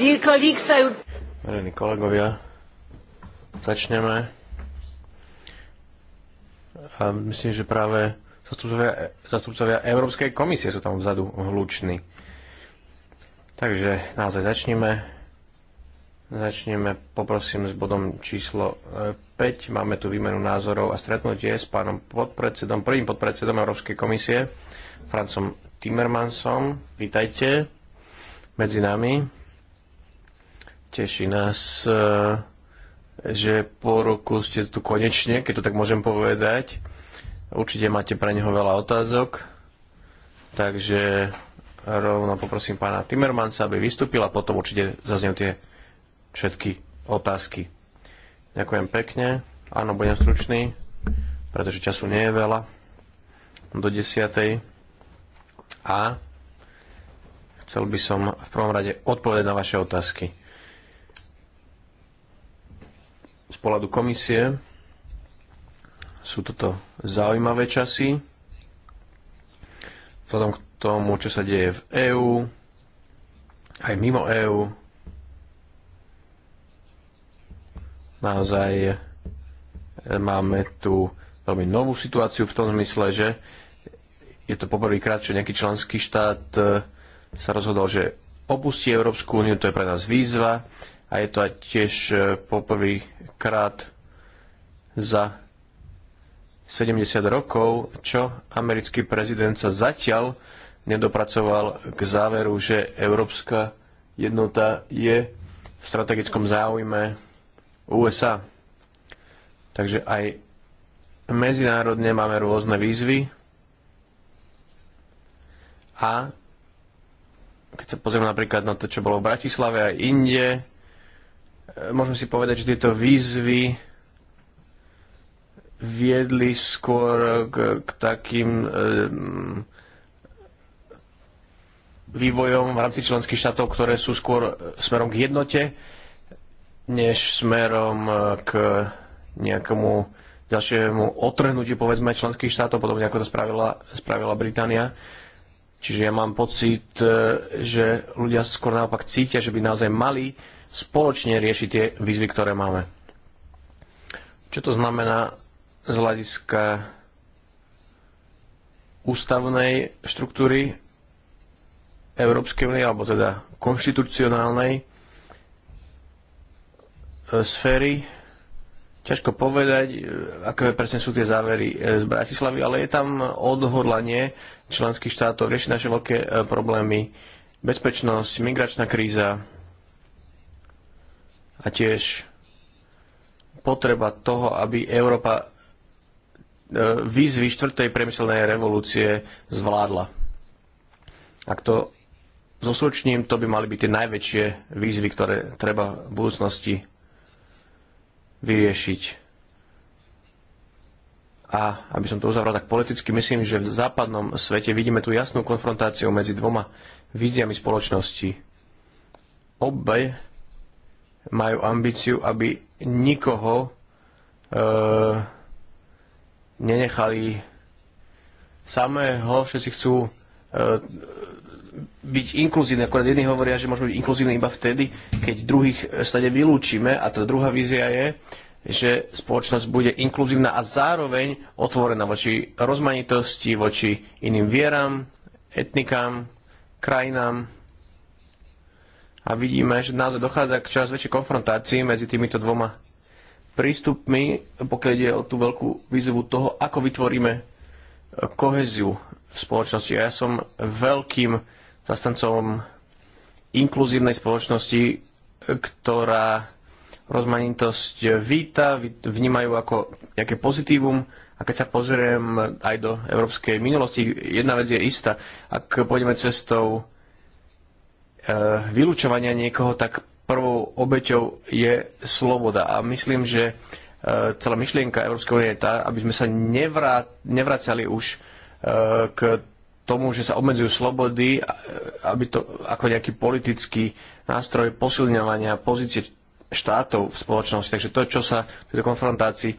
Milení um, kolegovia, začneme. A myslím, že práve zastupcovia, zastupcovia Európskej komisie sú tam vzadu hluční. Takže naozaj začneme. Začneme poprosím s bodom číslo 5. E, Máme tu výmenu názorov a stretnutie s pánom podpredsedom, prvým podpredsedom Európskej komisie Francom Timmermansom. Vítajte medzi nami. Teší nás, eh, že po roku ste tu konečne, keď to tak môžem povedať. Určite máte pre neho veľa otázok, takže rovno poprosím pána Timmermansa, aby vystúpil a potom určite zaznejú tie všetky otázky. Ďakujem pekne. Áno, budem stručný, pretože času nie je veľa do desiatej a chcel by som v prvom rade odpovedať na vaše otázky. Z pohľadu komisie sú toto zaujímavé časy. Vzhľadom k tomu, čo sa deje v EÚ, aj mimo EÚ, naozaj e, máme tu veľmi novú situáciu v tom zmysle, že je to poprvýkrát, čo nejaký členský štát e, sa rozhodol, že opustí Európsku úniu, to je pre nás výzva a je to aj tiež e, poprvýkrát za 70 rokov, čo americký prezident sa zatiaľ nedopracoval k záveru, že Európska jednota je v strategickom záujme USA. Takže aj medzinárodne máme rôzne výzvy, a keď sa pozrieme napríklad na to, čo bolo v Bratislave a inde, e, môžeme si povedať, že tieto výzvy viedli skôr k, k takým um, vývojom v rámci členských štátov, ktoré sú skôr e, smerom k jednote, než smerom k nejakému ďalšiemu otrhnutiu, povedzme, členských štátov, podobne ako to spravila, spravila Británia. Čiže ja mám pocit, e, že ľudia skôr naopak cítia, že by naozaj mali spoločne riešiť tie výzvy, ktoré máme. Čo to znamená z hľadiska ústavnej štruktúry Európskej únie, alebo teda konštitucionálnej e, sféry Ťažko povedať, e, aké presne sú tie závery e, z Bratislavy, ale je tam odhodlanie členských štátov riešiť naše veľké e, problémy. Bezpečnosť, migračná kríza a tiež potreba toho, aby Európa výzvy štvrtej priemyselnej revolúcie zvládla. Ak to zosločním, to by mali byť tie najväčšie výzvy, ktoré treba v budúcnosti vyriešiť. A aby som to uzavral tak politicky, myslím, že v západnom svete vidíme tú jasnú konfrontáciu medzi dvoma víziami spoločnosti. Obe majú ambíciu, aby nikoho e, nenechali samého, všetci chcú e, byť inkluzívne. Akorát jedni hovoria, že môžeme byť inkluzívne iba vtedy, keď druhých eh, stade vylúčime. A tá druhá vízia je, že spoločnosť bude inkluzívna a zároveň otvorená voči rozmanitosti, voči iným vieram, etnikám, krajinám. A vidíme, že naozaj dochádza k čoraz väčšej konfrontácii medzi týmito dvoma prístupmi, pokiaľ ide o tú veľkú výzvu toho, ako vytvoríme koheziu v spoločnosti. A ja som veľkým zastancom inkluzívnej spoločnosti, ktorá rozmanitosť víta, vnímajú ako nejaké pozitívum a keď sa pozriem aj do európskej minulosti, jedna vec je istá. Ak pôjdeme cestou e, vylúčovania niekoho, tak prvou obeťou je sloboda. A myslím, že e, celá myšlienka Európskej únie je tá, aby sme sa nevrá, nevracali už e, k tomu, že sa obmedzujú slobody, aby to ako nejaký politický nástroj posilňovania pozície štátov v spoločnosti. Takže to, čo sa v tejto konfrontácii, e,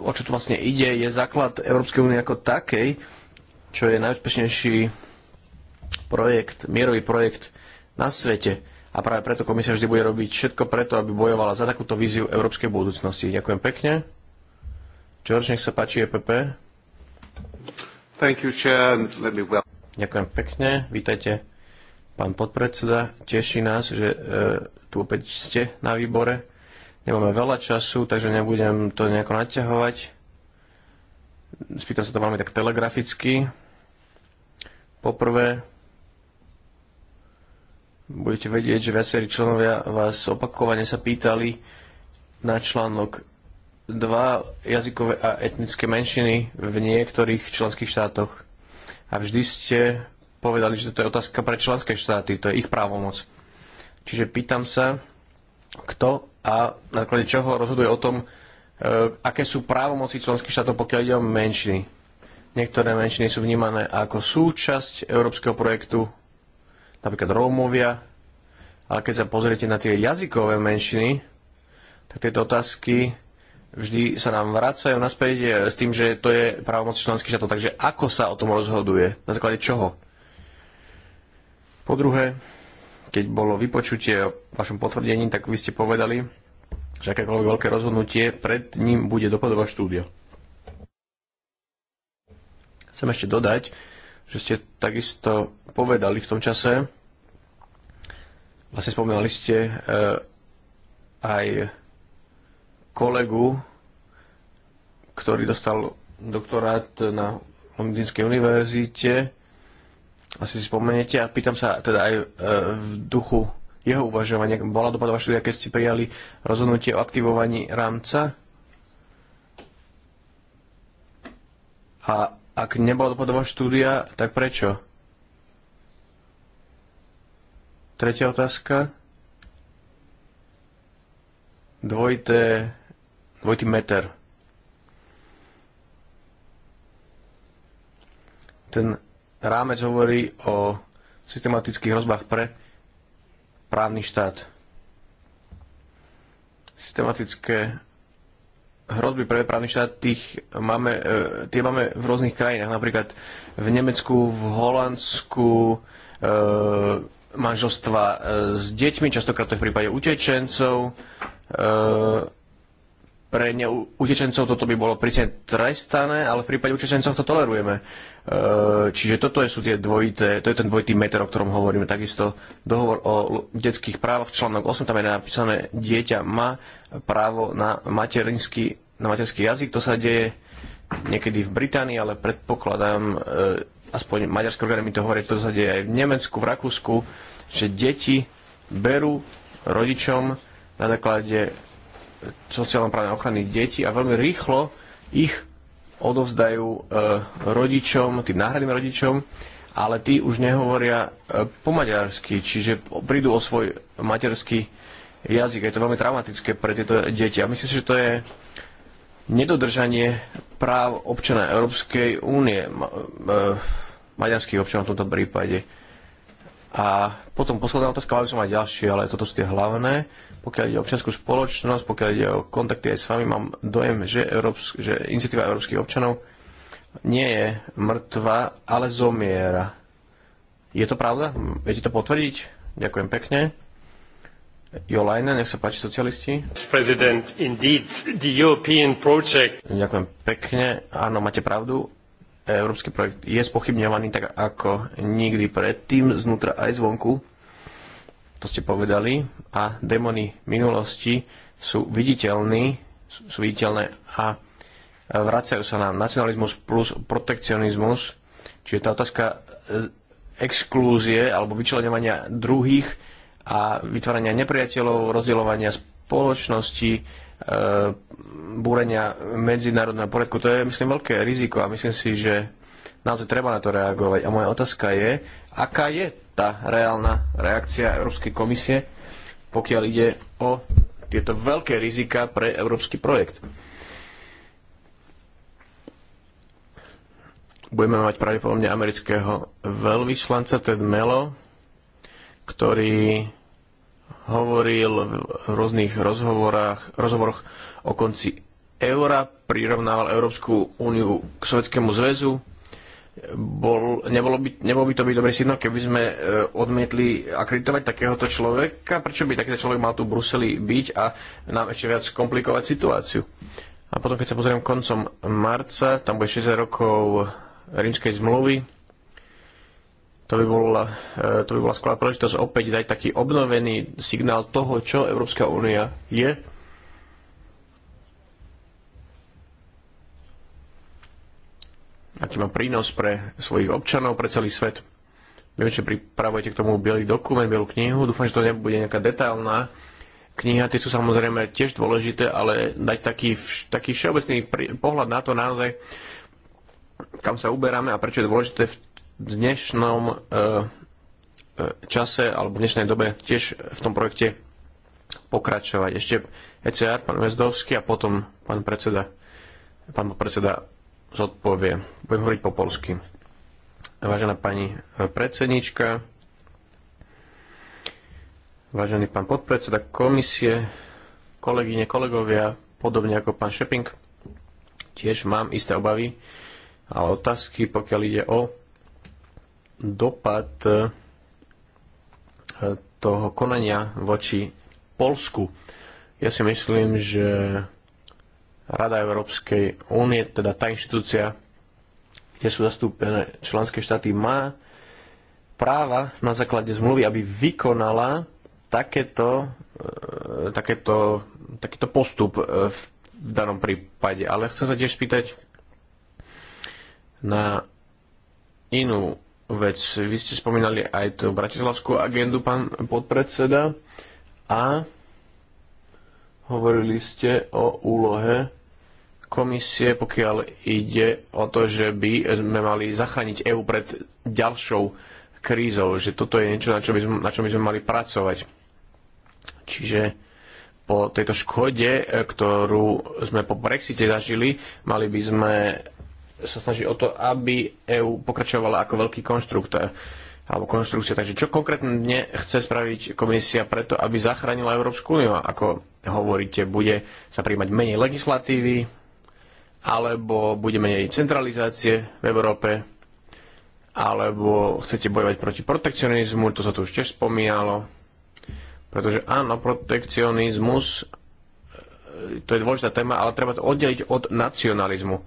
o čo tu vlastne ide, je základ Európskej únie ako takej, čo je najúspešnejší projekt, mierový projekt na svete. A práve preto komisia vždy bude robiť všetko preto, aby bojovala za takúto víziu európskej budúcnosti. Ďakujem pekne. George, nech sa páči, EPP. Ďakujem pekne, vítajte pán podpredseda. Teší nás, že e, tu opäť ste na výbore. Nemáme veľa času, takže nebudem to nejako naťahovať. Spýtam sa to veľmi tak telegraficky. Poprvé, budete vedieť, že viacerí členovia vás opakovane sa pýtali na článok dva jazykové a etnické menšiny v niektorých členských štátoch. A vždy ste povedali, že to je otázka pre členské štáty, to je ich právomoc. Čiže pýtam sa, kto a na základe čoho rozhoduje o tom, e, aké sú právomoci členských štátov, pokiaľ ide o menšiny. Niektoré menšiny sú vnímané ako súčasť európskeho projektu, napríklad Rómovia, ale keď sa pozriete na tie jazykové menšiny, tak tieto otázky vždy sa nám vracajú naspäť eh, s tým, že to je právomoc členských štátov. Takže ako sa o tom rozhoduje? Na základe čoho? Po druhé, keď bolo vypočutie o vašom potvrdení, tak vy ste povedali, že akékoľvek veľké rozhodnutie, pred ním bude dopadová štúdia. Chcem ešte dodať, že ste takisto povedali v tom čase, vlastne spomínali ste e, aj kolegu, ktorý dostal doktorát na Londýnskej univerzite, asi si spomeniete, a pýtam sa teda aj e, v duchu jeho uvažovania. Bola dopadová štúdia, keď ste prijali rozhodnutie o aktivovaní rámca? A ak nebola dopadová štúdia, tak prečo? Tretia otázka. Dvojité ten rámec hovorí o systematických hrozbách pre právny štát. Systematické hrozby pre právny štát, tých máme, e, tie máme v rôznych krajinách, napríklad v Nemecku, v Holandsku, e, manželstva e, s deťmi, častokrát to je v prípade utečencov, e, pre utečencov toto by bolo prísne trestané, ale v prípade utečencov to tolerujeme. E, čiže toto sú tie dvojité, to je ten dvojitý meter, o ktorom hovoríme. Takisto dohovor o detských právach, článok 8, tam je napísané, dieťa má právo na materinský, na materský jazyk. To sa deje niekedy v Británii, ale predpokladám, e, aspoň maďarské orgány mi to hovoria, to sa deje aj v Nemecku, v Rakúsku, že deti berú rodičom na základe sociálno-právnej ochrany detí a veľmi rýchlo ich odovzdajú e, rodičom, tým náhradným rodičom, ale tí už nehovoria e, po maďarsky, čiže prídu o svoj materský jazyk. Je to veľmi traumatické pre tieto deti. A myslím si, že to je nedodržanie práv občana Európskej únie, e, maďarských občanov v tomto prípade. A potom posledná otázka, mali som aj ďalšie, ale toto sú tie hlavné pokiaľ ide o občianskú spoločnosť, pokiaľ ide o kontakty aj s vami, mám dojem, že, Európsk, že iniciatíva európskych občanov nie je mŕtva, ale zomiera. Je to pravda? Viete to potvrdiť? Ďakujem pekne. Jolajne, nech sa páči socialisti. President, indeed, the European project. Ďakujem pekne. Áno, máte pravdu. Európsky projekt je spochybňovaný tak ako nikdy predtým, znútra aj zvonku to ste povedali, a démony minulosti sú viditeľní, sú viditeľné a e, vracajú sa nám nacionalizmus plus protekcionizmus, čiže tá otázka e, exklúzie alebo vyčlenovania druhých a vytvárania nepriateľov, rozdielovania spoločnosti, e, búrenia medzinárodného poriadku. To je, myslím, veľké riziko a myslím si, že naozaj treba na to reagovať. A moja otázka je, aká je tá reálna reakcia Európskej komisie, pokiaľ ide o tieto veľké rizika pre európsky projekt. Budeme mať pravdepodobne amerického veľvyslanca Ted Melo, ktorý hovoril v rôznych rozhovorách, rozhovoroch o konci eura, prirovnával Európsku úniu k Sovjetskému zväzu, bol, nebolo by, nebol by to byť dobrý signál, keby sme e, odmietli akreditovať takéhoto človeka? Prečo by takýto človek mal tu v Bruseli byť a nám ešte viac komplikovať situáciu? A potom, keď sa pozriem koncom marca, tam bude 60 rokov rímskej zmluvy, to by, bola, e, to by bola skvelá príležitosť opäť dať taký obnovený signál toho, čo Európska únia je aký má prínos pre svojich občanov, pre celý svet. Viem, že pripravujete k tomu biely dokument, bielu knihu. Dúfam, že to nebude nejaká detailná kniha. Tie sú samozrejme tiež dôležité, ale dať taký, taký všeobecný pohľad na to naozaj, kam sa uberáme a prečo je dôležité v dnešnom e, e čase alebo v dnešnej dobe tiež v tom projekte pokračovať. Ešte ECR, pán Vezdovský a potom pán predseda, pán predseda zodpovie. Budem hovoriť po polsky. Vážená pani e, predsednička, vážený pán podpredseda komisie, kolegyne, kolegovia, podobne ako pán Šeping, tiež mám isté obavy, ale otázky, pokiaľ ide o dopad e, toho konania voči Polsku. Ja si myslím, že Rada Európskej únie, teda tá inštitúcia, kde sú zastúpené členské štáty, má práva na základe zmluvy, aby vykonala takéto, e, takéto, takýto postup e, v danom prípade. Ale chcem sa tiež spýtať na inú vec. Vy ste spomínali aj tú bratislavskú agendu, pán podpredseda, a hovorili ste o úlohe komisie, pokiaľ ide o to, že by sme mali zachrániť EÚ pred ďalšou krízou, že toto je niečo, na čo by sme, na čo by sme mali pracovať. Čiže po tejto škode, e, ktorú sme po Brexite zažili, mali by sme sa snažiť o to, aby EÚ pokračovala ako veľký konštruktor alebo konštrukcia. Takže čo konkrétne dne chce spraviť komisia preto, aby zachránila Európsku úniu? Ako hovoríte, bude sa príjmať menej legislatívy, alebo bude menej centralizácie v Európe, alebo chcete bojovať proti protekcionizmu, to sa tu už tiež spomínalo, pretože áno, protekcionizmus, e, to je dôležitá téma, ale treba to oddeliť od nacionalizmu.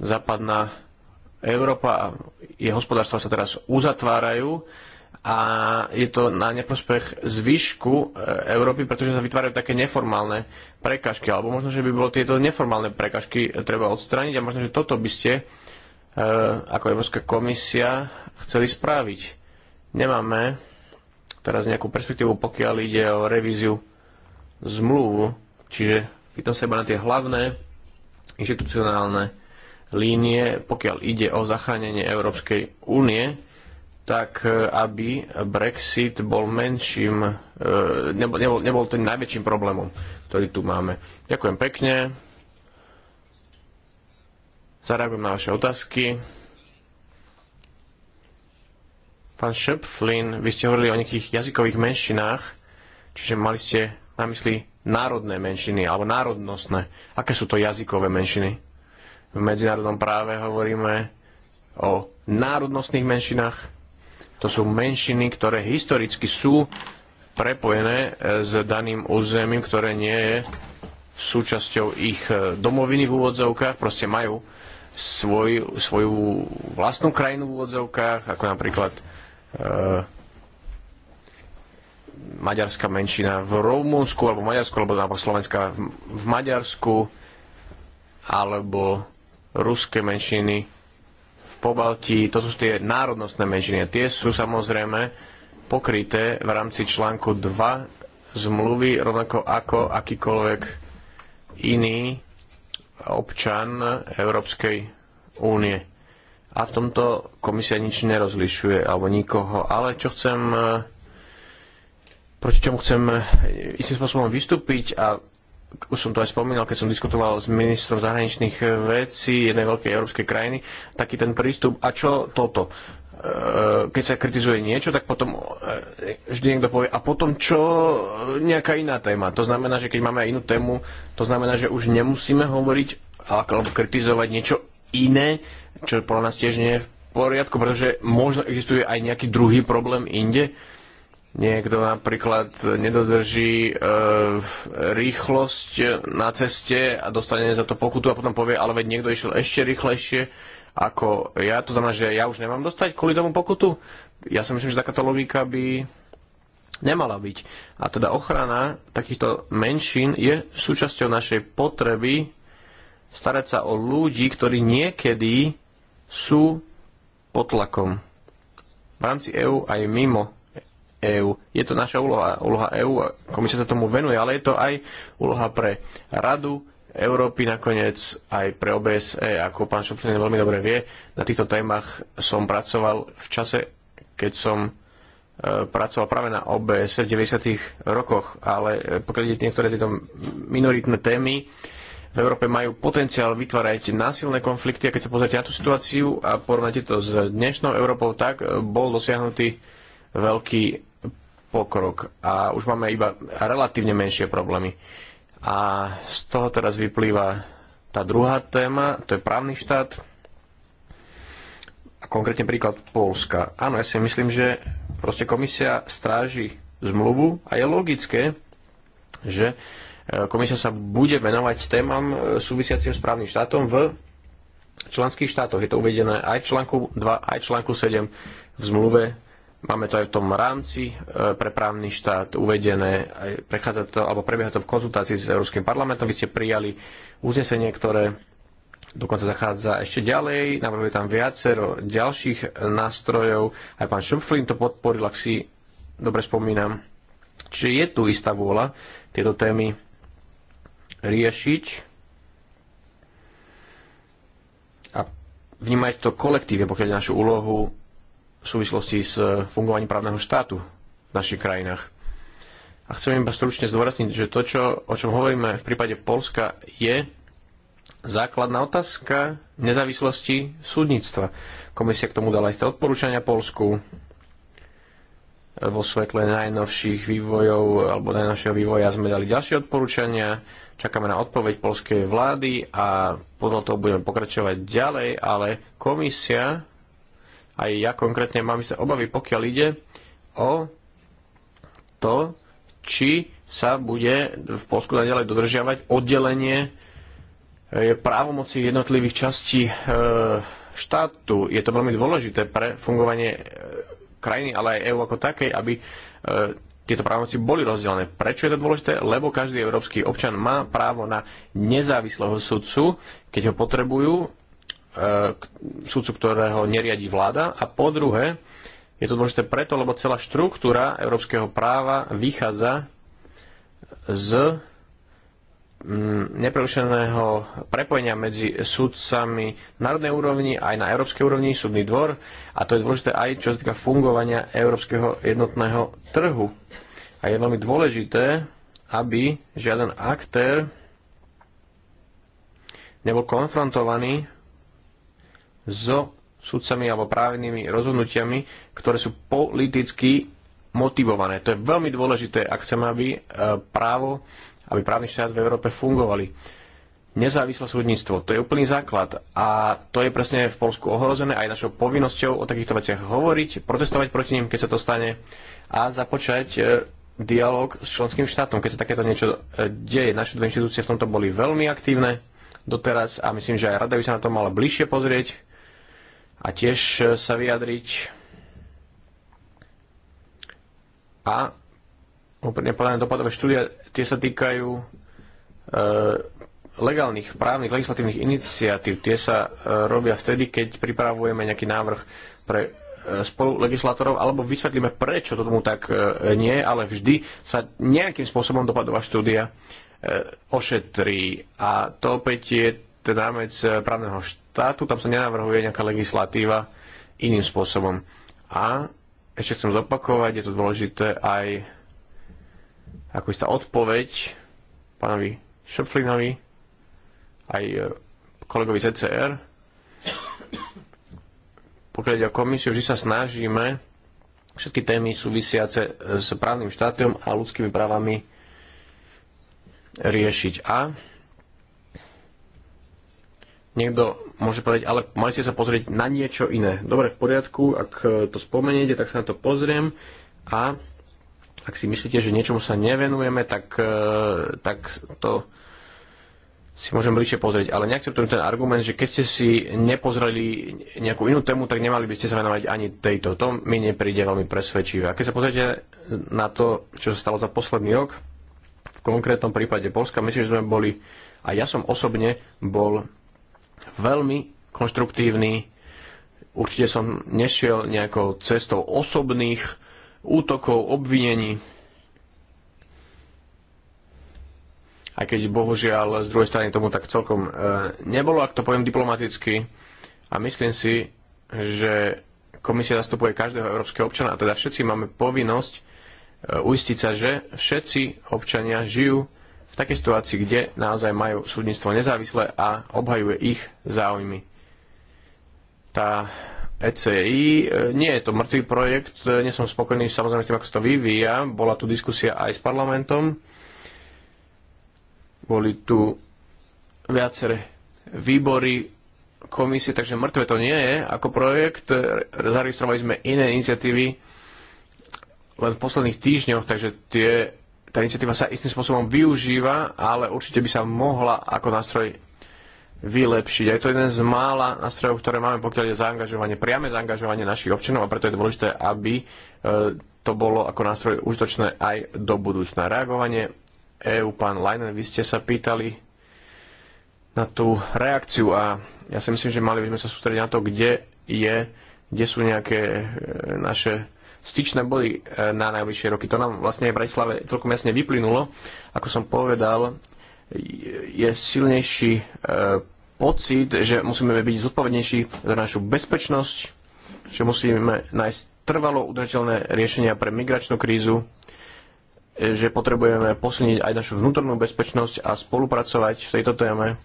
Západná Európa a jej hospodárstva sa teraz uzatvárajú a je to na neprospech zvyšku e, Európy, pretože sa vytvárajú také neformálne prekažky, alebo možno, že by bolo tieto neformálne prekažky treba odstrániť a možno, že toto by ste e, ako Európska komisia chceli spraviť. Nemáme teraz nejakú perspektívu, pokiaľ ide o revíziu zmluvu, čiže pýtam sa iba na tie hlavné inštitucionálne línie, pokiaľ ide o zachránenie Európskej únie tak e, aby Brexit bol menším, e, nebol, nebol, nebol ten najväčším problémom, ktorý tu máme. Ďakujem pekne. Zareagujem na vaše otázky. Pán Šepflin, vy ste hovorili o nejakých jazykových menšinách, čiže mali ste na mysli národné menšiny alebo národnostné. Aké sú to jazykové menšiny? V medzinárodnom práve hovoríme o národnostných menšinách, to sú menšiny, ktoré historicky sú prepojené e, s daným územím, ktoré nie je súčasťou ich e, domoviny v úvodzovkách, proste majú svoj, svoju vlastnú krajinu v úvodzovkách, ako napríklad e, maďarská menšina v Rumunsku, alebo Maďarsku, alebo napríklad Slovenska v Maďarsku, alebo ruské menšiny Pobalti, to sú tie národnostné menšiny. Tie sú samozrejme pokryté v rámci článku 2 zmluvy, rovnako ako akýkoľvek iný občan Európskej únie. A v tomto komisia nič nerozlišuje, alebo nikoho. Ale čo chcem proti čomu chcem istým spôsobom vystúpiť a už som to aj spomínal, keď som diskutoval s ministrom zahraničných eh, vecí jednej veľkej európskej krajiny, taký ten prístup, a čo toto? Eh, keď sa kritizuje niečo, tak potom eh, vždy niekto povie, a potom čo nejaká iná téma. To znamená, že keď máme aj inú tému, to znamená, že už nemusíme hovoriť alebo kritizovať niečo iné, čo pre nás tiež nie je v poriadku, pretože možno existuje aj nejaký druhý problém inde Niekto napríklad nedodrží e, rýchlosť na ceste a dostane za to pokutu a potom povie, ale veď niekto išiel ešte rýchlejšie ako ja. To znamená, že ja už nemám dostať kvôli tomu pokutu. Ja si myslím, že takáto logika by nemala byť. A teda ochrana takýchto menšín je súčasťou našej potreby starať sa o ľudí, ktorí niekedy sú pod tlakom. V rámci EÚ aj mimo EÚ. Je to naša úloha, úloha EÚ a komisia sa tomu venuje, ale je to aj úloha pre Radu Európy nakoniec, aj pre OBSE, ako pán Šuplin veľmi dobre vie. Na týchto témach som pracoval v čase, keď som e, pracoval práve na OBS e v 90. rokoch, ale e, pokiaľ ide niektoré tieto minoritné témy, v Európe majú potenciál vytvárať násilné konflikty a keď sa pozrite na tú situáciu a porovnáte to s dnešnou Európou, tak bol dosiahnutý veľký pokrok a už máme iba relatívne menšie problémy. A z toho teraz vyplýva tá druhá téma, to je právny štát a konkrétne príklad Polska. Áno, ja si myslím, že proste komisia stráži zmluvu a je logické, že e, komisia sa bude venovať témam e, súvisiacim s právnym štátom v členských štátoch. Je to uvedené aj v článku 2, aj v článku 7 v zmluve Máme to aj v tom rámci e, pre právny štát uvedené, aj prechádza to, alebo prebieha to v konzultácii s Európskym parlamentom. Vy ste prijali uznesenie, ktoré dokonca zachádza ešte ďalej, navrhuje tam viacero ďalších nástrojov. Aj pán Šumflin to podporil, ak si dobre spomínam. Čiže je tu istá vôľa tieto témy riešiť a vnímať to kolektívne, pokiaľ je našu úlohu v súvislosti s eh, fungovaním právneho štátu v našich krajinách. A chcem iba stručne zdôrazniť, že to, čo, o čom hovoríme v prípade Polska, je základná otázka nezávislosti súdnictva. Komisia k tomu dala isté odporúčania Polsku eh, vo svetle najnovších vývojov eh, alebo najnovšieho vývoja sme dali ďalšie odporúčania, čakáme na odpoveď polskej vlády a podľa toho budeme pokračovať ďalej, ale komisia aj ja konkrétne mám isté obavy, pokiaľ ide o to, či sa bude v Polsku naďalej dodržiavať oddelenie eh, právomoci jednotlivých častí eh, štátu. Je to veľmi dôležité pre fungovanie eh, krajiny, ale aj EÚ ako takej, aby tieto právomoci boli rozdelené. Prečo je to dôležité? Lebo každý európsky občan má právo na nezávislého sudcu, keď ho potrebujú E, súdcu, ktorého neriadi vláda. A po druhé, je to dôležité preto, lebo celá štruktúra európskeho práva vychádza z mm, neprerušeného prepojenia medzi súdcami národnej úrovni aj na európskej úrovni, súdny dvor a to je dôležité aj čo sa týka fungovania európskeho jednotného trhu. A je veľmi dôležité, aby žiaden aktér nebol konfrontovaný so sudcami alebo právnymi rozhodnutiami, ktoré sú politicky motivované. To je veľmi dôležité, ak chceme, aby e, právo, aby právny štát v Európe fungovali. Nezávislé súdnictvo, to je úplný základ a to je presne v Polsku ohrozené aj našou povinnosťou o takýchto veciach hovoriť, protestovať proti ním, keď sa to stane a započať e, dialog s členským štátom, keď sa takéto niečo e, deje. Naše dve inštitúcie v tomto boli veľmi aktívne doteraz a myslím, že aj rada by sa na to mala bližšie pozrieť a tiež e, sa vyjadriť. A úplne povedané dopadové štúdia, tie sa týkajú e, legálnych, právnych, legislatívnych iniciatív. Tie sa e, robia vtedy, keď pripravujeme nejaký návrh pre e, spolu legislátorov, alebo vysvetlíme, prečo to tomu tak e, nie, ale vždy sa nejakým spôsobom dopadová štúdia ošetrí. A to opäť je ten rámec eh, právneho štátu, tam sa nenavrhuje nejaká legislatíva iným spôsobom. A ešte chcem zopakovať, je to dôležité aj ako istá odpoveď pánovi Šopflinovi, aj eh, kolegovi e CCR, pokiaľ ide o komisiu, že sa snažíme všetky témy súvisiace s právnym štátom a ľudskými právami riešiť. A niekto môže povedať, ale mali ste sa pozrieť na niečo iné. Dobre, v poriadku, ak e, to spomeniete, tak sa na to pozriem a ak si myslíte, že niečomu sa nevenujeme, tak, e, tak to si môžem bližšie pozrieť. Ale neakceptujem ten argument, že keď ste si nepozreli nejakú inú tému, tak nemali by ste sa venovať ani tejto. To mi nepríde veľmi presvedčivé. A keď sa pozriete na to, čo sa stalo za posledný rok, v konkrétnom prípade Polska, myslím, že sme boli, a ja som osobne bol veľmi konštruktívny. Určite som nešiel nejakou cestou osobných útokov, obvinení. Aj keď bohužiaľ z druhej strany tomu tak celkom e, nebolo, ak to poviem diplomaticky. A myslím si, že komisia zastupuje každého európskeho občana a teda všetci máme povinnosť e, uistiť sa, že všetci občania žijú v takej situácii, kde naozaj majú súdnictvo nezávislé a obhajuje ich záujmy. Tá ECI. E, nie je to mŕtvý projekt, e, nie som spokojný samozrejme s tým, ako sa to vyvíja. Bola tu diskusia aj s parlamentom. Boli tu viaceré výbory komisie, takže mŕtve to nie je ako projekt. E, zaregistrovali sme iné iniciatívy len v posledných týždňoch, takže tie tá iniciatíva sa istým spôsobom využíva, ale určite by sa mohla ako nástroj vylepšiť. to je to jeden z mála nástrojov, ktoré máme, pokiaľ je zaangažovanie, priame zaangažovanie našich občanov a preto je dôležité, aby e, to bolo ako nástroj užitočné aj do budúcna. Reagovanie EU, pán Leinen, vy ste sa pýtali na tú reakciu a ja si myslím, že mali by sme sa sústrediť na to, kde je, kde sú nejaké e, naše styčné boli e, na najbližšie roky. To nám vlastne v Bratislave celkom jasne vyplynulo. Ako som povedal, je silnejší e, pocit, že musíme byť zodpovednejší za našu bezpečnosť, že musíme nájsť trvalo udržateľné riešenia pre migračnú krízu, e, že potrebujeme posilniť aj našu vnútornú bezpečnosť a spolupracovať v tejto téme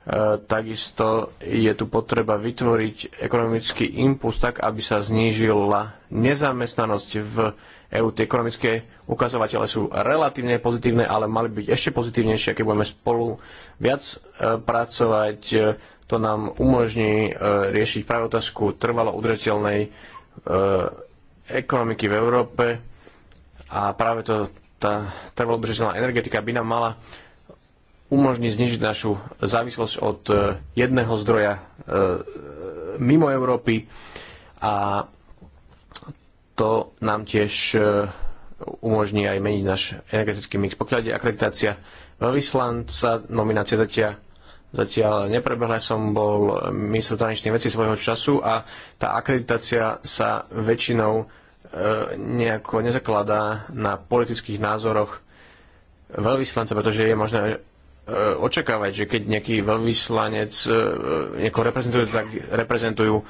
E, takisto je tu potreba vytvoriť ekonomický impuls tak, aby sa znížila nezamestnanosť v EÚ. Tie ekonomické ukazovatele sú relatívne pozitívne, ale mali byť ešte pozitívnejšie, keď budeme spolu viac e, pracovať. E, to nám umožní riešiť práve otázku trvalo udržateľnej ekonomiky v Európe a práve to, tá trvalo udržateľná energetika by nám mala umožní znižiť našu závislosť od e, jedného zdroja e, mimo Európy a to nám tiež e, umožní aj meniť náš energetický mix. Pokiaľ je akreditácia veľvyslanca, nominácia zatiaľ, zatiaľ neprebehla, som bol minister zahraničných vecí svojho času a tá akreditácia sa väčšinou e, nejako nezakladá na politických názoroch veľvyslanca, pretože je možné E, očakávať, že keď nejaký veľvyslanec e, e, nejako reprezentuje, tak reprezentujú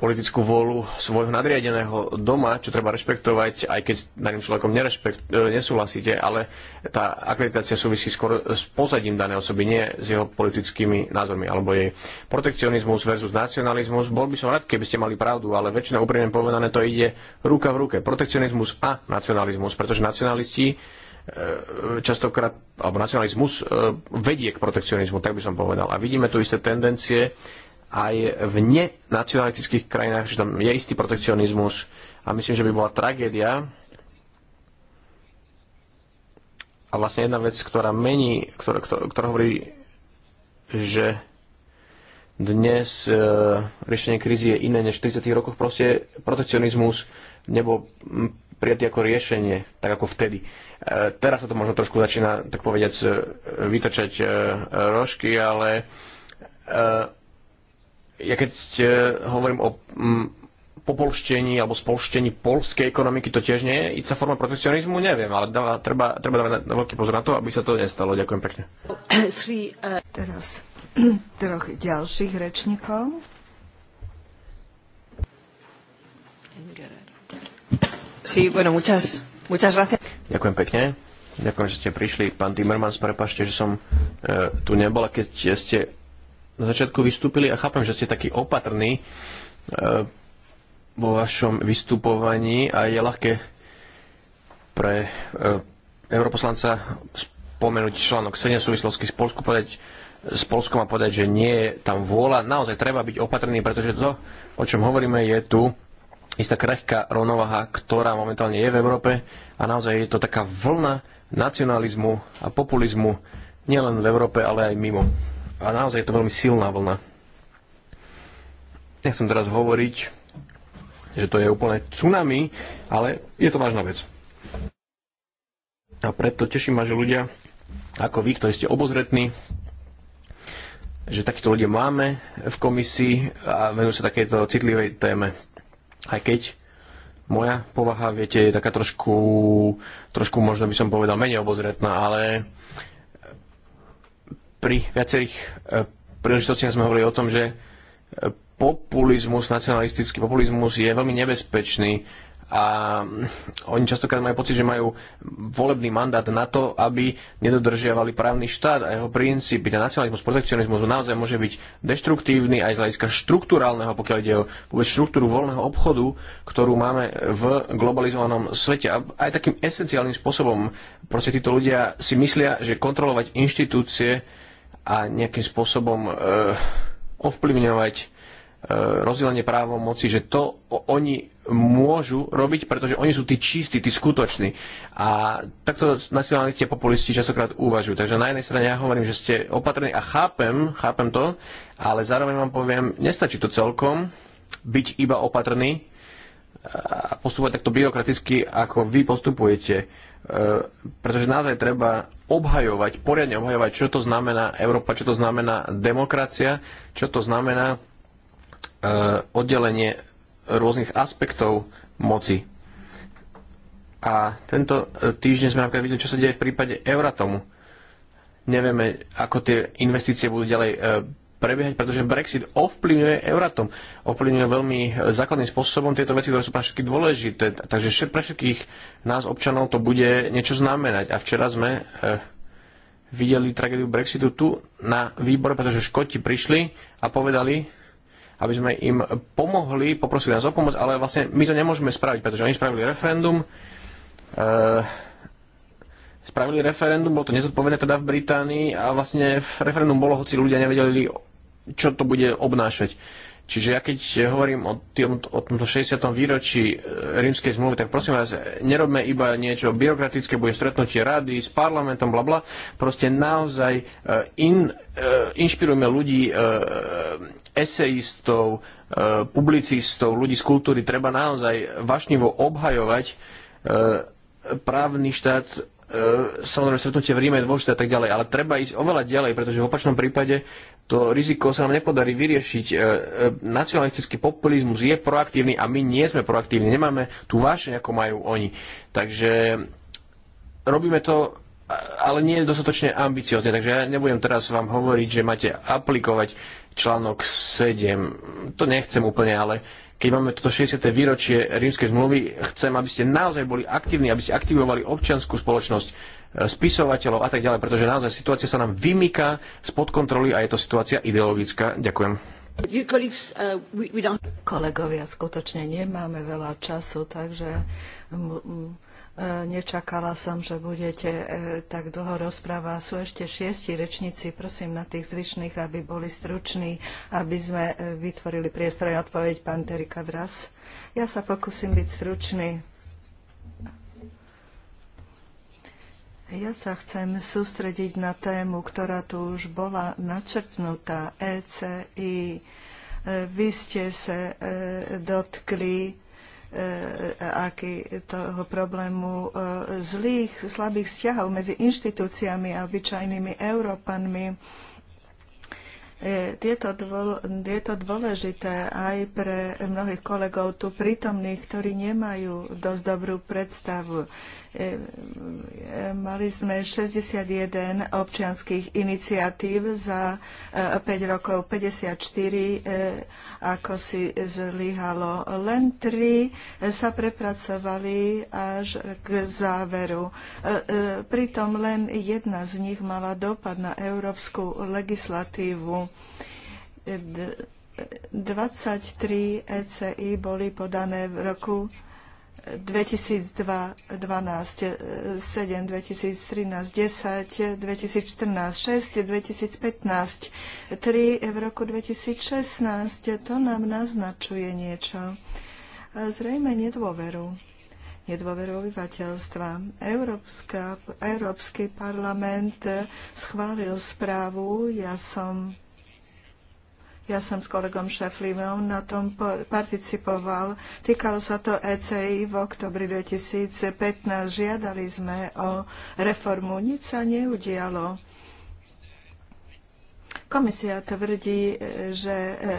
politickú vôľu svojho nadriadeného doma, čo treba rešpektovať, aj keď s daným človekom nerešpekt, nesúhlasíte, ale tá akreditácia súvisí skôr s pozadím danej osoby, nie s jeho politickými názormi alebo jej protekcionizmus versus nacionalizmus. Bol by som rád, keby ste mali pravdu, ale väčšina úprimne povedané to ide ruka v ruke. Protekcionizmus a nacionalizmus, pretože nacionalisti E, častokrát, alebo nacionalizmus e, vedie k protekcionizmu, tak by som povedal. A vidíme tu isté tendencie aj v nenacionalistických krajinách, že tam je istý protekcionizmus a myslím, že by bola tragédia a vlastne jedna vec, ktorá mení, ktorá, ktorá, ktorá hovorí, že dnes e, riešenie krízy je iné než v 30. rokoch, proste protekcionizmus nebol prijatý ako riešenie, tak ako vtedy. E, teraz sa to možno trošku začína, tak povediať, e, vytočať e, rožky, ale ja keď hovorím o popolštení alebo spolštení polskej ekonomiky, to tiež nie je istá forma protekcionizmu, neviem, ale dáva, treba, treba dávať na, na veľký pozor na to, aby sa to nestalo. Ďakujem pekne. Teraz troch ďalších rečníkov. Sí, bueno, muchas, muchas gracias. Ďakujem pekne. Ďakujem, že ste prišli. Pán Timmermans, prepašte, že som e, tu nebola, keď ste na začiatku vystúpili a chápem, že ste taký opatrný e, vo vašom vystupovaní a je ľahké pre e, europoslanca spomenúť článok 7 súvislosti s Polsku, povedať, s Polskom a povedať, že nie je tam vôľa. Naozaj treba byť opatrný, pretože to, o čom hovoríme, je tu istá krehká rovnováha, ktorá momentálne je v Európe a naozaj je to taká vlna nacionalizmu a populizmu nielen v Európe, ale aj mimo. A naozaj je to veľmi silná vlna. Nechcem teraz hovoriť, že to je úplne tsunami, ale je to vážna vec. A preto teším ma, že ľudia ako vy, ktorí ste obozretní, že takýchto ľudia máme v komisii a venujú sa takéto citlivej téme aj keď moja povaha, viete, je taká trošku, trošku možno by som povedal menej obozretná, ale pri viacerých e, príležitostiach sme hovorili o tom, že populizmus, nacionalistický populizmus je veľmi nebezpečný a mm, oni častokrát majú pocit, že majú volebný mandát na to, aby nedodržiavali právny štát a jeho princípy. Ten nacionalizmus, protekcionizmus naozaj môže byť deštruktívny aj z hľadiska štruktúrálneho, pokiaľ ide o vôbec štruktúru voľného obchodu, ktorú máme v globalizovanom svete. A aj takým esenciálnym spôsobom proste títo ľudia si myslia, že kontrolovať inštitúcie a nejakým spôsobom e, ovplyvňovať E, rozdelenie moci, že to oni môžu robiť, pretože oni sú tí čistí, tí skutoční. A takto nacionalisti a populisti časokrát uvažujú. Takže na jednej strane ja hovorím, že ste opatrní a chápem, chápem to, ale zároveň vám poviem, nestačí to celkom byť iba opatrný e, a postupovať takto byrokraticky, ako vy postupujete. E, pretože naozaj treba obhajovať, poriadne obhajovať, čo to znamená Európa, čo to znamená demokracia, čo to znamená Eh, oddelenie rôznych aspektov moci. A tento eh, týždeň sme napríklad videli, čo sa deje v prípade Euratomu. Nevieme, ako tie investície budú ďalej eh, prebiehať, pretože Brexit ovplyvňuje Euratom. Ovplyvňuje veľmi základným spôsobom tieto veci, ktoré sú pre všetky dôležité. Takže pre všetkých nás občanov to bude niečo znamenať. A včera sme videli tragédiu Brexitu tu na výbore, pretože Škoti prišli a povedali, aby sme im pomohli, poprosili nás o pomoc, ale vlastne my to nemôžeme spraviť, pretože oni spravili referendum, e, spravili referendum, bolo to nezodpovedné teda v Británii a vlastne referendum bolo, hoci ľudia nevedeli, čo to bude obnášať. Čiže ja keď hovorím o, tým, o tomto 60. výročí e, rímskej zmluvy, tak prosím vás, nerobme iba niečo byrokratické, bude stretnutie rady s parlamentom, bla bla. Proste naozaj e, in, e, inšpirujme ľudí, eseistov, publicistov, ľudí z kultúry. Treba naozaj vašnivo obhajovať právny štát E, samozrejme stretnutie v Ríme je dôležité a tak ďalej, ale treba ísť oveľa ďalej, pretože v opačnom prípade to riziko sa nám nepodarí vyriešiť. E, e, nacionalistický populizmus je proaktívny a my nie sme proaktívni, nemáme tú vášeň, ako majú oni. Takže robíme to ale nie je dostatočne ambiciozne, takže ja nebudem teraz vám hovoriť, že máte aplikovať článok 7. To nechcem úplne, ale keď máme toto 60. výročie rímskej zmluvy, chcem, aby ste naozaj boli aktívni, aby ste aktivovali občianskú spoločnosť, e, spisovateľov a tak ďalej, pretože naozaj situácia sa nám vymýka spod kontroly a je to situácia ideologická. Ďakujem. Uh, Kolegovia, skutočne nemáme veľa času, takže E, nečakala som, že budete e, tak dlho rozprávať. Sú ešte šiesti rečníci, prosím na tých zvyšných, aby boli struční, aby sme e, vytvorili priestor a odpoveď pán Terika Vras. Ja sa pokúsim byť stručný. Ja sa chcem sústrediť na tému, ktorá tu už bola načrtnutá, ECI. Vy ste sa dotkli E, aký toho problému e, zlých, slabých vzťahov medzi inštitúciami a obyčajnými Európanmi. Je to, dvo, je dôležité aj pre mnohých kolegov tu prítomných, ktorí nemajú dosť dobrú predstavu. Mali sme 61 občianských iniciatív za 5 e, rokov, 54 e, ako si zlyhalo. Len 3 e, sa prepracovali až k záveru. Pritom len jedna z nich mala dopad na európsku legislatívu. 23 ECI boli podané v roku 2012 7, 2013 10, 2014 6, 2015 3 v roku 2016. To nám naznačuje niečo. Zrejme nedôveru. Nedôveru obyvateľstva. Európska, Európsky parlament schválil správu. Ja som ja som s kolegom Šeflinom na tom participoval. Týkalo sa to ECI v oktobri 2015. Žiadali sme o reformu. Nič sa neudialo. Komisia tvrdí, že e, e,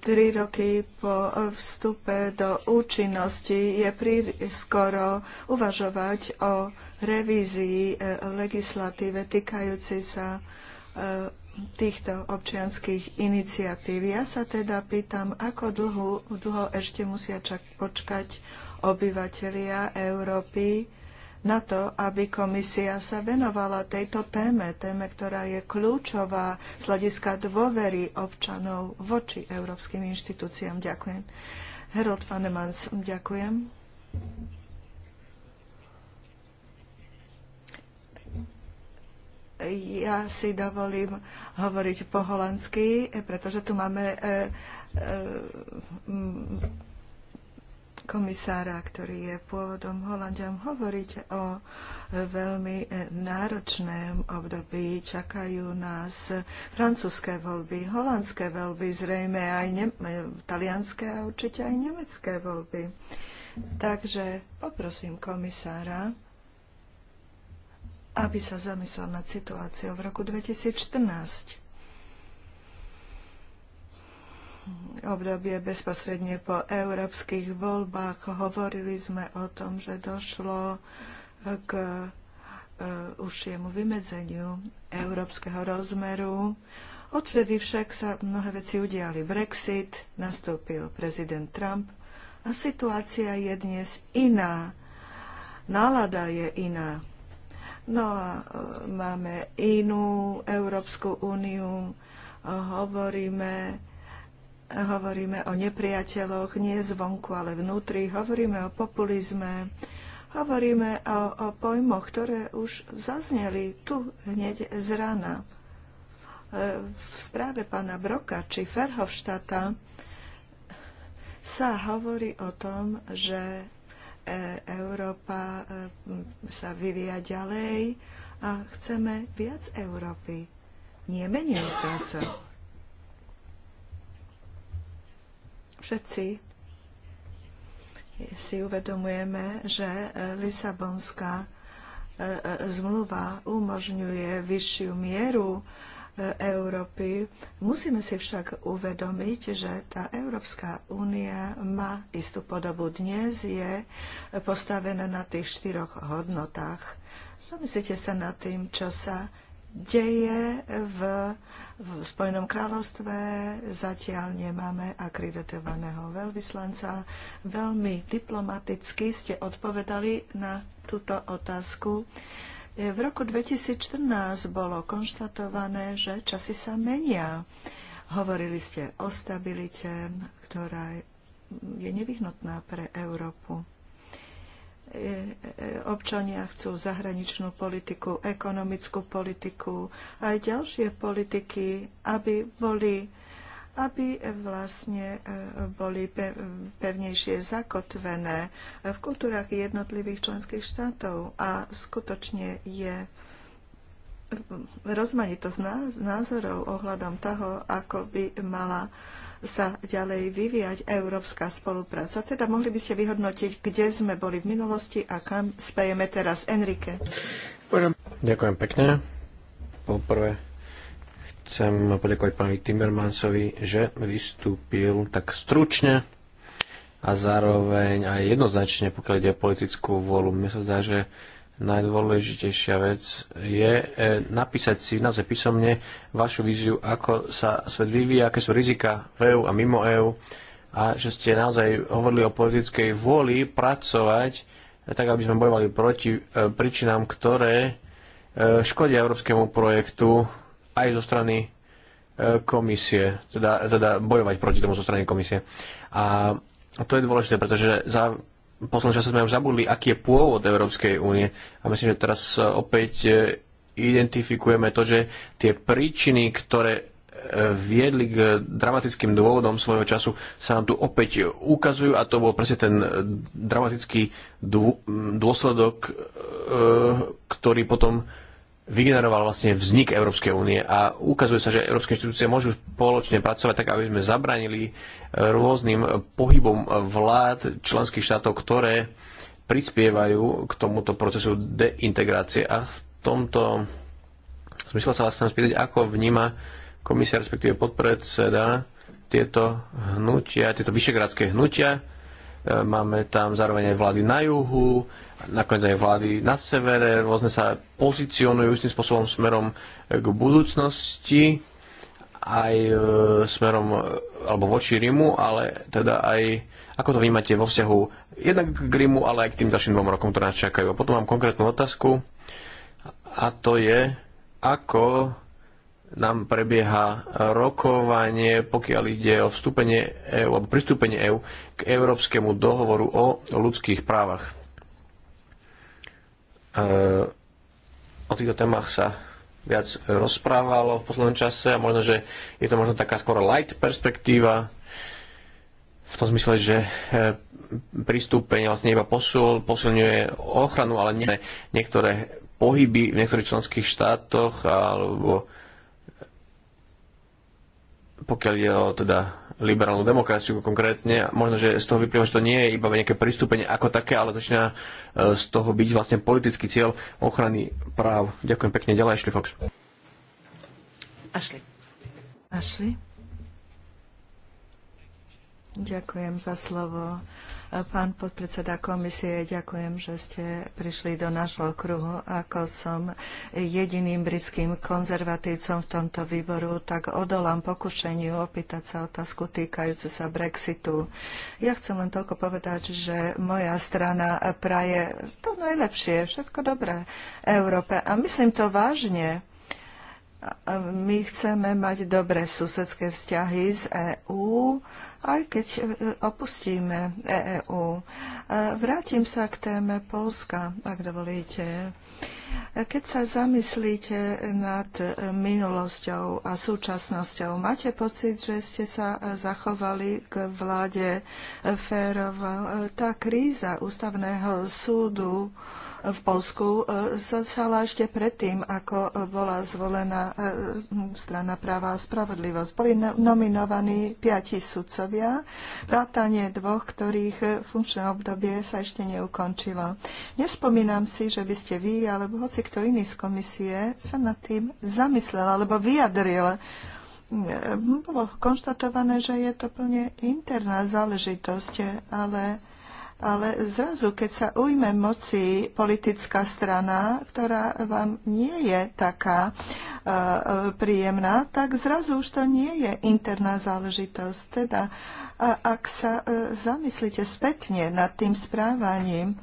tri roky po vstupe do účinnosti je skoro uvažovať o revízii e, legislatíve týkajúcej sa týchto občianských iniciatív. Ja sa teda pýtam, ako dlho, dlho ešte musia čak, počkať obyvatelia Európy na to, aby komisia sa venovala tejto téme, téme, ktorá je kľúčová z hľadiska dôvery občanov voči európskym inštitúciám. Ďakujem. Herold Vanemans, ďakujem. ja si dovolím hovoriť po holandsky, pretože tu máme e, e, komisára, ktorý je pôvodom Holandiam, hovoriť o veľmi e, náročném období. Čakajú nás francúzské voľby, holandské voľby, zrejme aj ne- talianské a určite aj nemecké voľby. Takže poprosím komisára, aby sa zamyslel nad situáciou v roku 2014. Obdobie bezprostredne po európskych voľbách hovorili sme o tom, že došlo k e, užšiemu vymedzeniu európskeho rozmeru. Odvtedy však sa mnohé veci udiali. Brexit, nastúpil prezident Trump a situácia je dnes iná. Nálada je iná No a e, máme inú Európsku úniu, e, hovoríme, e, hovoríme o nepriateľoch nie zvonku, ale vnútri, hovoríme o populizme, hovoríme o, o pojmoch, ktoré už zazneli tu hneď z rána. V správe pána Broka či Ferhovštata sa hovorí o tom, že E, Európa e, sa vyvíja ďalej a chceme viac Európy. Nie menej sa. Všetci si uvedomujeme, že e, Lisabonská zmluva umožňuje vyššiu mieru Európy. Musíme si však uvedomiť, že tá Európska únia má istú podobu. Dnes je postavená na tých štyroch hodnotách. Zamyslite sa nad tým, čo sa deje v, v Spojenom kráľovstve. Zatiaľ nemáme akreditovaného veľvyslanca. Veľmi diplomaticky ste odpovedali na túto otázku. Uh, E, v roku 2014 bolo konštatované, že časy sa menia. Hovorili ste o stabilite, ktorá je nevyhnutná pre Európu e, e, občania chcú zahraničnú politiku, ekonomickú politiku, aj ďalšie politiky, aby boli aby vlastne e, boli pevnejšie zakotvené v kultúrach jednotlivých členských štátov a skutočne je rozmanitosť názorov ohľadom toho, ako by mala sa ďalej vyvíjať európska spolupráca. Teda mohli by ste vyhodnotiť, kde sme boli v minulosti a kam spejeme teraz. Enrique. Ďakujem pekne. Poprvé Chcem poďakovať pánovi Timmermansovi, že vystúpil tak stručne a zároveň aj jednoznačne, pokiaľ ide o politickú vôľu. Mne sa zdá, že najdôležitejšia vec je e, napísať si naozaj písomne vašu víziu, ako sa svet vyvíja, aké sú rizika v EÚ a mimo EU, a že ste naozaj hovorili o politickej vôli pracovať tak, aby sme bojovali proti e, príčinám, ktoré e, škodia európskemu projektu aj zo strany e, komisie, teda, teda bojovať proti tomu zo strany komisie. A to je dôležité, pretože za poslednom čase sme už zabudli, aký je pôvod Európskej únie. A myslím, že teraz opäť e, identifikujeme to, že tie príčiny, ktoré e, viedli k dramatickým dôvodom svojho času, sa nám tu opäť ukazujú a to bol presne ten dramatický dôsledok, ktorý potom vygeneroval vlastne vznik Európskej únie a ukazuje sa, že európske inštitúcie môžu spoločne pracovať tak, aby sme zabranili e, rôznym pohybom vlád členských štátov, ktoré prispievajú k tomuto procesu deintegrácie. A v tomto smysle sa vás chcem spýtať, ako vníma komisia, respektíve podpredseda tieto hnutia, tieto vyšegrádske hnutia. E, máme tam zároveň aj vlády na juhu, nakoniec aj vlády na severe, rôzne sa pozicionujú istým spôsobom smerom eh, k budúcnosti, aj e, smerom eh, alebo voči Rimu, ale teda aj ako to vnímate vo vzťahu jednak k Rimu, ale aj k tým ďalším dvom rokom, ktoré nás čakajú. A potom mám konkrétnu otázku a to je, ako nám prebieha rokovanie, pokiaľ ide o vstúpenie EU, alebo pristúpenie EU k Európskemu dohovoru o ľudských právach. E, o týchto témach sa viac rozprávalo v poslednom čase a možno, že je to možno taká skoro light perspektíva v tom zmysle, že e, pristúpenie vlastne iba posil, posilňuje ochranu, ale nie niektoré pohyby v niektorých členských štátoch alebo pokiaľ je o teda liberálnu demokraciu konkrétne. Možno, že z toho vyplýva, že to nie je iba nejaké pristúpenie ako také, ale začína e, z toho byť vlastne politický cieľ ochrany práv. Ďakujem pekne. Ďalej, Ashley Fox. Ashley. Ashley. Ďakujem za slovo. Pán podpredseda komisie, ďakujem, že ste prišli do našho kruhu. Ako som jediným britským konzervatívcom v tomto výboru, tak odolám pokušeniu opýtať sa otázku týkajúcu sa Brexitu. Ja chcem len toľko povedať, že moja strana praje to najlepšie, všetko dobré Európe. A myslím to vážne my chceme mať dobré susedské vzťahy z EÚ aj keď e, opustíme EÚ. E e, vrátim sa k téme Polska, ak dovolíte. Keď sa zamyslíte nad minulosťou a súčasnosťou, máte pocit, že ste sa zachovali k vláde Férov? Tá kríza ústavného súdu v Polsku začala e, ešte predtým, ako bola zvolená e, strana práva a spravodlivosť. Boli no-, nominovaní piati sudcovia, vrátanie dvoch, ktorých e, funkčné obdobie sa ešte neukončilo. Nespomínam si, že by ste vy, alebo hoci kto iný z komisie sa nad tým zamyslel alebo vyjadril bolo konštatované, že je to plne interná záležitosť, ale ale zrazu, keď sa ujme moci politická strana, ktorá vám nie je taká e, e, príjemná, tak zrazu už to nie je interná záležitosť. Teda, ak sa e, zamyslíte spätne nad tým správaním,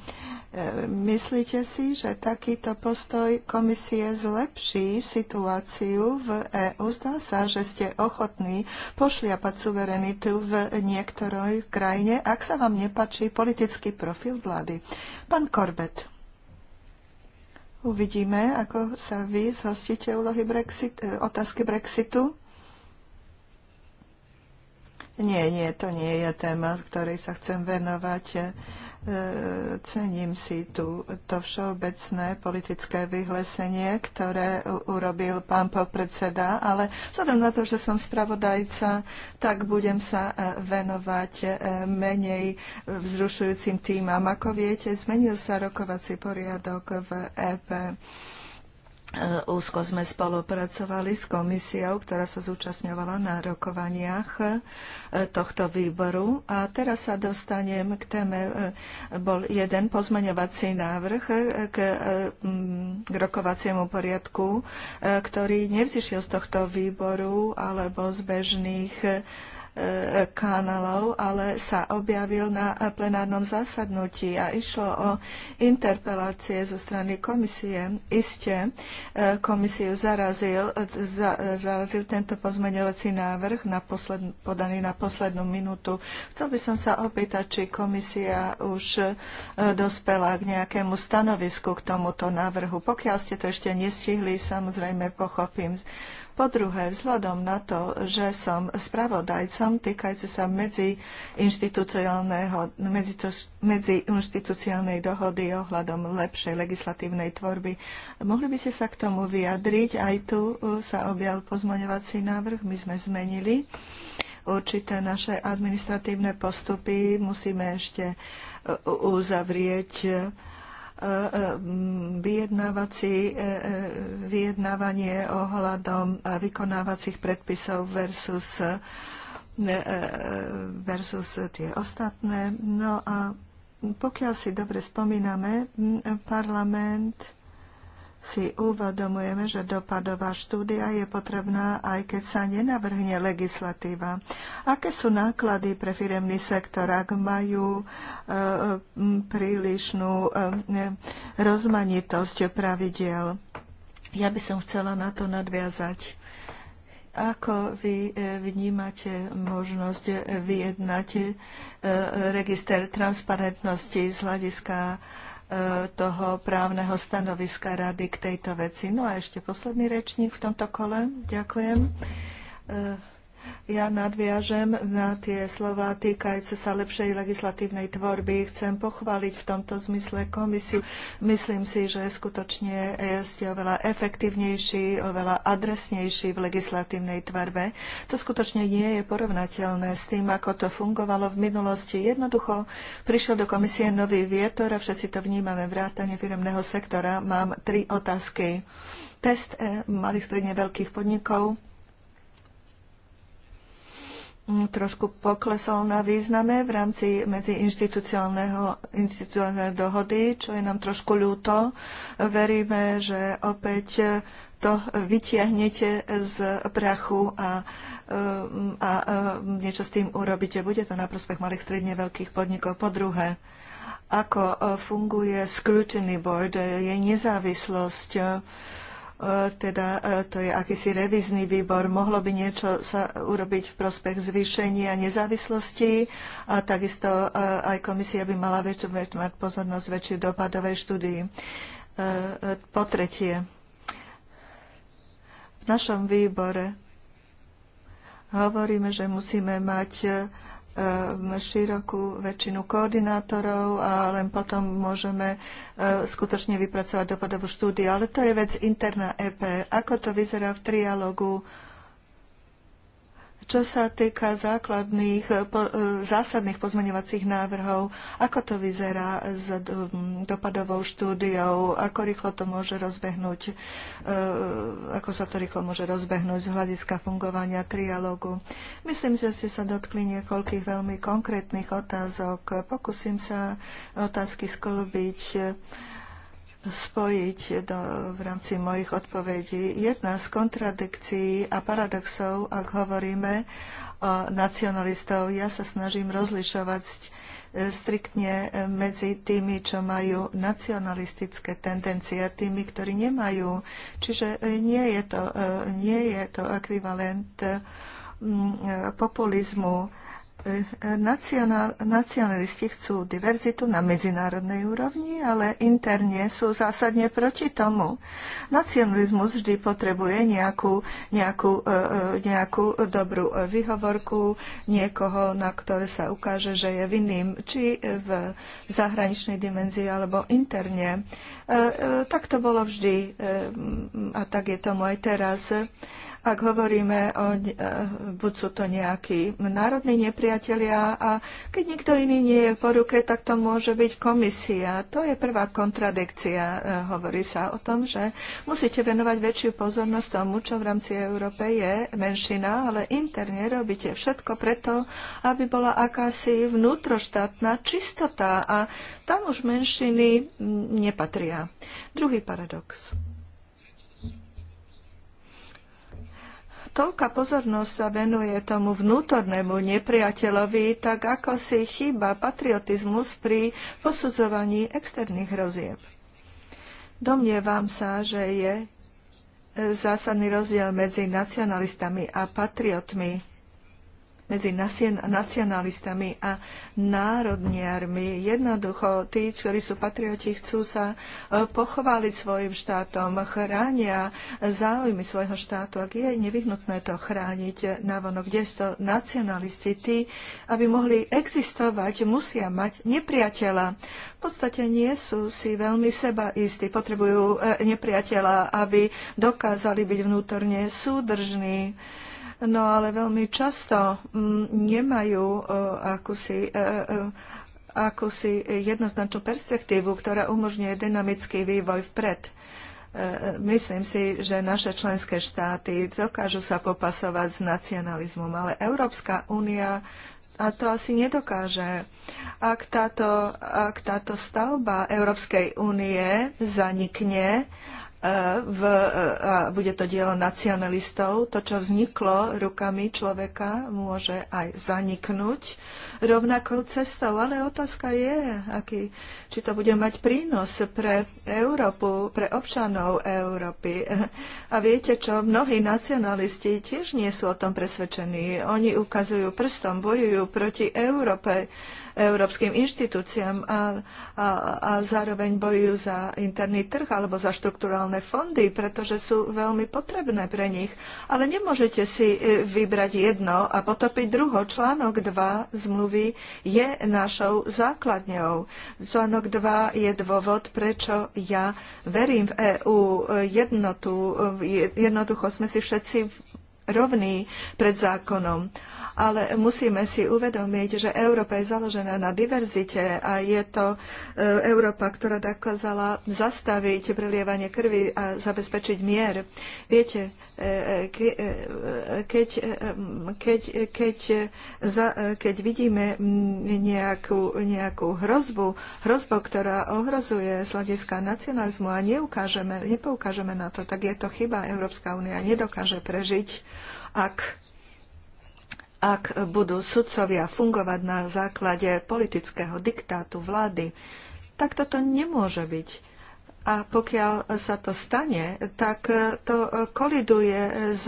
Myslíte si, že takýto postoj komisie zlepší situáciu v EU. Zdá sa, že ste ochotní pošliapať suverenitu v niektorej krajine, ak sa vám nepačí politický profil vlády. Pán Korbet. Uvidíme, ako sa vy zhostíte úlohy Brexit, e, otázky Brexitu. Nie, nie, to nie je téma, ktorej sa chcem venovať. E, cením si tu to všeobecné politické vyhlesenie, ktoré urobil pán popredseda, ale vzhľadom na to, že som spravodajca, tak budem sa e, venovať e, menej vzrušujúcim týmam. Ako viete, zmenil sa rokovací poriadok v EP. E, úzko sme spolupracovali s komisiou, ktorá sa zúčastňovala na rokovaniach e, tohto výboru. A teraz sa dostanem k téme, e, bol jeden pozmeňovací návrh k, k rokovaciemu poriadku, ktorý nevzýšiel z tohto výboru alebo z bežných E, kanálov, ale sa objavil na plenárnom zasadnutí a išlo o interpelácie zo strany komisie. Iste e, komisiu zarazil, zarazil tento pozmeňovací návrh na posled, podaný na poslednú minútu. Chcel by som sa opýtať, či komisia už e, dospela k nejakému stanovisku k tomuto návrhu. Pokiaľ ste to ešte nestihli, samozrejme pochopím po druhé, vzhľadom na to, že som spravodajcom týkajúce sa medzi, inštitucionálnej dohody ohľadom lepšej legislatívnej tvorby, mohli by ste sa k tomu vyjadriť? Aj tu uh, sa objal pozmaňovací návrh, my sme zmenili určité naše administratívne postupy musíme ešte uh, uzavrieť uh, vyjednávací, vyjednávanie ohľadom vykonávacích predpisov versus, versus tie ostatné. No a pokiaľ si dobre spomíname, parlament si uvedomujeme, že dopadová štúdia je potrebná, aj keď sa nenavrhne legislatíva. Aké sú náklady pre firemný sektor, ak majú e, prílišnú e, rozmanitosť pravidiel? Ja by som chcela na to nadviazať. Ako vy e, vnímate možnosť vyjednať e, register transparentnosti z hľadiska E, toho právneho stanoviska rady k tejto veci. No a ešte posledný rečník v tomto kole. Ďakujem. E, ja nadviažem na tie slova týkajúce sa lepšej legislatívnej tvorby. Chcem pochváliť v tomto zmysle komisiu. Myslím si, že skutočne ste oveľa efektívnejší, oveľa adresnejší v legislatívnej tvorbe. To skutočne nie je porovnateľné s tým, ako to fungovalo v minulosti. Jednoducho prišiel do komisie nový vietor a všetci to vnímame vrátane firmného sektora. Mám tri otázky. Test e malých stredne veľkých podnikov Mm, trošku poklesol na význame v rámci medziinstitucionálnej dohody, čo je nám trošku ľúto. Veríme, že opäť to vytiahnete z prachu a, mm, a, a e, niečo s tým urobíte. Bude to na prospech malých stredne veľkých podnikov. Po druhé, ako funguje scrutiny board, jej nezávislosť E, teda e, to je akýsi revizný výbor, mohlo by niečo sa urobiť v prospech zvýšenia nezávislosti a takisto e, aj komisia by mala väčšiu, mať pozornosť väčšiu dopadovej štúdii. Po tretie, v našom výbore hovoríme, že musíme mať E, širokú väčšinu koordinátorov a len potom môžeme e, skutočne vypracovať dopadovú štúdiu. Ale to je vec interná EP. Ako to vyzerá v trialogu? Čo sa týka základných, eh, po, eh, zásadných pozmeňovacích návrhov, ako to vyzerá s eh, dopadovou štúdiou, ako rýchlo to môže rozbehnúť, ako sa to rýchlo môže rozbehnúť z hľadiska fungovania trialógu. Myslím, že ste sa dotkli niekoľkých veľmi konkrétnych otázok. Pokúsim sa otázky sklbiť spojiť do, v rámci mojich odpovedí. Jedna z kontradikcií a paradoxov, ak hovoríme o nacionalistov, ja sa snažím rozlišovať e, striktne e, medzi tými, čo majú nacionalistické tendencie a tými, ktorí nemajú. Čiže e, nie je to, nie je to ekvivalent mm, populizmu Eh, nacionalisti chcú diverzitu na medzinárodnej úrovni, ale interne sú zásadne proti tomu. Nacionalizmus vždy potrebuje nejakú, nejakú, eh, eh, nejakú dobrú vyhovorku, niekoho, na ktoré sa ukáže, že je vinným, či v zahraničnej dimenzii alebo interne. Tak to bolo vždy a tak je tomu aj teraz. Ak hovoríme o, e, buď sú to nejakí národní nepriatelia a keď nikto iný nie je po ruke, tak to môže byť komisia. To je prvá kontradikcia. E, hovorí sa o tom, že musíte venovať väčšiu pozornosť tomu, čo v rámci Európe je menšina, ale interne robíte všetko preto, aby bola akási vnútroštátna čistota a tam už menšiny nepatria. Druhý paradox. toľká pozornosť sa venuje tomu vnútornému nepriateľovi, tak ako si chýba patriotizmus pri posudzovaní externých hrozieb. Domnievam sa, že je zásadný rozdiel medzi nacionalistami a patriotmi medzi nacionalistami a národniarmi. Jednoducho, tí, ktorí sú patrioti, chcú sa e, pochváliť svojim štátom, chránia záujmy svojho štátu, ak je nevyhnutné to chrániť sú to nacionalisti, tí, aby mohli existovať, musia mať nepriateľa. V podstate nie sú si veľmi seba istí, potrebujú e, nepriateľa, aby dokázali byť vnútorne súdržní no ale veľmi často mm, nemajú e, akúsi e, e, akúsi jednoznačnú perspektívu, ktorá umožňuje dynamický vývoj vpred. Myslím si, že naše členské štáty dokážu sa popasovať s nacionalizmom, ale Európska únia a to asi nedokáže. Ak táto, ak táto stavba Európskej únie zanikne, E, v, e, a bude to dielo nacionalistov. To, čo vzniklo rukami človeka, môže aj zaniknúť rovnakou cestou. Ale otázka je, aký, či to bude mať prínos pre Európu, pre občanov Európy. A viete čo, mnohí nacionalisti tiež nie sú o tom presvedčení. Oni ukazujú prstom, bojujú proti Európe európskym inštitúciám a, a, a zároveň bojujú za interný trh alebo za štrukturálne fondy, pretože sú veľmi potrebné pre nich. Ale nemôžete si e, vybrať jedno a potopiť druho. Článok 2 zmluvy je našou základňou. Článok 2 je dôvod, prečo ja verím v EÚ jednotu. E, jednoducho sme si všetci rovní pred zákonom ale musíme si uvedomiť, že Európa je založená na diverzite a je to e, Európa, ktorá dokázala zastaviť prelievanie krvi a zabezpečiť mier. Viete, e, e, keď, keď, keď, keď vidíme nejakú, nejakú hrozbu, hrozbu, ktorá ohrozuje z hľadiska nacionalizmu a neukážeme, nepoukážeme na to, tak je to chyba. Európska únia nedokáže prežiť, ak ak budú sudcovia fungovať na základe politického diktátu vlády, tak toto nemôže byť. A pokiaľ sa to stane, tak to koliduje s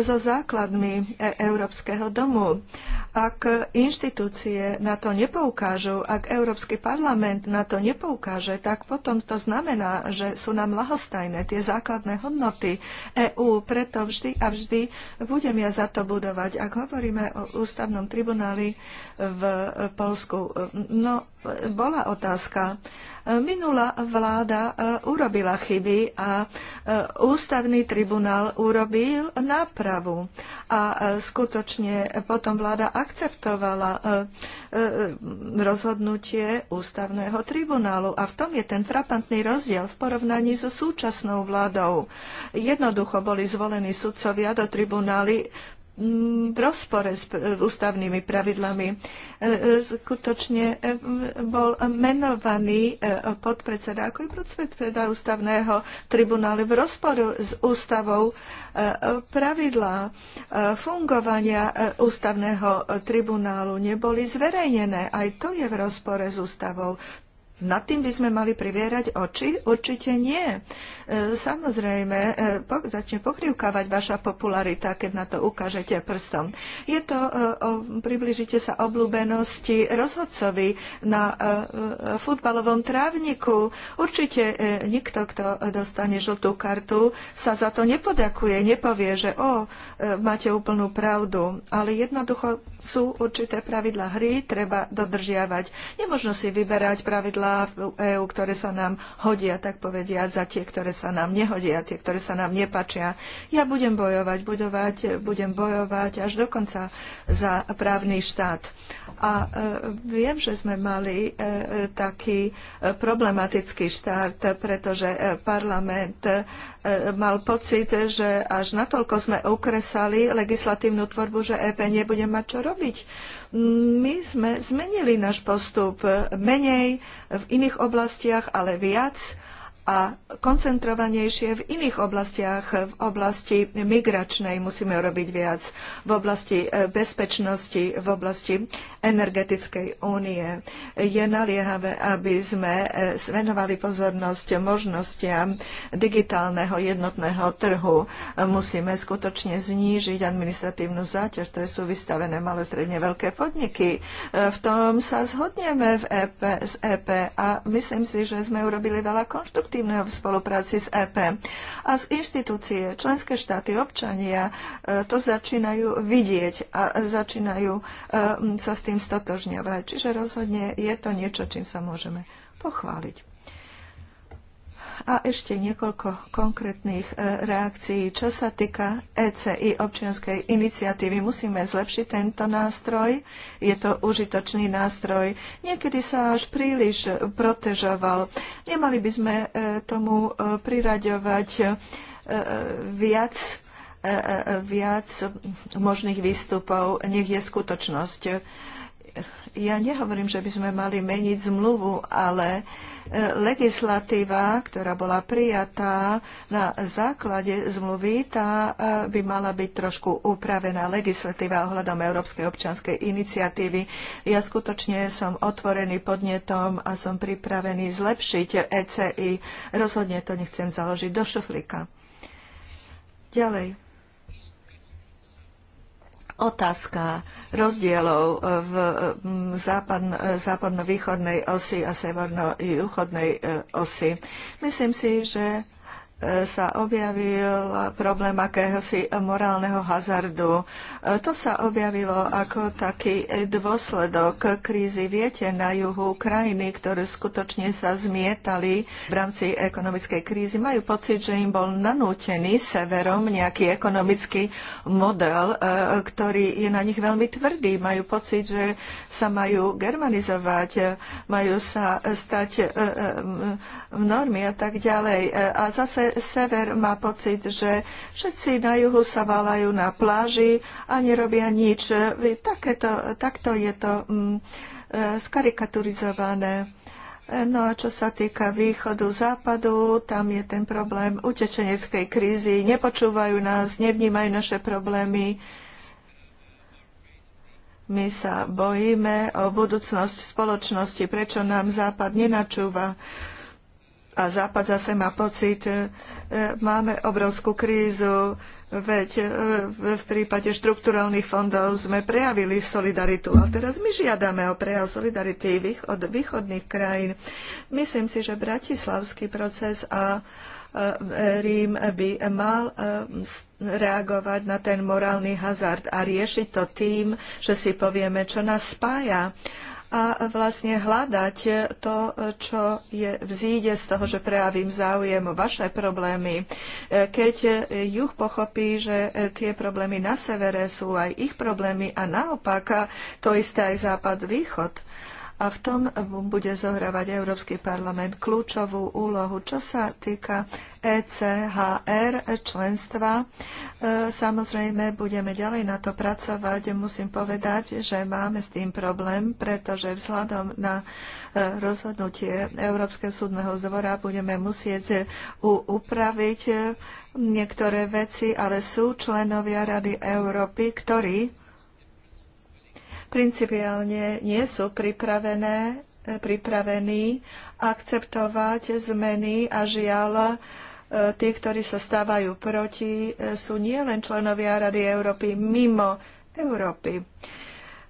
so základmi e- Európskeho domu. Ak inštitúcie na to nepoukážu, ak Európsky parlament na to nepoukáže, tak potom to znamená, že sú nám lahostajné tie základné hodnoty EÚ. Preto vždy a vždy budem ja za to budovať. Ak hovoríme o ústavnom tribunáli v Polsku, no bola otázka. Minulá vláda e, urobila chyby a e, ústavný tribunál urobil napravu dopravu. A e, skutočne potom vláda akceptovala e, e, rozhodnutie ústavného tribunálu. A v tom je ten frapantný rozdiel v porovnaní so súčasnou vládou. Jednoducho boli zvolení sudcovia do tribunály Mm, v rozpore s e, ústavnými pravidlami. E, e, skutočne bol menovaný podpredseda ako i podpredseda ústavného tribunálu v rozporu s ústavou pravidlá fungovania ústavného tribunálu neboli zverejnené. Aj to je v rozpore s ústavou. Nad tým by sme mali privierať oči? Určite nie. E, samozrejme, e, začne pokrivkávať vaša popularita, keď na to ukážete prstom. Je to, e, približite sa obľúbenosti rozhodcovi na futbalovom trávniku. Určite nikto, kto dostane žltú kartu, sa za to nepodakuje, nepovie, že o, máte úplnú pravdu. Ale jednoducho sú určité pravidla hry, treba dodržiavať. Nemôžno si vyberať pravidla v e EÚ, ktoré sa nám hodia, tak povediať, za tie, ktoré sa nám nehodia, tie, ktoré sa nám nepačia. Ja budem bojovať, budovať, budem bojovať až dokonca za právny štát. A e, viem, že sme mali e, taký problematický štart, pretože parlament mal pocit, že až natoľko sme ukresali legislatívnu tvorbu, že EP nebude mať čo robiť my sme zmenili náš postup menej v iných oblastiach, ale viac a koncentrovanejšie v iných oblastiach. V oblasti migračnej musíme robiť viac, v oblasti e, bezpečnosti, v oblasti energetickej únie. Je naliehavé, aby sme svenovali e, pozornosť možnostiam digitálneho jednotného trhu. Musíme skutočne znížiť administratívnu záťaž, ktoré sú vystavené malé, stredne veľké podniky. E, v tom sa zhodneme v EP, z EP a myslím si, že sme urobili veľa konštruktívnych konštruktívneho v spolupráci s EP. A z inštitúcie, členské štáty, občania e, to začínajú vidieť a začínajú e, sa s tým stotožňovať. Čiže rozhodne je to niečo, čím sa môžeme pochváliť. A ešte niekoľko konkrétnych e, reakcií. Čo sa týka ECI občianskej iniciatívy, musíme zlepšiť tento nástroj. Je to užitočný nástroj. Niekedy sa až príliš protežoval. Nemali by sme e, tomu e, priraďovať viac viac možných výstupov, nech je skutočnosť. Ja nehovorím, že by sme mali meniť zmluvu, ale uh, legislatíva, ktorá bola prijatá na základe zmluvy, tá e, by mala byť trošku upravená legislatíva ohľadom Európskej občianskej iniciatívy. Ja skutočne som otvorený podnetom a som pripravený zlepšiť ECI. Rozhodne to nechcem založiť do šuflíka. Ďalej otázka rozdielov e, v e, západno-východnej osi a severno východnej e, osi. Myslím si, že sa objavil problém akéhosi morálneho hazardu. To sa objavilo ako taký dôsledok krízy viete na juhu krajiny, ktoré skutočne sa zmietali v rámci ekonomickej krízy. Majú pocit, že im bol nanútený severom nejaký ekonomický model, e, ktorý je na nich veľmi tvrdý. Majú pocit, že sa majú germanizovať, majú sa stať e, e, normy a tak ďalej. A zase sever má pocit, že všetci na juhu sa valajú na pláži a nerobia nič. Takéto, takto je to mm, e, skarikaturizované. No a čo sa týka východu, západu, tam je ten problém utečeneckej krízy. Nepočúvajú nás, nevnímajú naše problémy. My sa bojíme o budúcnosť spoločnosti, prečo nám Západ nenačúva a Západ zase má pocit, e, máme obrovskú krízu, veď e, v prípade štrukturálnych fondov sme prejavili solidaritu a teraz my žiadame o prejav solidarity od východných krajín. Myslím si, že bratislavský proces a e, Rím by mal reagovať na ten morálny hazard a riešiť to tým, že si povieme, čo nás spája a vlastne hľadať to, čo je vzíde z toho, že prejavím záujem o vaše problémy. E, keď juh pochopí, že tie problémy na severe sú aj ich problémy a naopak to isté aj západ-východ a v tom bude zohrávať Európsky parlament kľúčovú úlohu. Čo sa týka ECHR členstva, e, samozrejme budeme ďalej na to pracovať. Musím povedať, že máme s tým problém, pretože vzhľadom na e, rozhodnutie Európskeho súdneho zvora budeme musieť upraviť e, niektoré veci, ale sú členovia Rady Európy, ktorí principiálne nie sú pripravené, eh, pripravení akceptovať zmeny a žiaľ eh, tí, ktorí sa stávajú proti, eh, sú nielen členovia Rady Európy mimo Európy.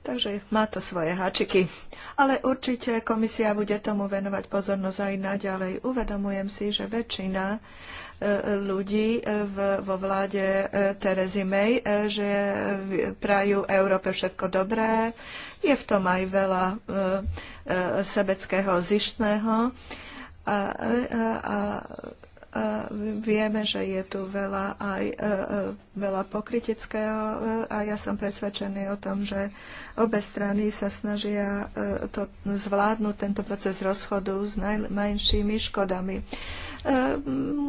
Takže má to svoje háčiky. Ale určite komisia bude tomu venovať pozornosť aj naďalej. Uvedomujem si, že väčšina ľudí e, v, vo vláde e, Terezy May, e, že prajú Európe všetko dobré. Je v tom aj veľa sebeckého zištného. A, a, a, a vieme, že je tu veľa aj veľa pokritického a ja som presvedčený o tom, že obe strany sa snažia to zvládnuť, tento proces rozchodu s najmenšími škodami. Eh,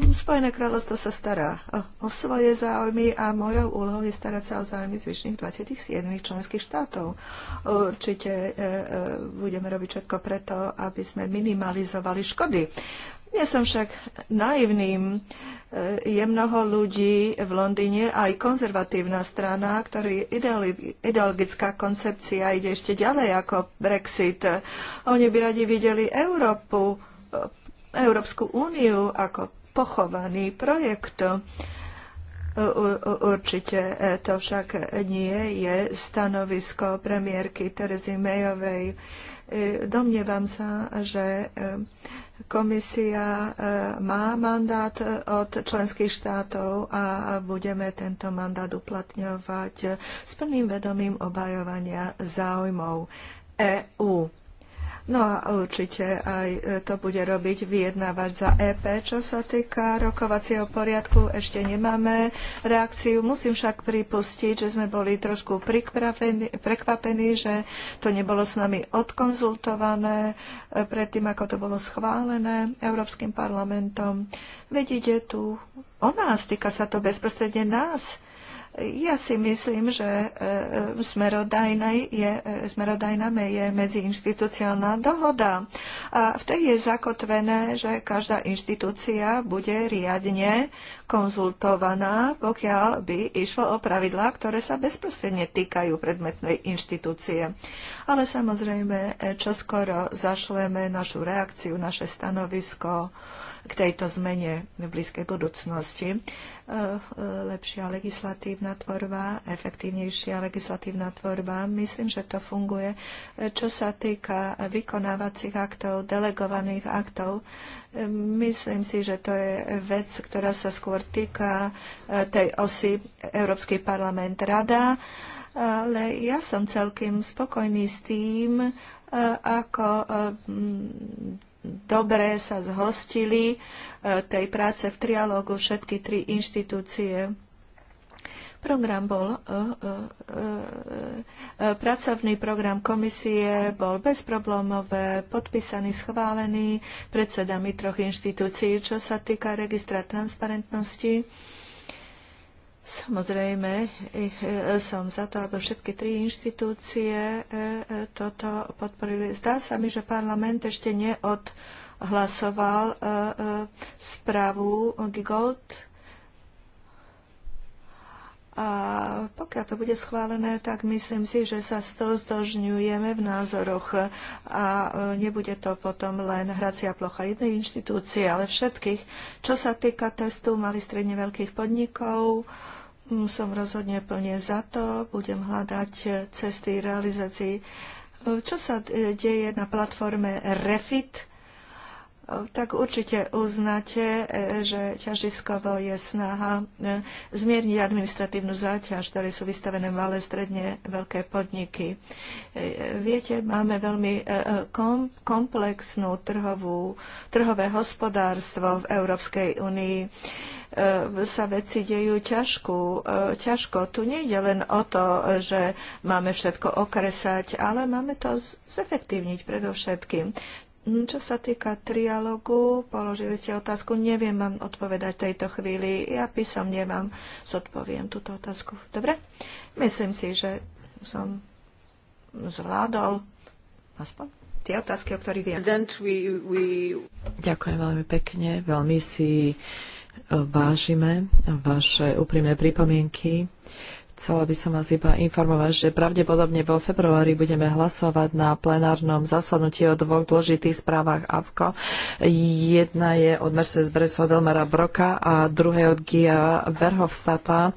Spojené kráľovstvo sa stará o, svoje záujmy a mojou úlohou je starať sa o záujmy zvyšných 27 členských štátov. Určite eh, eh, budeme robiť všetko preto, aby sme minimalizovali škody. Nie som však naivným. Je mnoho ľudí v Londýne, aj konzervatívna strana, ktorý ideologická koncepcia ide ešte ďalej ako Brexit. Oni by radi videli Európu Európsku úniu ako pochovaný projekt. Určite e, to však nie je stanovisko premiérky Terezy Mejovej. E, domnievam sa, že e, komisia má mandát od členských štátov a budeme tento mandát uplatňovať s plným vedomím obhajovania záujmov EÚ. No a určite aj e, to bude robiť vyjednávať za EP. Čo sa týka rokovacieho poriadku, ešte nemáme reakciu. Musím však pripustiť, že sme boli trošku prekvapení, že to nebolo s nami odkonzultované e, predtým, ako to bolo schválené Európskym parlamentom. Veď ide tu o nás, týka sa to bezprostredne nás ja si myslím, že e, e, je, e, smerodajname je medziinstitucionálna dohoda. A v tej je zakotvené, že každá inštitúcia bude riadne konzultovaná, pokiaľ by išlo o pravidlá, ktoré sa bezprostredne týkajú predmetnej inštitúcie. Ale samozrejme, čo skoro zašleme našu reakciu, naše stanovisko, k tejto zmene v blízkej budúcnosti. E, e, lepšia legislatívna tvorba, efektívnejšia legislatívna tvorba. Myslím, že to funguje. Čo sa týka vykonávacích aktov, delegovaných aktov, Myslím si, že to je vec, ktorá sa skôr týka e, tej osy Európsky parlament rada, ale ja som celkým spokojný s tým, ako dobre sa zhostili e, tej práce v trialógu všetky tri inštitúcie. Program bol, e, e, pracovný program komisie bol bezproblémové, podpísaný, schválený predsedami troch inštitúcií, čo sa týka registra transparentnosti. Samozrejme, e, som za to, aby všetky tri inštitúcie e, e, toto podporili. Zdá sa mi, že parlament ešte neodhlasoval správu Gigold. A pokiaľ to bude schválené, tak myslím si, že sa s to zdožňujeme v názoroch a nebude to potom len hracia plocha jednej inštitúcie, ale všetkých. Čo sa týka testu malých stredne veľkých podnikov, som rozhodne plne za to, budem hľadať cesty realizácií. Čo sa deje na platforme Refit? tak určite uznáte, že ťažiskovo je snaha e, zmierniť administratívnu záťaž, ktoré sú vystavené malé, stredne veľké podniky. E, viete, máme veľmi e, komplexnú trhovú, trhové hospodárstvo v Európskej únii E, sa veci dejú ťažko, e, ťažko. Tu nejde len o to, že máme všetko okresať, ale máme to zefektívniť predovšetkým. Hm, čo sa týka trialogu, položili ste otázku, neviem vám odpovedať v tejto chvíli. Ja písomne vám zodpoviem túto otázku. Dobre? Myslím si, že som zvládol aspoň tie otázky, o ktorých viem. Ďakujem veľmi pekne. Veľmi si uh, vážime vaše úprimné pripomienky. Chcela by som vás iba informovať, že pravdepodobne vo februári budeme hlasovať na plenárnom zasadnutí o dvoch dôležitých správach AVKO. Jedna je od Mercedes Breso Delmara Broka a druhé od Gia Verhofstata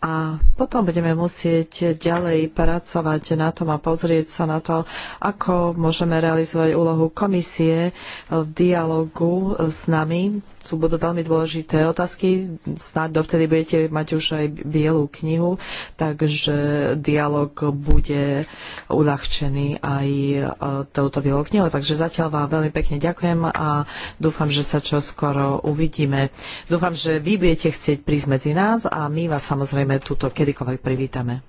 a potom budeme musieť ďalej pracovať na tom a pozrieť sa na to, ako môžeme realizovať úlohu komisie v dialogu s nami sú budú veľmi dôležité otázky. Snáď dovtedy budete mať už aj bielú knihu, takže dialog bude uľahčený aj e, touto bielou knihou. Takže zatiaľ vám veľmi pekne ďakujem a dúfam, že sa čo skoro uvidíme. Dúfam, že vy budete chcieť prísť medzi nás a my vás samozrejme túto kedykoľvek privítame.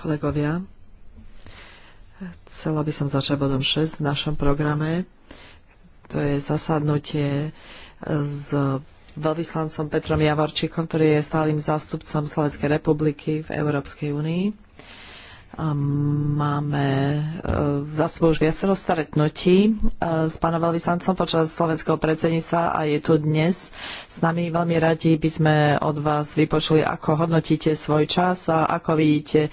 Kolegovia, chcela by som začať bodom 6 v našom programe. To je zasadnutie s veľvyslancom Petrom Javorčíkom, ktorý je stálym zástupcom Slovenskej republiky v Európskej únii. Máme e, za sebou už viacero stretnutí e, s pánom veľvyslancom počas slovenského predsedníctva a je tu dnes. S nami veľmi radi by sme od vás vypočuli, ako hodnotíte svoj čas a ako vidíte e,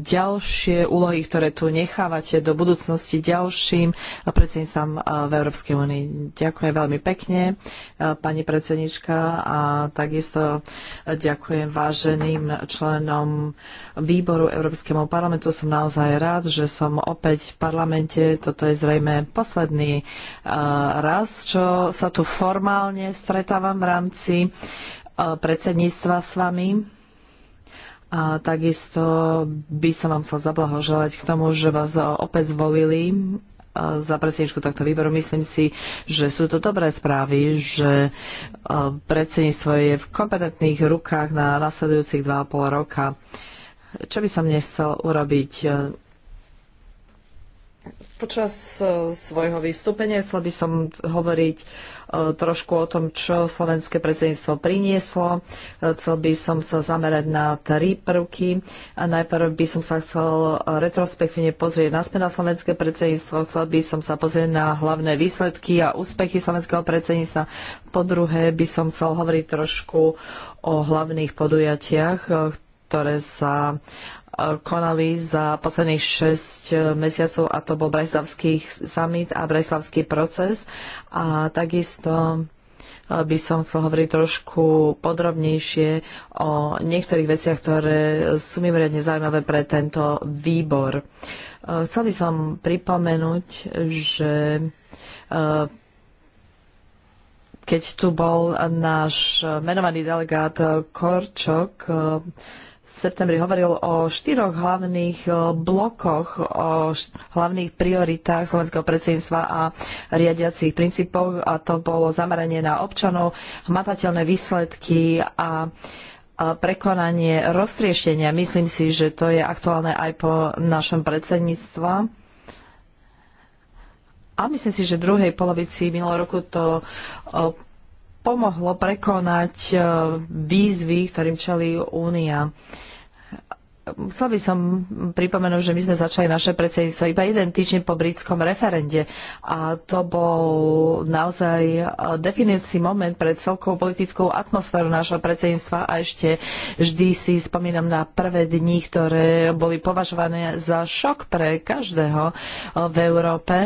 ďalšie úlohy, ktoré tu nechávate do budúcnosti ďalším predsedníctvam v Európskej únii. Ďakujem veľmi pekne, pani predsednička, a takisto ďakujem váženým členom výboru Európskemu parlamentu parlamentu som naozaj rád, že som opäť v parlamente. Toto je zrejme posledný eh, raz, čo sa tu formálne stretávam v rámci eh, predsedníctva s vami. A takisto by som vám chcel zablahoželať k tomu, že vás opäť zvolili eh, za predsedničku tohto výboru. Myslím si, že sú to dobré správy, že predsedníctvo je v kompetentných rukách na nasledujúcich 2,5 roka. Čo by som nechcel urobiť? Počas e, svojho vystúpenia chcel by som hovoriť e, trošku o tom, čo slovenské predsedníctvo prinieslo. E, chcel by som sa zamerať na tri prvky. A najprv by som sa chcel retrospektívne pozrieť naspäť na slovenské predsedníctvo. Chcel by som sa pozrieť na hlavné výsledky a úspechy slovenského predsedníctva. Po druhé by som chcel hovoriť trošku o hlavných podujatiach, ktoré sa e, konali za posledných 6 e, mesiacov a to bol Brajslavský summit a Brajslavský proces a takisto e, by som chcel hovoriť trošku podrobnejšie o niektorých veciach, ktoré sú mimoriadne zaujímavé pre tento výbor. Chcel by som pripomenúť, že keď tu bol náš menovaný delegát Korčok, septembri hovoril o štyroch hlavných e, blokoch, o hlavných prioritách slovenského predsedníctva a riadiacich princípoch a to bolo zameranie na občanov, hmatateľné výsledky a prekonanie roztriešenia. Myslím si, že to je aktuálne aj po našom predsedníctve. A myslím si, že v druhej polovici minulého roku to e, pomohlo prekonať e, výzvy, ktorým čelí Únia. Chcel by som pripomenúť, že my sme začali naše predsedníctvo iba jeden týždeň po britskom referende a to bol naozaj e, definujúci moment pre celkovú politickú atmosféru nášho predsedníctva a ešte vždy si spomínam na prvé dni, ktoré boli považované za šok pre každého e, v Európe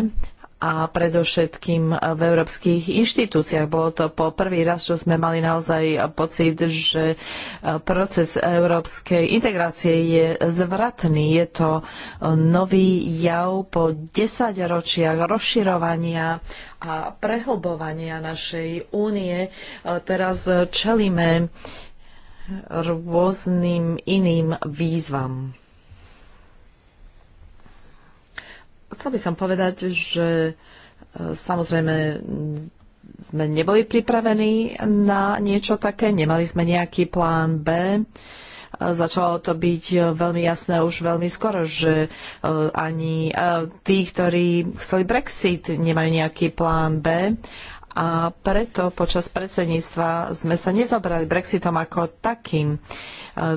a predovšetkým v európskych inštitúciách. Bolo to po prvý raz, čo sme mali naozaj pocit, že e, proces európskej integrácie je zvratný. Je to e, nový jav po desaťročiach rozširovania a prehlbovania našej únie. E, teraz čelíme rôznym iným výzvam. Chcel by som povedať, že e, samozrejme sme neboli pripravení na niečo také, nemali sme nejaký plán B. E, začalo to byť veľmi jasné už veľmi skoro, že e, ani tí, ktorí chceli Brexit, nemajú nejaký plán B a preto počas predsedníctva sme sa nezobrali Brexitom ako takým. E,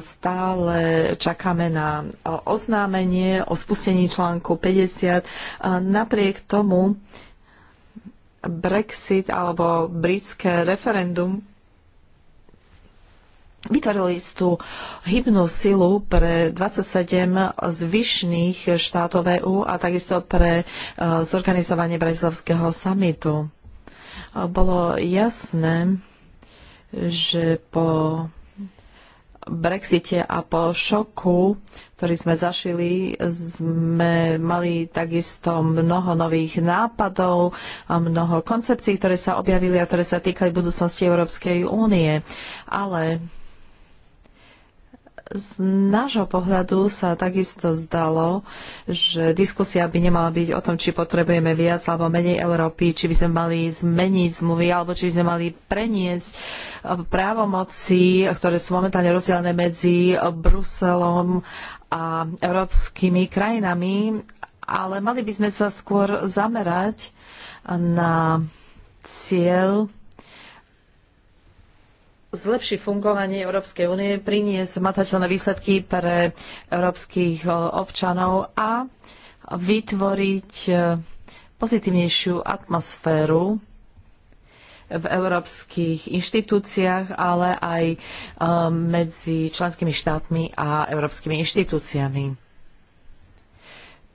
stále čakáme na oznámenie o spustení článku 50. E, napriek tomu Brexit alebo britské referendum vytvorili istú hybnú silu pre 27 zvyšných štátov EÚ a takisto pre e, zorganizovanie brazilského samitu bolo jasné, že po Brexite a po šoku, ktorý sme zašili, sme mali takisto mnoho nových nápadov a mnoho koncepcií, ktoré sa objavili a ktoré sa týkali budúcnosti Európskej únie. Ale z nášho pohľadu sa takisto zdalo, že diskusia by nemala byť o tom, či potrebujeme viac alebo menej Európy, či by sme mali zmeniť zmluvy, alebo či by sme mali preniesť eh, právomoci, ktoré sú momentálne rozdelené medzi Bruselom a európskymi krajinami, ale mali by sme sa skôr zamerať na cieľ zlepší fungovanie Európskej únie, priniesť matateľné výsledky pre európskych e, občanov a vytvoriť e, pozitívnejšiu atmosféru v európskych inštitúciách, ale aj e, medzi členskými štátmi a európskymi inštitúciami.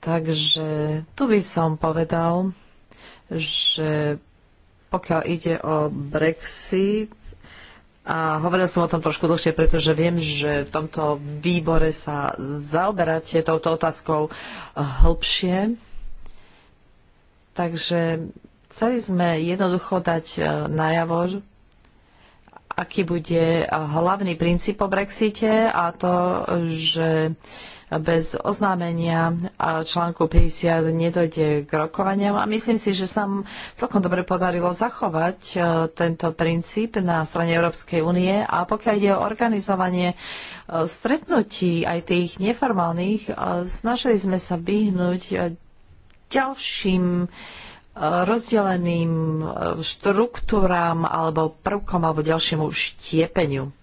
Takže tu by som povedal, že pokiaľ ide o Brexit, a hovoril som o tom trošku dlhšie, pretože viem, že v tomto výbore sa zaoberáte touto otázkou eh, hĺbšie. Takže chceli sme jednoducho dať eh, najavo, aký bude hlavný princíp o Brexite a to, že bez oznámenia článku 50 nedojde k rokovaniam a myslím si, že sa nám celkom dobre podarilo zachovať e, tento princíp na strane Európskej únie a pokiaľ ide o organizovanie e, stretnutí aj tých neformálnych, e, snažili sme sa vyhnúť ďalším rozdeleným eh, štruktúram alebo prvkom alebo ďalšiemu štiepeniu.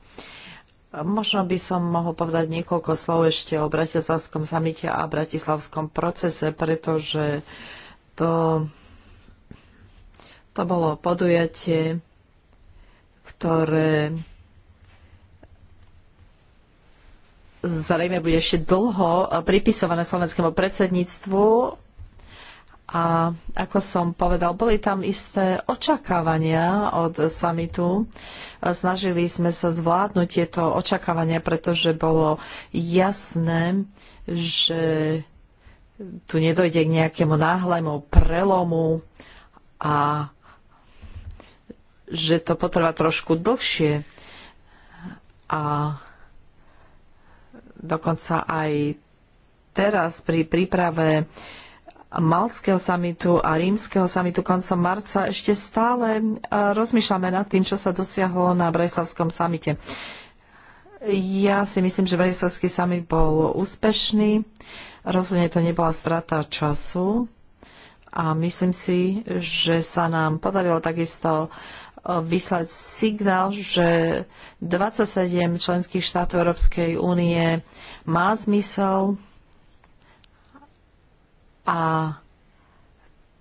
Možno by som mohol povedať niekoľko slov ešte o Bratislavskom samite a Bratislavskom procese, pretože to, to bolo podujatie, ktoré zrejme bude ešte dlho pripisované slovenskému predsedníctvu a ako som povedal, boli tam isté očakávania od samitu. Snažili sme sa zvládnuť tieto očakávania, pretože bolo jasné, že tu nedojde k nejakému náhlemu prelomu a že to potrvá trošku dlhšie. A dokonca aj teraz pri príprave Malckého samitu a Rímskeho samitu koncom marca ešte stále e, rozmýšľame nad tým, čo sa dosiahlo na Breslavskom samite. Ja si myslím, že Breslavský summit bol úspešný. Rozhodne to nebola strata času. A myslím si, že sa nám podarilo takisto e, vyslať signál, že 27 členských štátov Európskej únie má zmysel a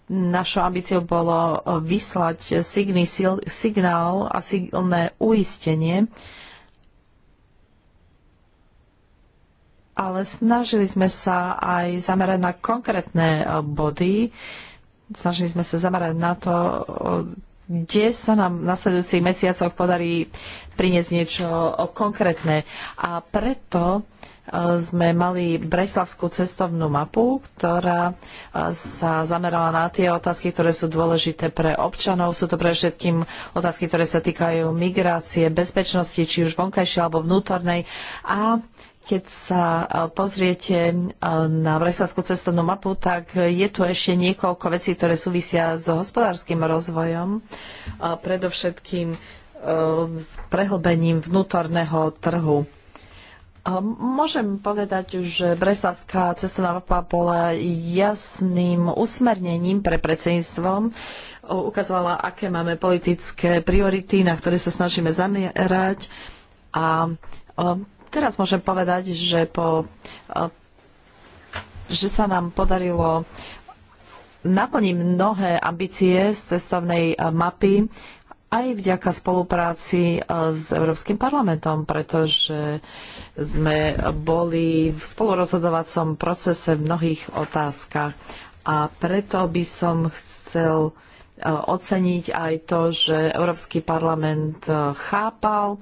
našou ambíciou bolo e, vyslať signál a silné uistenie, ale snažili sme sa aj zamerať na konkrétne e, body, snažili sme sa zamerať na to, e, kde sa nám v nasledujúcich mesiacoch podarí priniesť niečo konkrétne. A preto uh, sme mali breslavskú cestovnú mapu, ktorá e, sa zamerala na tie otázky, ktoré sú dôležité pre občanov. Sú to pre všetkým otázky, ktoré sa týkajú migrácie, bezpečnosti, či už vonkajšej alebo vnútornej. A keď sa e, pozriete e, na Breslavskú cestovnú mapu, tak je tu ešte niekoľko vecí, ktoré súvisia s hospodárskym rozvojom. Predovšetkým s prehlbením vnútorného trhu Môžem povedať, že Bresavská cestovná mapa bola jasným usmernením pre predsedníctvom. Ukazovala, aké máme politické priority, na ktoré sa snažíme zamerať. A teraz môžem povedať, že, po, že sa nám podarilo naplniť mnohé ambície z cestovnej mapy aj vďaka spolupráci e, s Európskym parlamentom, pretože sme boli v spolurozhodovacom procese v mnohých otázkach. A preto by som chcel e, oceniť aj to, že Európsky parlament e, chápal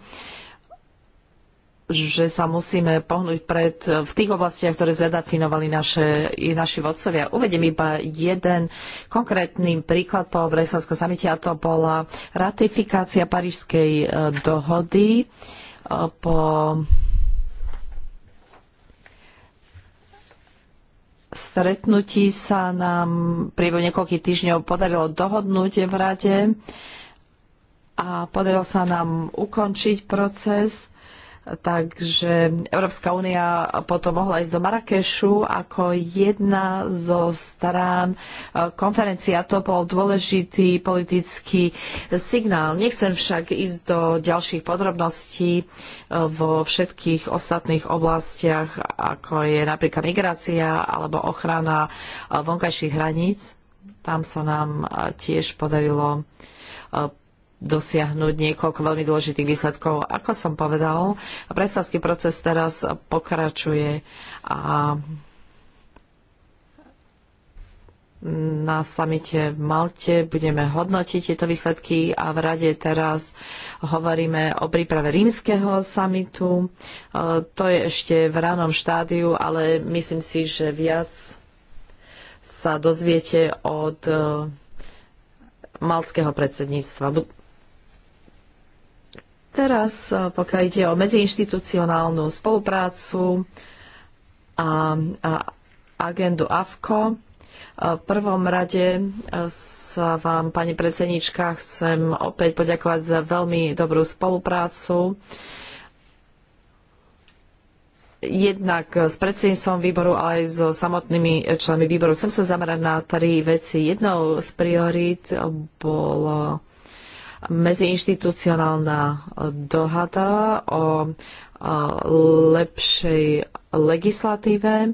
že sa musíme pohnúť pred v tých oblastiach, ktoré zadefinovali naše, naši vodcovia. Uvediem iba jeden konkrétny príklad po Breslavskom samite a to bola ratifikácia Parížskej e, dohody e, po stretnutí sa nám priebo niekoľkých týždňov podarilo dohodnúť v rade a podarilo sa nám ukončiť proces Takže Európska únia potom mohla ísť do Marrakešu ako jedna zo strán e, konferencie a to bol dôležitý politický signál. Nechcem však ísť do ďalších podrobností e, vo všetkých ostatných oblastiach, ako je napríklad migrácia alebo ochrana e, vonkajších hraníc. Tam sa nám tiež podarilo dosiahnuť niekoľko veľmi dôležitých výsledkov. Ako som povedal, predstavský proces teraz pokračuje a na samite v Malte budeme hodnotiť tieto výsledky a v rade teraz hovoríme o príprave rímskeho samitu. E, to je ešte v ranom štádiu, ale myslím si, že viac sa dozviete od e, malského predsedníctva. Teraz, eh, pokiaľ ide o medziinštitucionálnu spoluprácu a, a agendu AFCO, eh, v prvom rade eh, sa vám, pani predsednička, chcem opäť poďakovať za veľmi dobrú spoluprácu. Jednak s predsedníctvom výboru, ale aj so samotnými členmi výboru. Chcem sa zamerať na tri veci. Jednou z priorít bolo medziinštitucionálna dohada o lepšej legislatíve.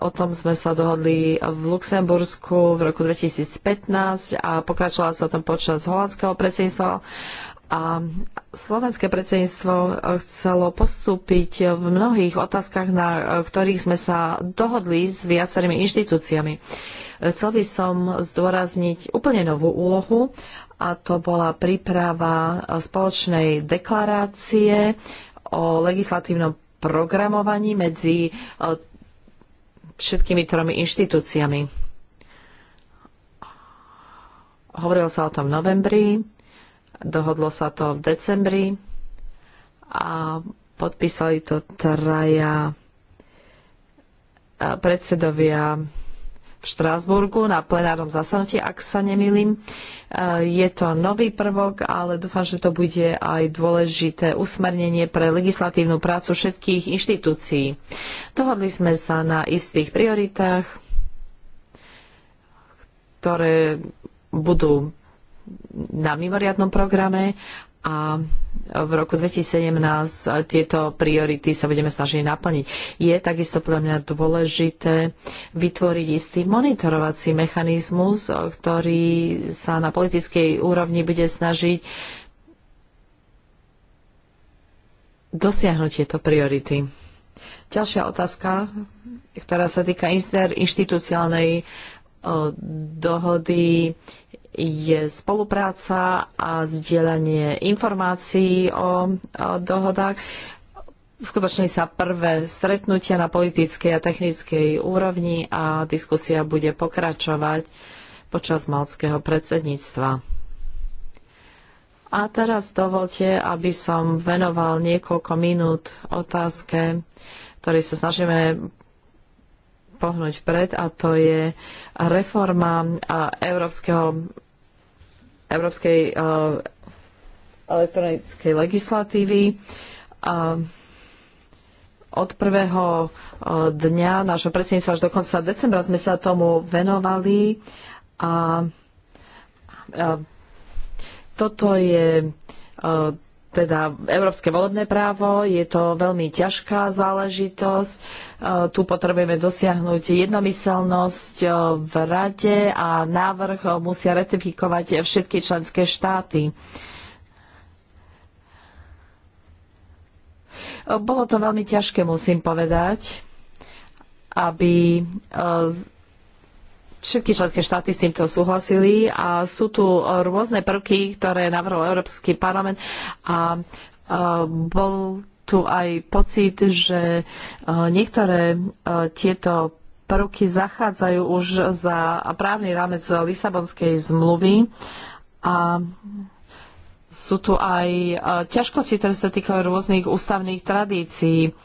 O tom sme sa dohodli v Luxembursku v roku 2015 a pokračovala sa tom počas holandského predsedníctva a slovenské predsedníctvo chcelo postúpiť v mnohých otázkach, na ktorých sme sa dohodli s viacerými inštitúciami. Chcel by som zdôrazniť úplne novú úlohu a to bola príprava spoločnej deklarácie o legislatívnom programovaní medzi e, všetkými tromi inštitúciami. Hovorilo sa o tom v novembri Dohodlo sa to v decembri a podpísali to traja e, predsedovia v Štrásburgu na plenárnom zasadnutí, ak sa nemýlim. E, je to nový prvok, ale dúfam, že to bude aj dôležité usmernenie pre legislatívnu prácu všetkých inštitúcií. Dohodli sme sa na istých prioritách, ktoré budú na mimoriadnom programe a v roku 2017 tieto priority sa budeme snažiť naplniť. Je takisto podľa mňa dôležité vytvoriť istý monitorovací mechanizmus, ktorý sa na politickej úrovni bude snažiť dosiahnuť tieto priority. Ďalšia otázka, ktorá sa týka interinstitucionálnej eh, dohody je spolupráca a zdieľanie informácií o, o dohodách. Skutočne sa prvé stretnutia na politickej a technickej úrovni a diskusia bude pokračovať počas malckého predsedníctva. A teraz dovolte, aby som venoval niekoľko minút otázke, ktorej sa snažíme pohnúť pred, a to je reforma európskeho, európskej e, elektronickej legislatívy. Od prvého e, dňa nášho predsedníctva až do konca decembra sme sa tomu venovali a toto je e, teda európske volebné právo, je to veľmi ťažká záležitosť. E, tu potrebujeme dosiahnuť jednomyselnosť e, v rade a návrh musia ratifikovať všetky členské štáty. E, bolo to veľmi ťažké, musím povedať, aby Všetky členské štáty s týmto súhlasili a sú tu rôzne prvky, ktoré navrhol Európsky parlament a bol tu aj pocit, že niektoré tieto prvky zachádzajú už za právny rámec Lisabonskej zmluvy a sú tu aj ťažkosti, ktoré sa týkajú rôznych ústavných tradícií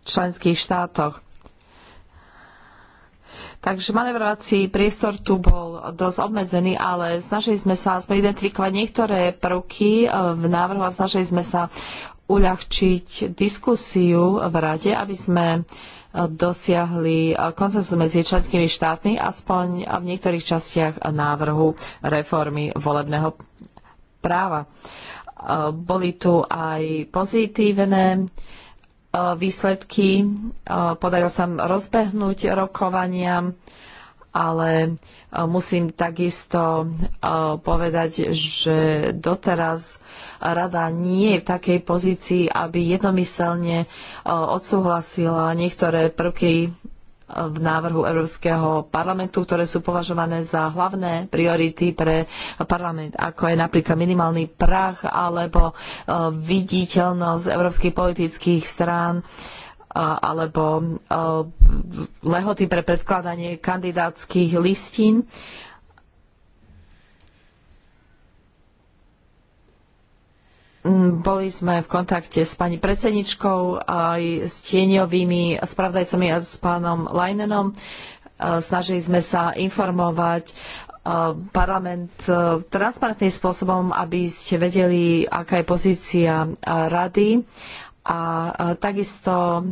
v členských štátoch. Takže manevrovací priestor tu bol dosť obmedzený, ale snažili sme sa sme identifikovať niektoré prvky e, v návrhu a snažili sme sa uľahčiť diskusiu v rade, aby sme e, dosiahli e, koncenzus medzi členskými štátmi, aspoň v niektorých častiach návrhu reformy volebného práva. Boli tu aj pozitívne Eh, výsledky. Eh, podarilo sa rozbehnúť rokovania, ale eh, musím takisto povedať, že doteraz rada nie je v takej pozícii, aby jednomyselne odsúhlasila niektoré prvky v návrhu Európskeho parlamentu, ktoré sú považované za hlavné priority pre parlament, ako je napríklad minimálny prach alebo e, viditeľnosť európskych politických strán e, alebo e, lehoty pre predkladanie kandidátskych listín Mm, boli sme v kontakte s pani predsedničkou, aj s tieňovými spravodajcami a s pánom Leinenom. E, snažili sme sa informovať e, parlament e, transparentným spôsobom, aby ste vedeli, aká je pozícia rady. A takisto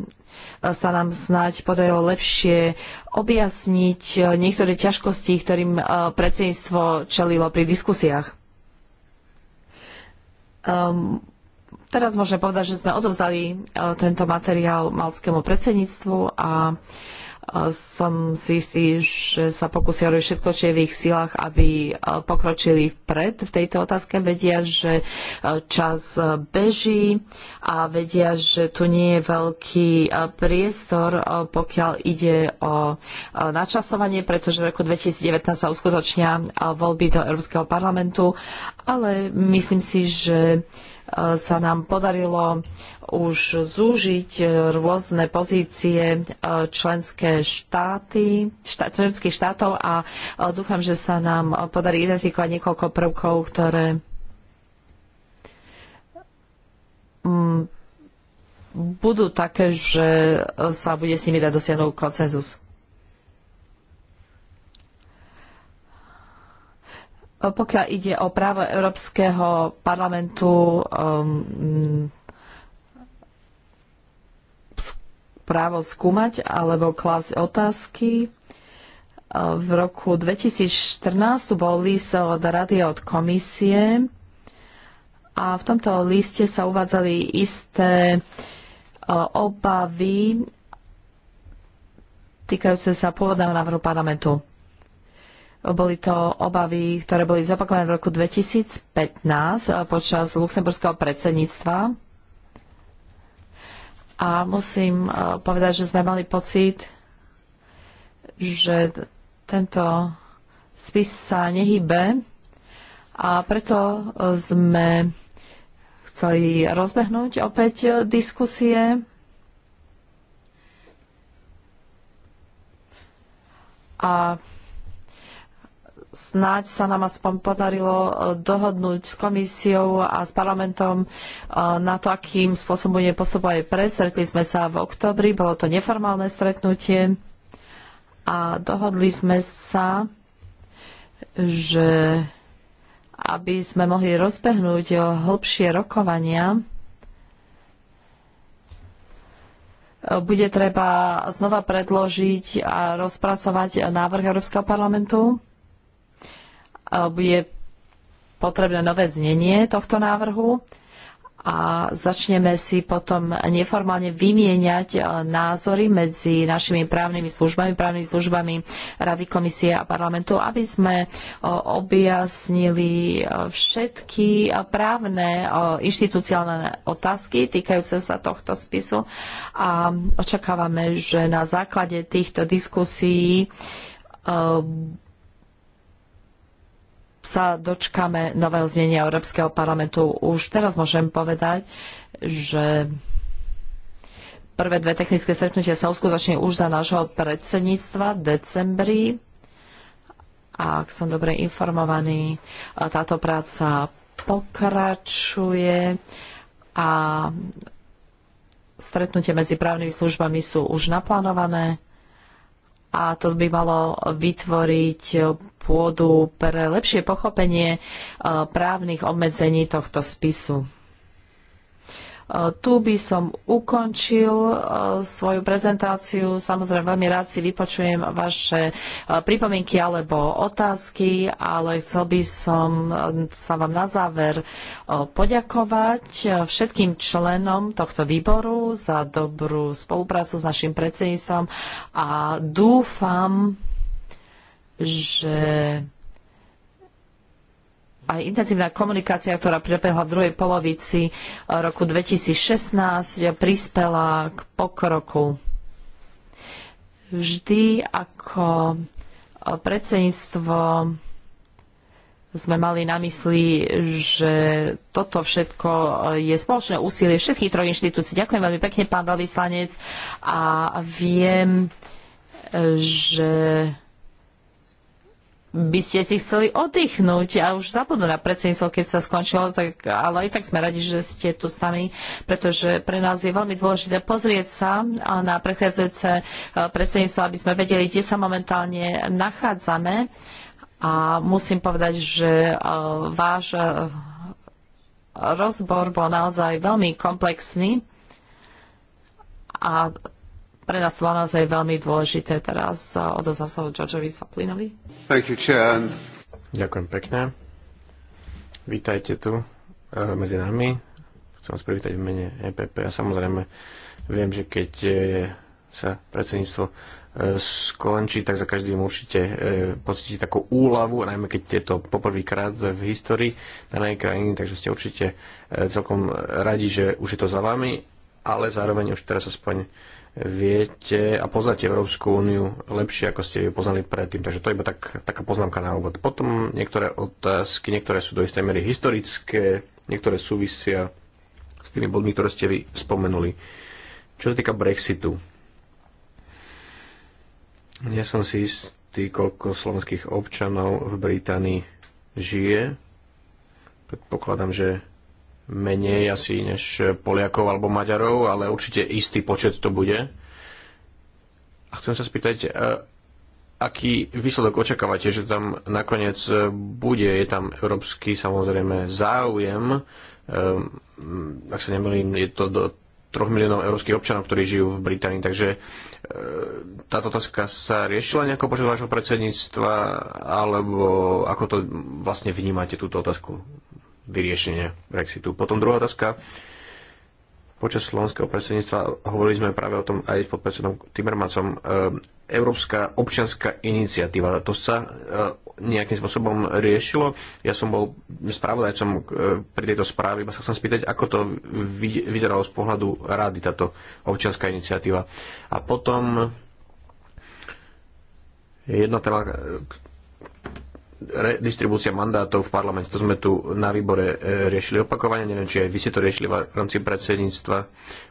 sa nám snáď podarilo lepšie objasniť niektoré ťažkosti, ktorým predsedníctvo čelilo pri diskusiách. Um, teraz môžeme povedať, že sme odovzdali eh, tento materiál malskému predsedníctvu a uh, som si istý, že sa pokusia robiť všetko, čo je v ich silách, aby e, pokročili vpred v tejto otázke. Vedia, že e, čas e, beží a vedia, že tu nie je veľký priestor, pokiaľ ide o načasovanie, pretože v roku 2019 sa uskutočnia voľby do Európskeho parlamentu, ale myslím si, že sa nám podarilo už zúžiť rôzne pozície e, členské štáty, štát, členských štátov a e, dúfam, že sa nám podarí identifikovať niekoľko prvkov, ktoré mm, budú také, že sa bude s nimi dať dosiahnuť konsenzus. pokiaľ ide o právo Európskeho parlamentu, um, právo skúmať alebo klásť otázky, v roku 2014 tu bol list od rady od komisie a v tomto liste sa uvádzali isté obavy týkajúce sa pôvodného návrhu parlamentu. Boli to obavy, ktoré boli zopakované v roku 2015 eh, počas luxemburského predsedníctva. A musím eh, povedať, že sme mali pocit, že tento spis sa nehybe a preto eh, sme chceli rozbehnúť opäť diskusie. A snáď sa nám aspoň podarilo e, dohodnúť s komisiou a s parlamentom e, na to, akým spôsobom budeme postupovať pred. Stretli sme sa v oktobri, bolo to neformálne stretnutie a dohodli sme sa, že aby sme mohli rozbehnúť hĺbšie rokovania, bude treba znova predložiť a rozpracovať návrh Európskeho parlamentu je potrebné nové znenie tohto návrhu a začneme si potom neformálne vymieňať e, názory medzi našimi právnymi službami, právnymi službami Rady komisie a parlamentu, aby sme e, objasnili e, všetky právne inštitúciálne otázky týkajúce sa tohto spisu a očakávame, že na základe týchto diskusí sa dočkame nového znenia Európskeho parlamentu. Už teraz môžem povedať, že prvé dve technické stretnutia sa uskutoční už za nášho predsedníctva v decembri. A ak som dobre informovaný, táto práca pokračuje a stretnutie medzi právnymi službami sú už naplánované a to by malo vytvoriť pôdu pre lepšie pochopenie eh, právnych obmedzení tohto spisu. Tu by som ukončil e, svoju prezentáciu. Samozrejme, veľmi rád si vypočujem vaše e, pripomienky alebo otázky, ale chcel by som e, sa vám na záver poďakovať všetkým členom tohto výboru za dobrú spoluprácu s našim predsedníctvom a dúfam, že aj intenzívna komunikácia, ktorá prebehla v druhej polovici eh, roku 2016, prispela k pokroku. Vždy ako eh, predsedníctvo sme mali na mysli, že toto všetko eh, je spoločné úsilie všetkých troch inštitúcií. Ďakujem veľmi pekne, pán veľvyslanec, a viem, že by ste si chceli oddychnúť a už zabudnú na predsedníctvo, keď sa skončilo, tak, ale aj tak sme radi, že ste tu s nami, pretože pre nás je veľmi dôležité pozrieť sa na prechádzajúce e, predsedníctvo, aby sme vedeli, kde sa momentálne nachádzame. A musím povedať, že e, váš e, rozbor bol naozaj veľmi komplexný a pre nás 12 je veľmi dôležité. Teraz eh, odozá sa Georgeovi Saplinovi. Ďakujem pekne. Vítajte tu eh, medzi nami. Chcem vás privítať v mene EPP a samozrejme viem, že keď eh, sa predsedníctvo skončí, tak za každým určite pocíti takú úľavu, najmä keď je to poprvýkrát v histórii danej krajiny, takže ste určite celkom radi, že už je to za vami, ale zároveň už teraz aspoň viete a poznáte Európsku úniu lepšie, ako ste ju poznali predtým. Takže to je iba tak, taká poznámka na úvod. Potom niektoré otázky, niektoré sú do istej miery historické, niektoré súvisia s tými bodmi, ktoré ste vy spomenuli. Čo sa týka Brexitu, Nie som si istý, koľko slovenských občanov v Británii žije. Predpokladám, že menej asi než Poliakov alebo Maďarov, ale určite istý počet to bude. A chcem sa spýtať, e, aký výsledok očakávate, že tam nakoniec bude? Je tam európsky samozrejme záujem, e, ak sa nemýlim, je to do 3 miliónov európskych občanov, ktorí žijú v Británii. Takže e, táto otázka sa riešila nejako počas vášho predsedníctva, alebo ako to vlastne vnímate, túto otázku vyriešenie Brexitu. Potom druhá otázka. Počas slovenského predsedníctva hovorili sme práve o tom aj s podpredsedom Timmermansom. Ehm, Európska občianská iniciatíva, to sa ehm, nejakým spôsobom riešilo. Ja som bol správodajcom ehm, pri tejto správe, iba sa chcem spýtať, ako to vyzeralo z pohľadu rády táto občianská iniciatíva. A potom jedna téma, redistribúcia mandátov v parlamente. To sme tu na výbore e, riešili opakovane, neviem, či aj vy ste to riešili v rámci predsedníctva.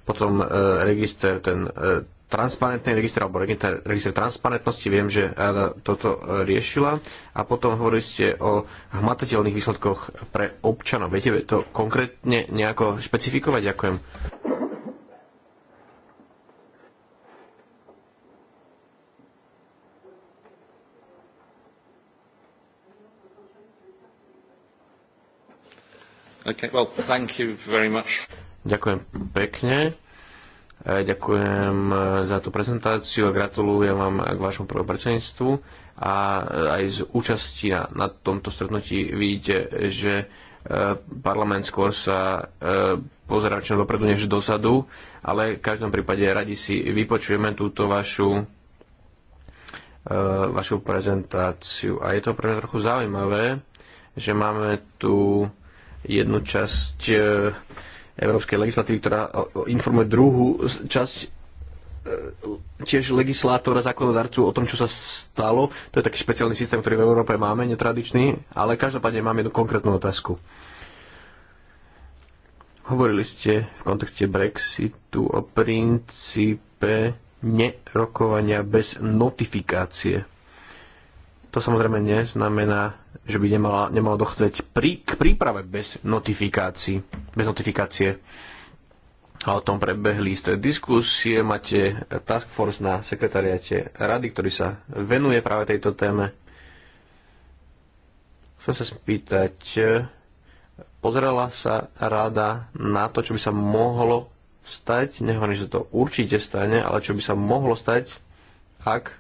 Potom e, register, ten e, transparentný register alebo register, register transparentnosti, viem, že rada toto riešila. A potom hovorili ste o hmatateľných výsledkoch pre občanov. Viete to konkrétne nejako špecifikovať? Ďakujem. Okay, well, thank you very much. Ďakujem pekne. E, ďakujem e, za tú prezentáciu a gratulujem vám k vašom prvoprčenstvu a e, aj z účasti na, na tomto stretnutí vidíte, že parlament skôr sa pozerá čo dopredu než dosadu, ale v každom prípade radi si vypočujeme túto vašu vašu prezentáciu. A je to pre mňa trochu zaujímavé, že máme tu jednu časť e, európskej legislatívy, ktorá informuje druhú časť e, tiež legislátora, zákonodarcu o tom, čo sa stalo. To je taký špeciálny systém, ktorý v Európe máme, netradičný, ale každopádne mám jednu konkrétnu otázku. Hovorili ste v kontexte Brexitu o princípe nerokovania bez notifikácie. To samozrejme neznamená, že by nemala, nemalo dochádzať pri, k príprave bez notifikácií, bez notifikácie. A o tom prebehli isté diskusie, máte task force na sekretariate rady, ktorý sa venuje práve tejto téme. Chcem sa spýtať, pozrela sa rada na to, čo by sa mohlo stať, nehovorím, že to určite stane, ale čo by sa mohlo stať, ak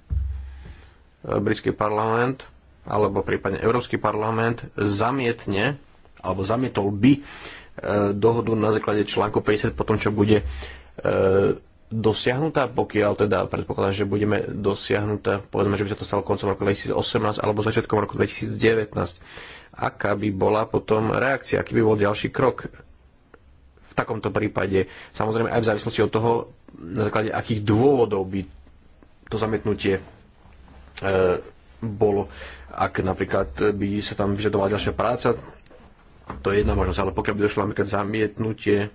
britský parlament alebo prípadne Európsky parlament zamietne alebo zamietol by e, dohodu na základe článku 50 po tom, čo bude e, dosiahnutá, pokiaľ teda predpokladám, že budeme dosiahnutá, povedzme, že by sa to stalo koncom roku 2018 alebo začiatkom roku 2019. Aká by bola potom reakcia, aký by bol ďalší krok v takomto prípade? Samozrejme aj v závislosti od toho, na základe akých dôvodov by to zamietnutie E, bolo. Ak napríklad by sa tam vyžadovala ďalšia práca, to je jedna možnosť, ale pokiaľ by došlo napríklad zamietnutie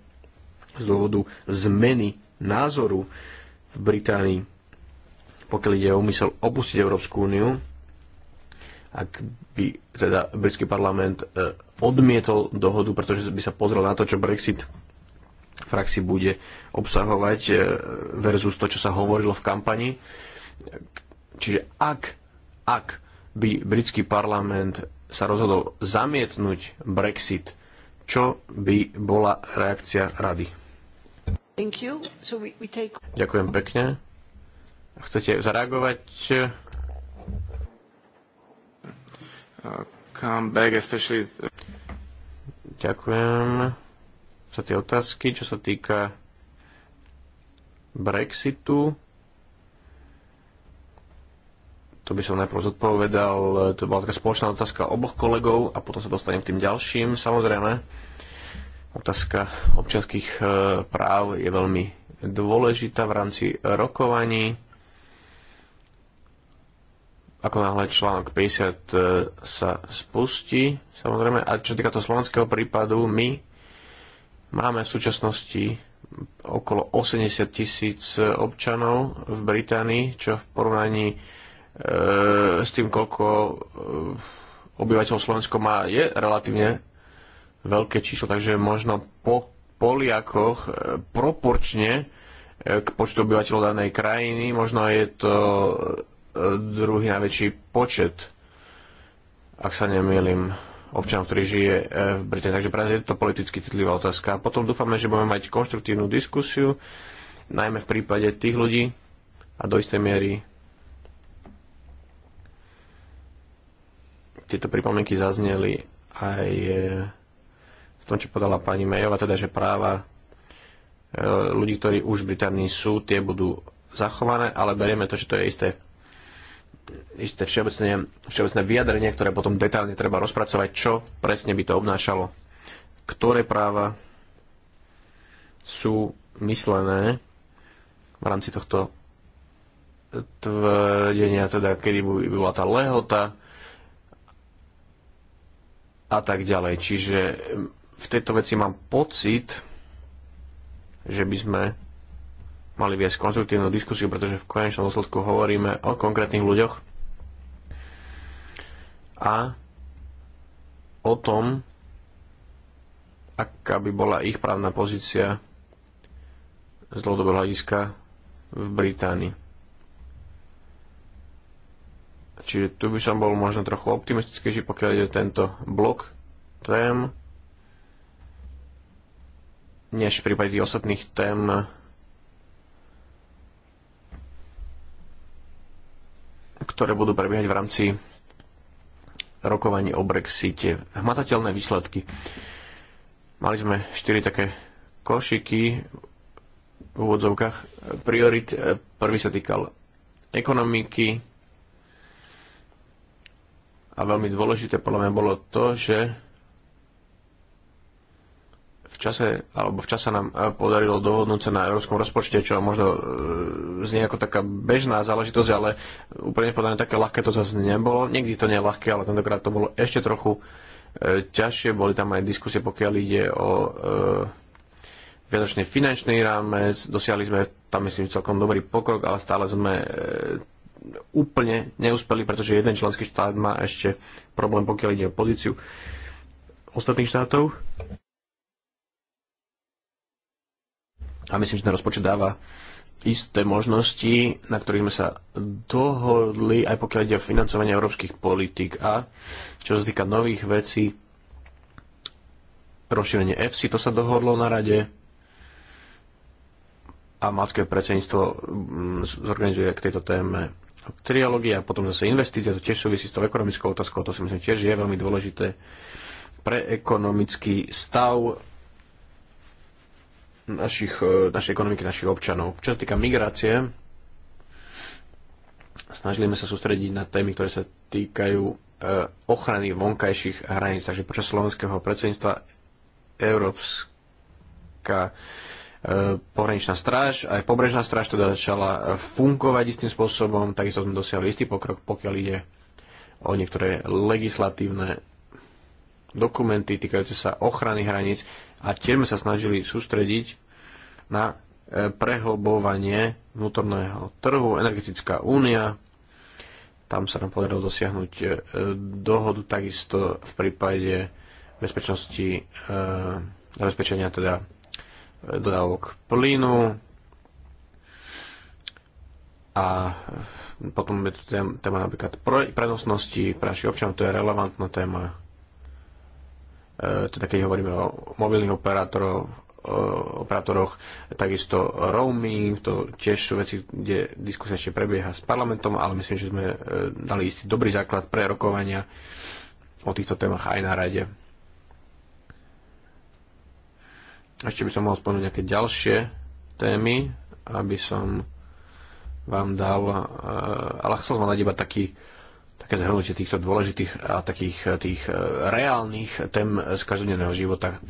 z dôvodu zmeny názoru v Británii, pokiaľ ide o úmysel opustiť Európsku úniu, ak by teda britský parlament e, odmietol dohodu, pretože by sa pozrel na to, čo Brexit v praxi bude obsahovať e, versus to, čo sa hovorilo v kampani, Čiže ak, ak by britský parlament sa rozhodol zamietnúť Brexit, čo by bola reakcia rady? So we, we take... Ďakujem pekne. Chcete zareagovať? Uh, come back, especially... Ďakujem za tie otázky, čo sa týka Brexitu to by som najprv zodpovedal, to bola taká spoločná otázka oboch kolegov a potom sa dostanem k tým ďalším. Samozrejme, otázka občianských e, práv je veľmi dôležitá v rámci rokovaní. Ako náhle článok 50 e, sa spustí, samozrejme. A čo týka toho slovenského prípadu, my máme v súčasnosti okolo 80 tisíc občanov v Británii, čo v porovnaní E, s tým, koľko e, obyvateľov Slovensko má, je relatívne veľké číslo, takže možno po Poliakoch e, proporčne k počtu obyvateľov danej krajiny, možno je to druhý najväčší počet, ak sa nemýlim, občanov, ktorý žije v Británii. Takže práve je to politicky citlivá otázka. A potom dúfame, že budeme mať konštruktívnu diskusiu, najmä v prípade tých ľudí a do istej miery tieto pripomienky zazneli aj e, v tom, čo podala pani Mejova, teda, že práva e, ľudí, ktorí už v Británii sú, tie budú zachované, ale berieme to, že to je isté isté všeobecné, všeobecné vyjadrenie, ktoré potom detálne treba rozpracovať, čo presne by to obnášalo, ktoré práva sú myslené v rámci tohto tvrdenia, teda kedy by bola tá lehota, a tak ďalej. Čiže v tejto veci mám pocit, že by sme mali viesť konstruktívnu diskusiu, pretože v konečnom dôsledku hovoríme o konkrétnych ľuďoch a o tom, aká by bola ich právna pozícia z dlhodobého hľadiska v Británii. Čiže tu by som bol možno trochu optimistickejší, pokiaľ ide tento blok tém, než v prípade tých ostatných tém. ktoré budú prebiehať v rámci rokovaní o Brexite. Hmatateľné výsledky. Mali sme 4 také košiky v úvodzovkách priorit. Eh, prvý sa týkal ekonomiky, a veľmi dôležité podľa mňa bolo to, že v čase, alebo v čase nám eh, podarilo dohodnúť sa na európskom rozpočte, čo možno eh, znie ako taká bežná záležitosť, ale úplne podané také ľahké to zase nebolo. Nikdy to nie je ľahké, ale tentokrát to bolo ešte trochu e, ťažšie. Boli tam aj diskusie, pokiaľ ide o e, finančný rámec. Dosiahli sme tam, myslím, celkom dobrý pokrok, ale stále sme e, úplne neúspeli, pretože jeden členský štát má ešte problém, pokiaľ ide o pozíciu ostatných štátov. A myslím, že ten rozpočet dáva isté možnosti, na ktorých sme sa dohodli, aj pokiaľ ide o financovanie európskych politík. A čo sa týka nových vecí, rozšírenie FC, to sa dohodlo na rade a malské predsedníctvo mm, zorganizuje k tejto téme trialógy a potom zase investície, to tiež súvisí s tou ekonomickou otázkou, to si myslím tiež je veľmi dôležité pre ekonomický stav našich, e, našej ekonomiky, našich občanov. Čo sa týka migrácie, snažíme sa sústrediť na témy, ktoré sa týkajú e, ochrany vonkajších hraníc. Takže počas slovenského predsedníctva Európska pohraničná stráž, aj pobrežná stráž teda začala fungovať istým spôsobom, takisto sme dosiahli istý pokrok, pokiaľ ide o niektoré legislatívne dokumenty týkajúce sa ochrany hraníc a tiež sme sa snažili sústrediť na e, prehlbovanie vnútorného trhu, energetická únia, tam sa nám podarilo dosiahnuť e, dohodu takisto v prípade bezpečnosti, e, zabezpečenia teda dodávok plynu a potom je tu téma napríklad prenosnosti práši občanov, to je relevantná téma. E, teda keď hovoríme o mobilných operátoroch, operátoroch, takisto roaming, to tiež sú veci, kde diskusia ešte prebieha s parlamentom, ale myslím, že sme e, dali istý dobrý základ pre rokovania o týchto témach aj na rade. Ešte by som mohol spomenúť nejaké ďalšie témy, aby som vám dal, e, ale chcel som vám dať iba taký, také zhrnutie týchto dôležitých a takých tých e, reálnych tém z každodenného života,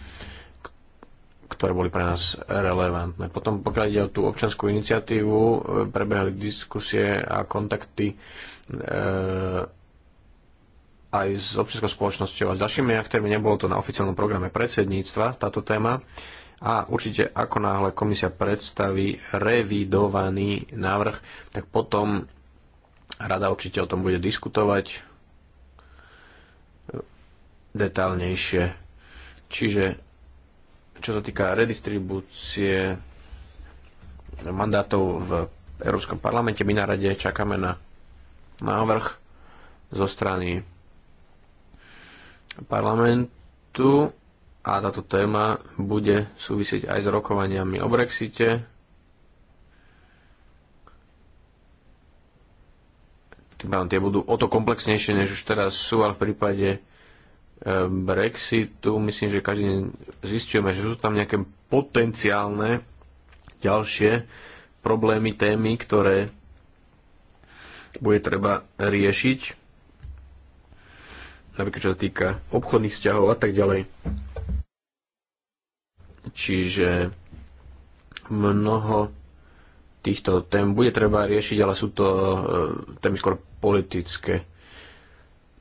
ktoré boli pre nás relevantné. Potom pokiaľ ide o tú občanskú iniciatívu, e, prebehli diskusie a kontakty e, aj s občianskou spoločnosťou a s ďalšími aktérmi. Nebolo to na oficiálnom programe predsedníctva, táto téma. E, a určite ako náhle komisia predstaví revidovaný návrh, tak potom rada určite o tom bude diskutovať detálnejšie. Čiže čo sa týka redistribúcie mandátov v Európskom parlamente, my na rade čakáme na návrh zo strany parlamentu a táto téma bude súvisieť aj s rokovaniami o Brexite. Tie budú o to komplexnejšie, než už teraz sú, ale v prípade e, Brexitu myslím, že každý deň zistujeme, že sú tam nejaké potenciálne ďalšie problémy, témy, ktoré bude treba riešiť, napríklad čo sa týka obchodných vzťahov a tak ďalej. Čiže mnoho týchto tém bude treba riešiť, ale sú to e, témy skôr politické.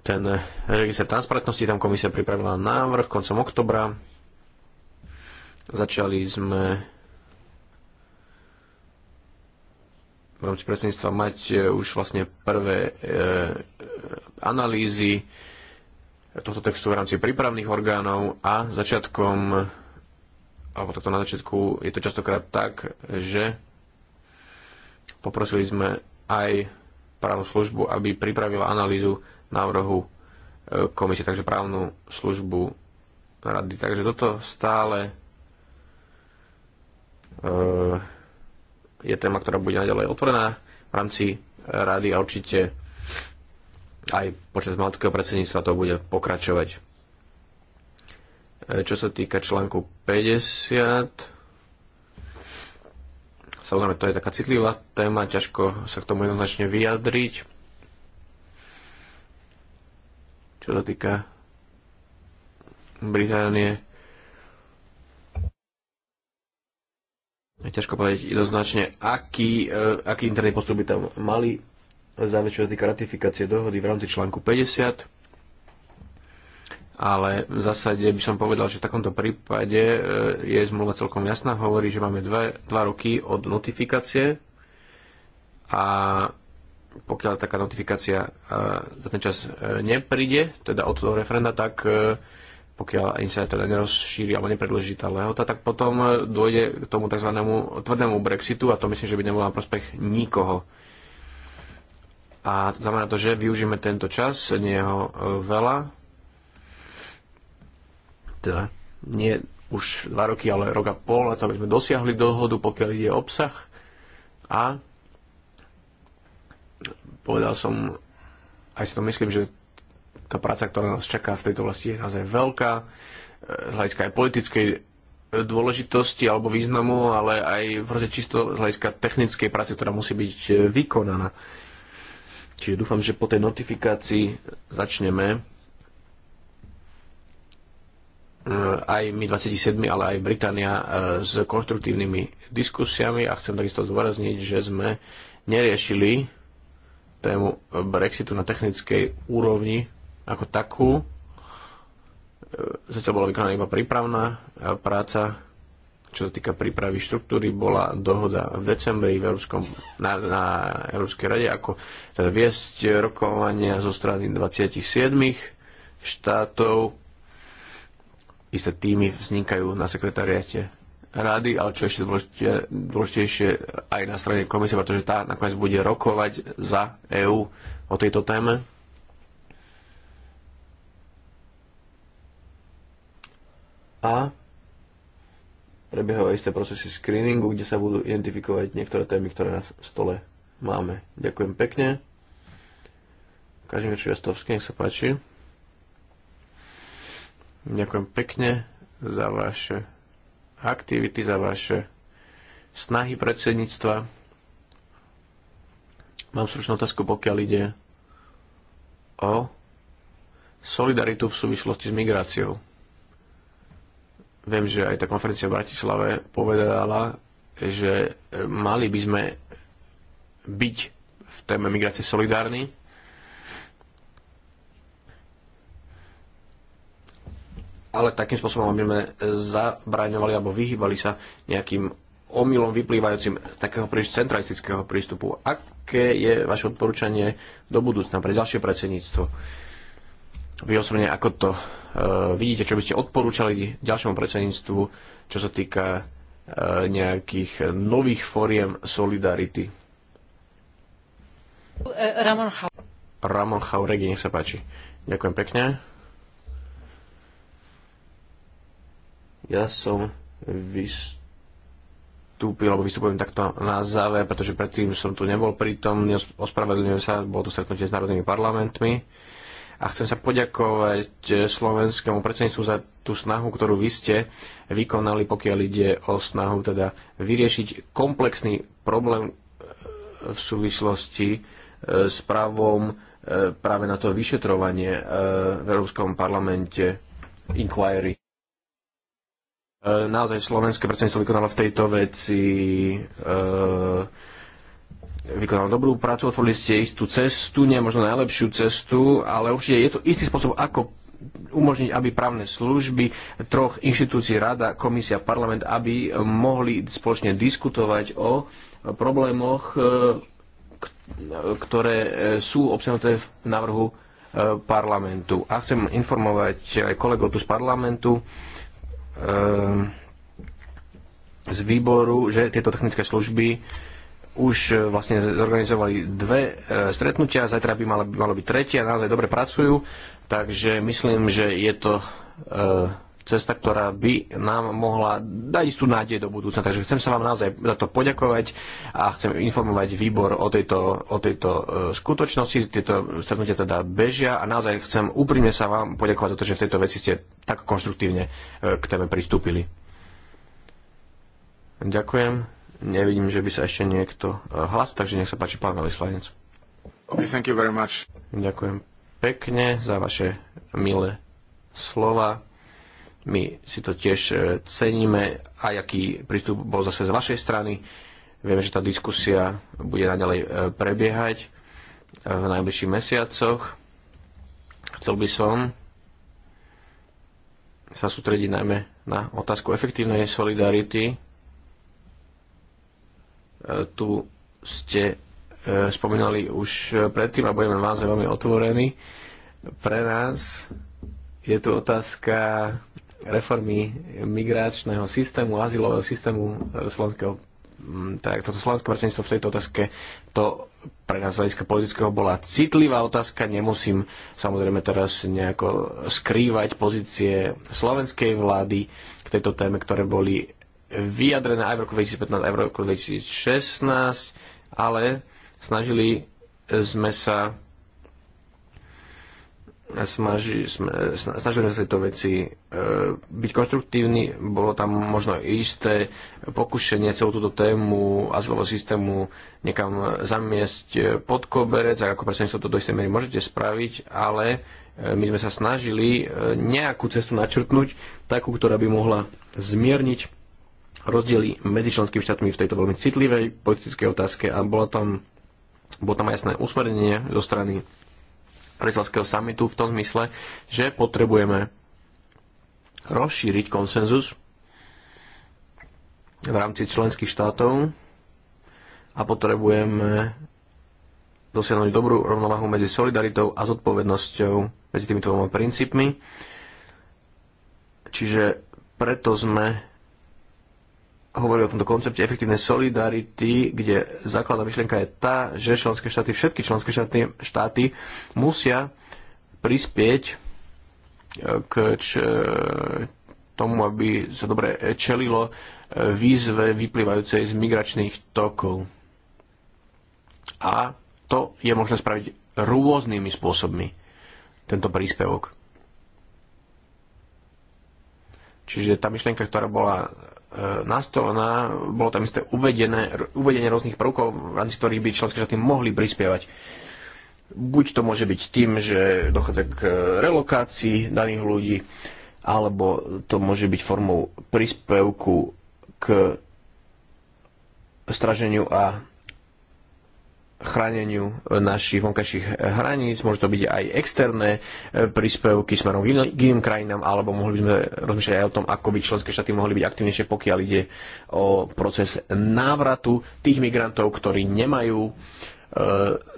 Ten register transparentnosti, tam komisia pripravila návrh koncom oktobra. Začali sme v rámci predsedníctva mať e, už vlastne prvé e, analýzy tohto textu v rámci prípravných orgánov a začiatkom alebo takto na začiatku, je to častokrát tak, že poprosili sme aj právnu službu, aby pripravila analýzu návrhu e, komisie, takže právnu službu rady. Takže toto stále e, je téma, ktorá bude naďalej otvorená v rámci rady a určite aj počas maltského predsedníctva to bude pokračovať. E, čo sa týka článku 50, samozrejme to je taká citlivá téma, ťažko sa k tomu jednoznačne vyjadriť. Čo sa týka Británie, ťažko povedať jednoznačne, aký, e, aký interný postup by tam mali zároveň čo sa týka ratifikácie dohody v rámci článku 50 ale v zásade by som povedal, že v takomto prípade e, je zmluva celkom jasná. Hovorí, že máme dva roky od notifikácie a pokiaľ taká notifikácia e, za ten čas e, nepríde, teda od toho referenda, tak pokiaľ ani sa teda nerozšíri alebo nepredloží tá lehota, tak potom dôjde k tomu tzv. tvrdému Brexitu a to myslím, že by nebolo na prospech nikoho. A to znamená to, že využijeme tento čas, nie ho veľa, teda nie už dva roky, ale rok a pol na to, aby sme dosiahli dohodu, pokiaľ ide obsah. A povedal som, aj si to myslím, že tá práca, ktorá nás čaká v tejto vlasti, je naozaj veľká, e, z hľadiska aj politickej e, dôležitosti alebo významu, ale aj proste čisto z hľadiska technickej práce, ktorá musí byť e, vykonaná. Čiže dúfam, že po tej notifikácii začneme Eh, aj my 27, ale aj Británia eh, s konštruktívnymi diskusiami a chcem takisto zdôrazniť, že sme neriešili tému Brexitu na technickej úrovni ako takú. Eh, zatiaľ bola vykonaná iba prípravná práca, čo sa týka prípravy štruktúry, bola dohoda v decembri v Európskom, na, na Európskej rade, ako teda viesť rokovania zo strany 27 štátov isté týmy vznikajú na sekretariate rady, ale čo ešte dôležitejšie aj na strane komisie, pretože tá nakoniec bude rokovať za EÚ o tejto téme. A prebiehajú isté procesy screeningu, kde sa budú identifikovať niektoré témy, ktoré na stole máme. Ďakujem pekne. je Švestovský, nech sa páči. Ďakujem pekne za vaše aktivity, za vaše snahy predsedníctva. Mám slušnú otázku, pokiaľ ide o solidaritu v súvislosti s migráciou. Viem, že aj tá konferencia v Bratislave povedala, že mali by sme byť v téme migrácie solidárni, ale takým spôsobom, aby sme zabraňovali alebo vyhýbali sa nejakým omylom vyplývajúcim z takého príliš centralistického prístupu. Aké je vaše odporúčanie do budúcna pre ďalšie predsedníctvo? Vy osobne, ako to e, vidíte, čo by ste odporúčali ďalšiemu predsedníctvu, čo sa týka e, nejakých nových fóriem solidarity? E, Ramon Chauregui, nech sa páči. Ďakujem pekne. Ja som vystúpil, alebo vystupujem takto na záver, pretože predtým som tu nebol pritomný, ospravedlňujem sa, bolo to stretnutie s národnými parlamentmi a chcem sa poďakovať slovenskému predsedníctvu za tú snahu, ktorú vy ste vykonali, pokiaľ ide o snahu teda vyriešiť komplexný problém eh, v súvislosti eh, s právom eh, práve na to vyšetrovanie v Európskom parlamente inquiry. E, naozaj slovenské predsedníctvo vykonalo v tejto veci e, vykonalo dobrú prácu, otvorili ste istú cestu, nie možno najlepšiu cestu, ale určite je to istý spôsob, ako umožniť, aby právne služby troch inštitúcií, rada, komisia, parlament, aby mohli spoločne diskutovať o problémoch, e, ktoré sú obsahnuté v návrhu parlamentu. A chcem informovať aj kolegov tu z parlamentu, Ehm, z výboru, že tieto technické služby už e, vlastne zorganizovali dve e, stretnutia, zajtra by malo, malo byť tretie a naozaj dobre pracujú, takže myslím, že je to e, cesta, ktorá by nám mohla dať istú nádej do budúcna. Takže chcem sa vám naozaj za to poďakovať a chcem informovať výbor o tejto, o tejto e, skutočnosti. Tieto stretnutia teda bežia a naozaj chcem úprimne sa vám poďakovať za to, že v tejto veci ste tak konštruktívne e, k téme pristúpili. Ďakujem. Nevidím, že by sa ešte niekto e, hlasil, takže nech sa páči pán veľvyslanec. Ďakujem pekne za vaše milé slova my si to tiež e, ceníme a aký prístup bol zase z vašej strany. Vieme, že tá diskusia bude naďalej e, prebiehať e, v najbližších mesiacoch. Chcel by som sa sústrediť najmä na otázku efektívnej solidarity. Tu ste spomínali už predtým a budeme naozaj veľmi otvorení. Pre nás je tu otázka reformy migračného systému, azylového systému e, slovenského tak toto slovenské predsedníctvo v tejto otázke to pre nás z hľadiska politického bola citlivá otázka. Nemusím samozrejme teraz nejako skrývať pozície slovenskej vlády k tejto téme, ktoré boli vyjadrené aj v roku 2015, aj v roku 2016, ale snažili sme sa snaži, snažili sme sa tieto veci e, byť konštruktívni. Bolo tam možno isté pokušenie celú túto tému azylového systému niekam zamiesť e, pod koberec, ako presne sa to do istej miery môžete spraviť, ale e, my sme sa snažili e, nejakú cestu načrtnúť, takú, ktorá by mohla zmierniť rozdiely medzi členskými štátmi v tejto veľmi citlivej politickej otázke a bolo tam, bolo tam aj jasné usmernenie zo strany priateľského samitu v tom zmysle, že potrebujeme rozšíriť konsenzus v rámci členských štátov a potrebujeme dosiahnuť dobrú rovnováhu medzi solidaritou a zodpovednosťou medzi týmito dvoma princípmi. Čiže preto sme hovorí o tomto koncepte efektívnej solidarity, kde základná myšlienka je tá, že členské štáty, všetky členské štáty, štáty musia prispieť e, k č, e, tomu, aby sa dobre čelilo e, výzve vyplývajúcej z migračných tokov. A to je možné spraviť rôznymi spôsobmi, tento príspevok. Čiže tá myšlienka, ktorá bola e, nastolená, bolo tam isté uvedené, uvedenie rôznych prvkov, v rámci ktorých by členské štáty mohli prispievať. Buď to môže byť tým, že dochádza k relokácii daných ľudí, alebo to môže byť formou príspevku k straženiu a chráneniu našich vonkajších hraníc, môžu to byť aj externé e, príspevky smerom k iným krajinám, alebo mohli by sme rozmýšľať aj o tom, ako by členské štáty mohli byť aktívnejšie, pokiaľ ide o proces návratu tých migrantov, ktorí nemajú e,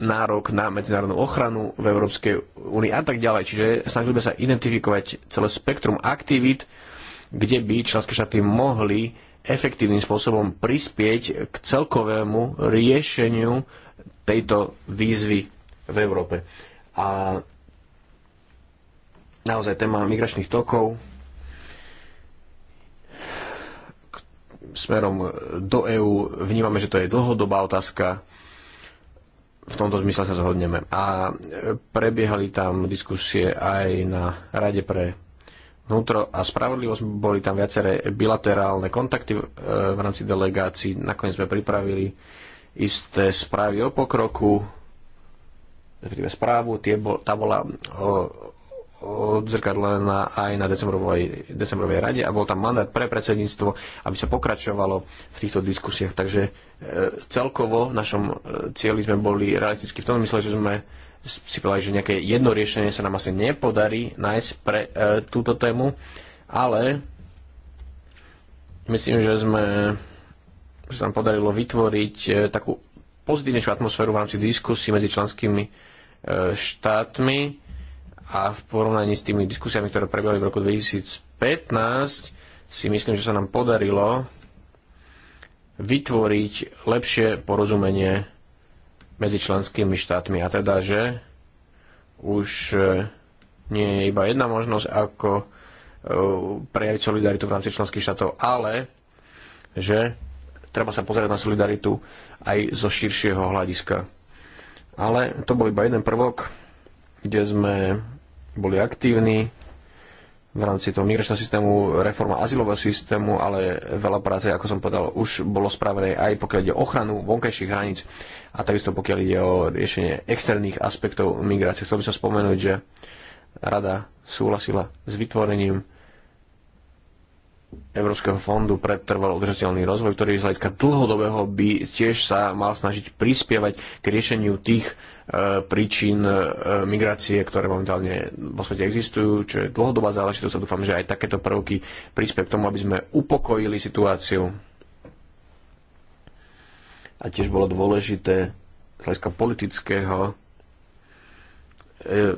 nárok na medzinárodnú ochranu v Európskej únii a tak ďalej. Čiže snažili by sa identifikovať celé spektrum aktivít, kde by členské štáty mohli efektívnym spôsobom prispieť k celkovému riešeniu tejto výzvy v Európe. A naozaj téma migračných tokov smerom do EÚ vnímame, že to je dlhodobá otázka. V tomto zmysle sa zhodneme. A prebiehali tam diskusie aj na Rade pre vnútro a spravodlivosť. Boli tam viaceré bilaterálne kontakty e, v rámci delegácií. Nakoniec sme pripravili isté správy o pokroku, respektíve správu, tie bol, tá bola odzrkadlená aj na decembrovej, decembrovej rade a bol tam mandát pre predsedníctvo, aby sa pokračovalo v týchto diskusiách. Takže e, celkovo v našom e, cieli sme boli realisticky v tom mysle, že sme si povedali, že nejaké jedno riešenie sa nám asi nepodarí nájsť pre e, túto tému, ale myslím, že sme že sa nám podarilo vytvoriť e, takú pozitívnejšiu atmosféru v rámci diskusí medzi členskými e, štátmi a v porovnaní s tými diskusiami, ktoré prebiehali v roku 2015, si myslím, že sa nám podarilo vytvoriť lepšie porozumenie medzi členskými štátmi. A teda, že už e, nie je iba jedna možnosť, ako prejaviť solidaritu v rámci členských štátov, ale že treba sa pozerať na solidaritu aj zo širšieho hľadiska. Ale to bol iba jeden prvok, kde sme boli aktívni v rámci toho migračného systému, reforma azylového systému, ale veľa práce, ako som povedal, už bolo spravené aj pokiaľ ide o ochranu vonkajších hraníc a takisto pokiaľ ide o riešenie externých aspektov migrácie. Chcel by som spomenúť, že rada súhlasila s vytvorením Európskeho fondu pre trvalo udržateľný rozvoj, ktorý z hľadiska dlhodobého by tiež sa mal snažiť prispievať k riešeniu tých e, príčin e, migrácie, ktoré momentálne vo svete existujú, čo je dlhodobá záležitosť a dúfam, že aj takéto prvky prispie k tomu, aby sme upokojili situáciu. A tiež bolo dôležité z hľadiska politického e,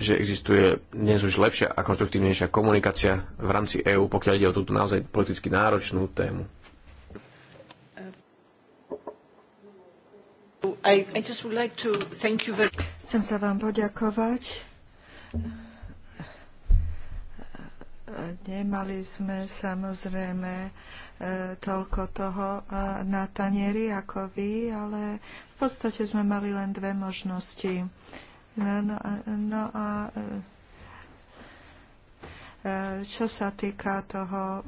že existuje dnes už lepšia a konstruktívnejšia komunikácia v rámci EÚ, pokiaľ ide o túto naozaj politicky náročnú tému. Chcem sa vám poďakovať. Nemali sme samozrejme e, toľko toho e, na tanieri ako vy, ale v podstate sme mali len dve možnosti No, no a no e, e, čo sa týka toho e,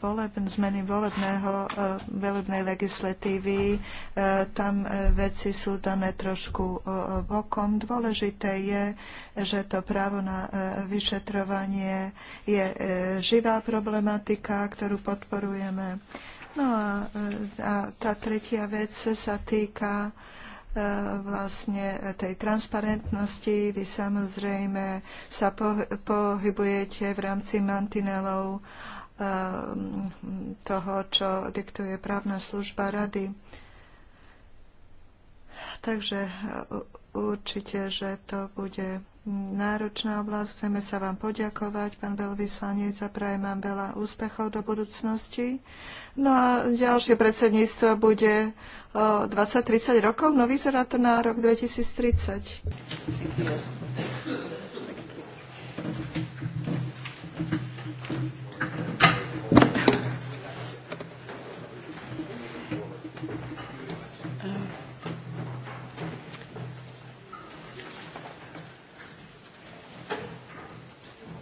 volebn, zmeny volebného, volebnej legislatívy. Tam veci sú dané trošku bokom. Dôležité je, že to právo na vyšetrovanie je živá problematika, ktorú podporujeme. No a, a tá tretia vec sa týka vlastne tej transparentnosti. Vy samozrejme sa pohybujete v rámci mantinelov toho, čo diktuje právna služba rady. Takže určite, že to bude náročná oblasť. Chceme sa vám poďakovať, pán veľvyslanec, a prajem vám veľa úspechov do budúcnosti. No a ďalšie predsedníctvo bude o 20-30 rokov, no vyzerá to na rok 2030.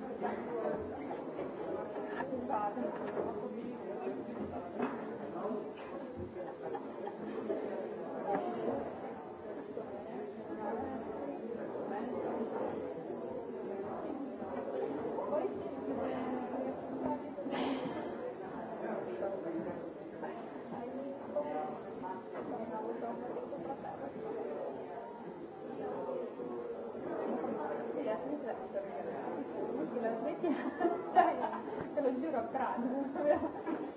Thank you. dai, te lo giuro a Prato.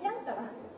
E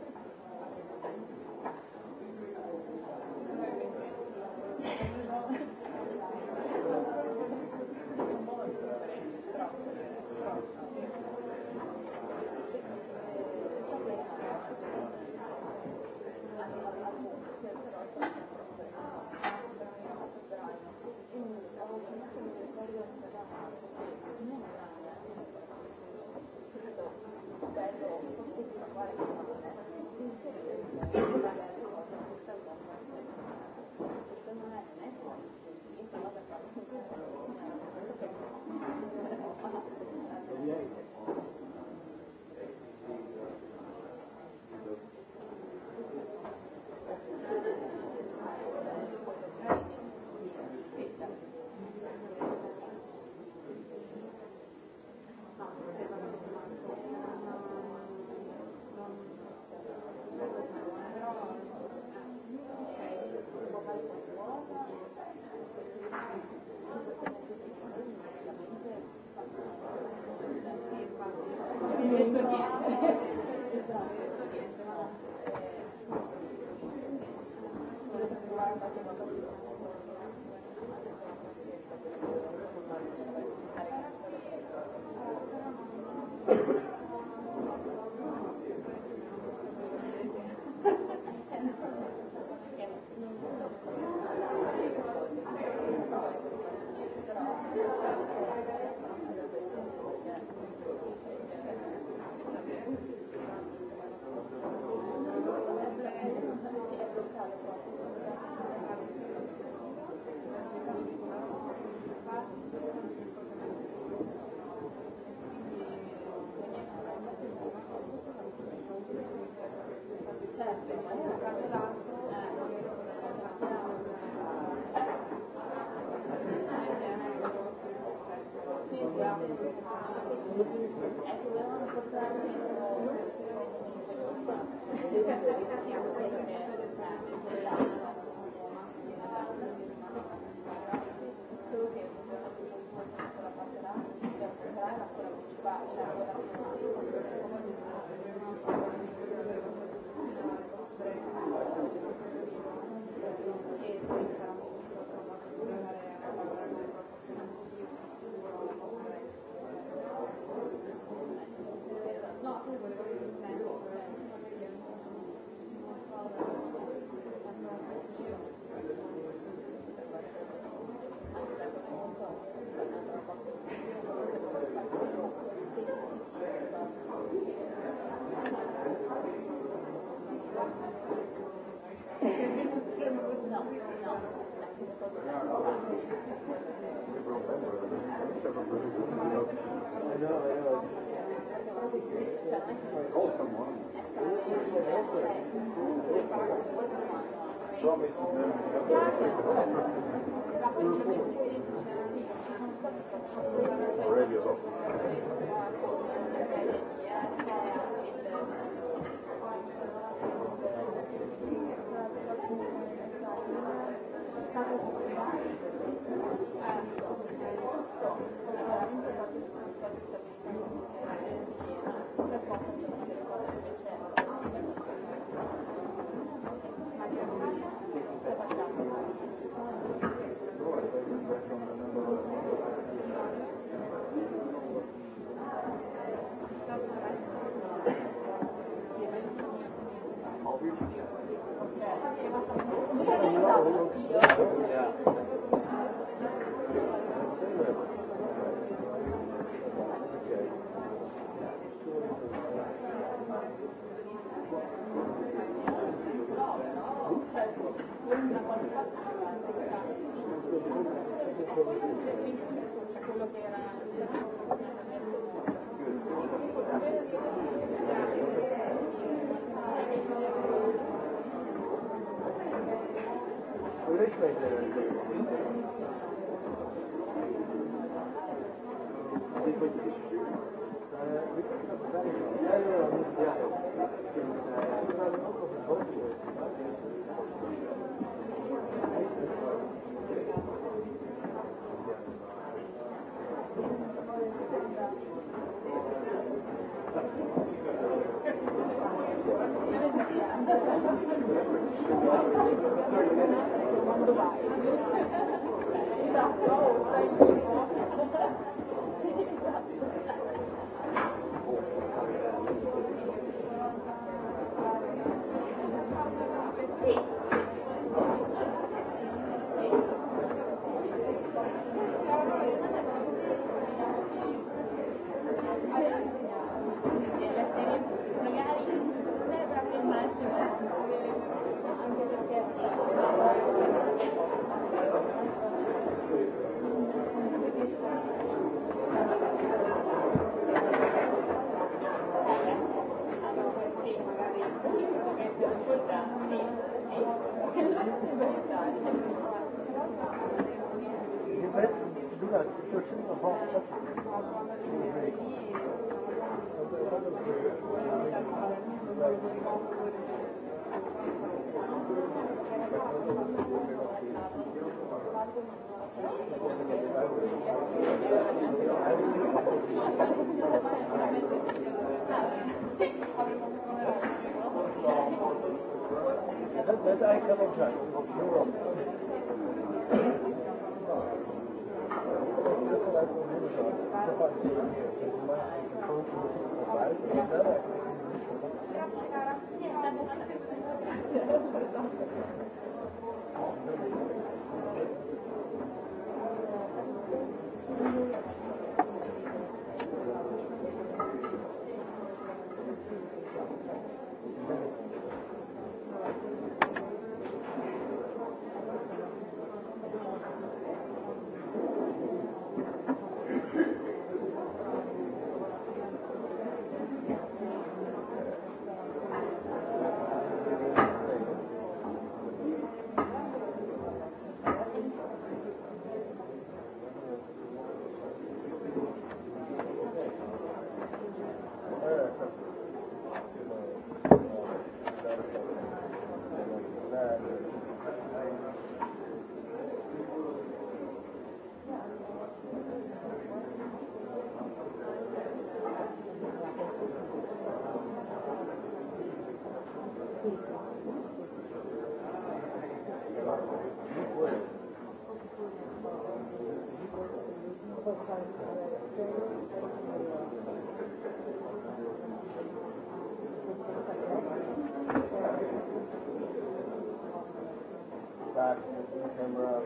uh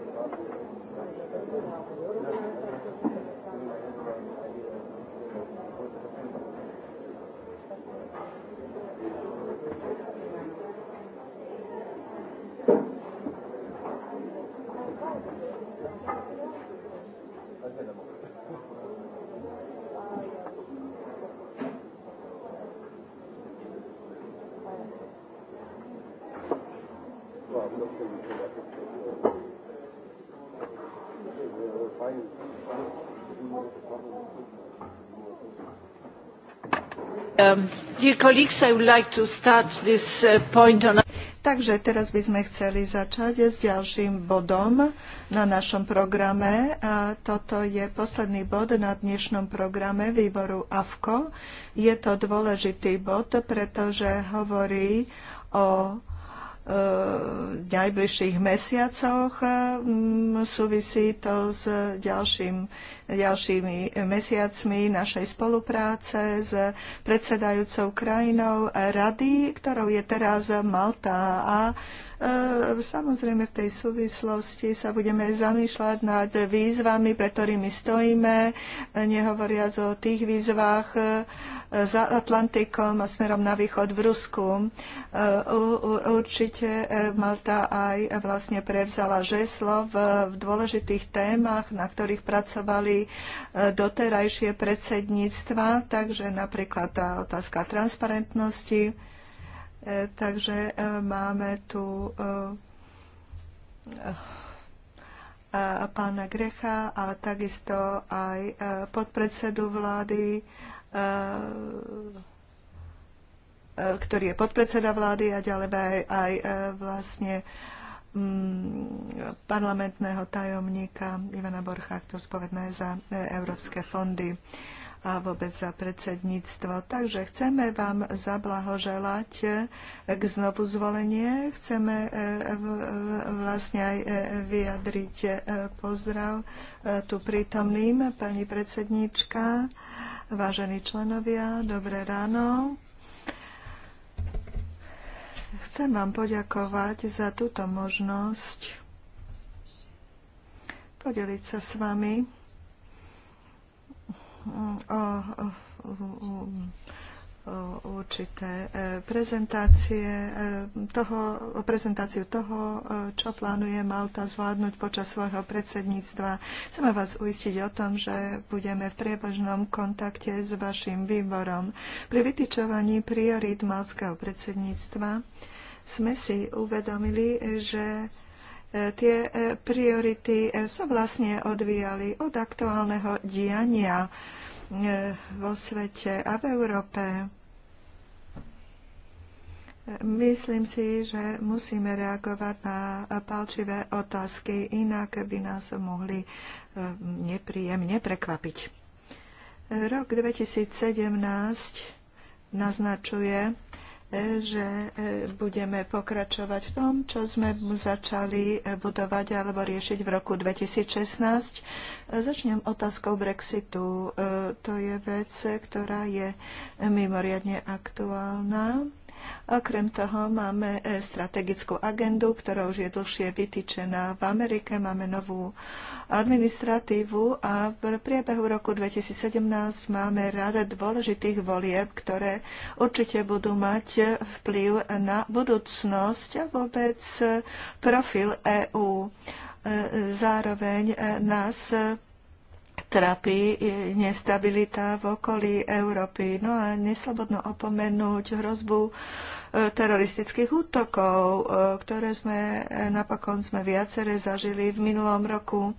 Um, uh, Takže teraz by sme chceli začať s ďalším bodom na našom programe. A toto je posledný bod na dnešnom programe výboru AFKO. Je to dôležitý bod, pretože hovorí o najbližších mesiacoch. Eh, súvisí to s ďalším, ďalšími mesiacmi našej spolupráce s predsedajúcou krajinou rady, ktorou je teraz Malta. A eh, samozrejme v tej súvislosti sa budeme zamýšľať nad výzvami, pre ktorými stojíme, nehovoriac o tých výzvach eh, za Atlantikom a smerom na východ v Rusku. Určite svete e, Malta aj vlastne prevzala žeslo v, v dôležitých témach, na ktorých pracovali e, doterajšie predsedníctva, takže napríklad tá otázka transparentnosti. E, takže máme tu pána Grecha a takisto aj podpredsedu vlády ktorý je podpredseda vlády a ďalej aj, aj e, vlastne mm, parlamentného tajomníka Ivana Borcha, kto spovedná za e, európske fondy a vôbec za predsedníctvo. Takže chceme vám zablahoželať e, k znovu zvolenie. Chceme vlastne aj vyjadriť pozdrav tu prítomným, pani predsedníčka, vážení členovia, dobré ráno. Chcem vám poďakovať za túto možnosť podeliť sa s vami o, o, o, o určité e, prezentácie e, toho, prezentáciu toho, e, čo plánuje Malta zvládnuť počas svojho predsedníctva. Chceme vás uistiť o tom, že budeme v priebežnom kontakte s vašim výborom. Pri vytýčovaní priorít malského predsedníctva sme si uvedomili, že tie priority sa vlastne odvíjali od aktuálneho diania E, vo svete a v Európe. Myslím si, že musíme reagovať na palčivé otázky, inak by nás mohli e, nepríjemne prekvapiť. Rok 2017 naznačuje, že e, budeme pokračovať v tom, čo sme začali e, budovať alebo riešiť v roku 2016. E, začnem otázkou Brexitu. To je vec, ktorá je mimoriadne aktuálna Okrem toho máme e, strategickú agendu, ktorá už je dlhšie vytýčená v Amerike. Máme novú administratívu a v priebehu roku 2017 máme rada dôležitých volieb, ktoré určite budú mať vplyv na budúcnosť a vôbec profil EÚ. E, e, zároveň nás trapí e, nestabilita v okolí Európy. No a neslobodno opomenúť hrozbu e, teroristických útokov, e, ktoré sme napokon sme viacere zažili v minulom roku.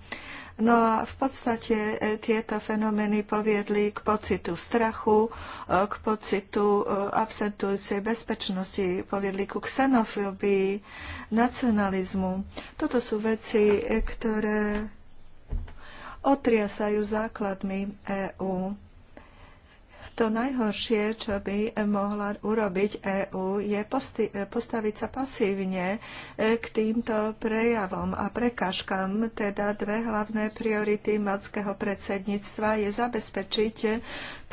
No a v podstate tieto fenomény poviedli k pocitu strachu, k pocitu absentujúcej bezpečnosti, poviedli ku xenofóbii, nacionalizmu. Toto sú veci, ktoré otriasajú základmi EÚ. To najhoršie, čo by mohla urobiť EÚ, je postaviť sa pasívne e, k týmto prejavom a prekažkám. Teda dve hlavné priority malckého predsedníctva je zabezpečiť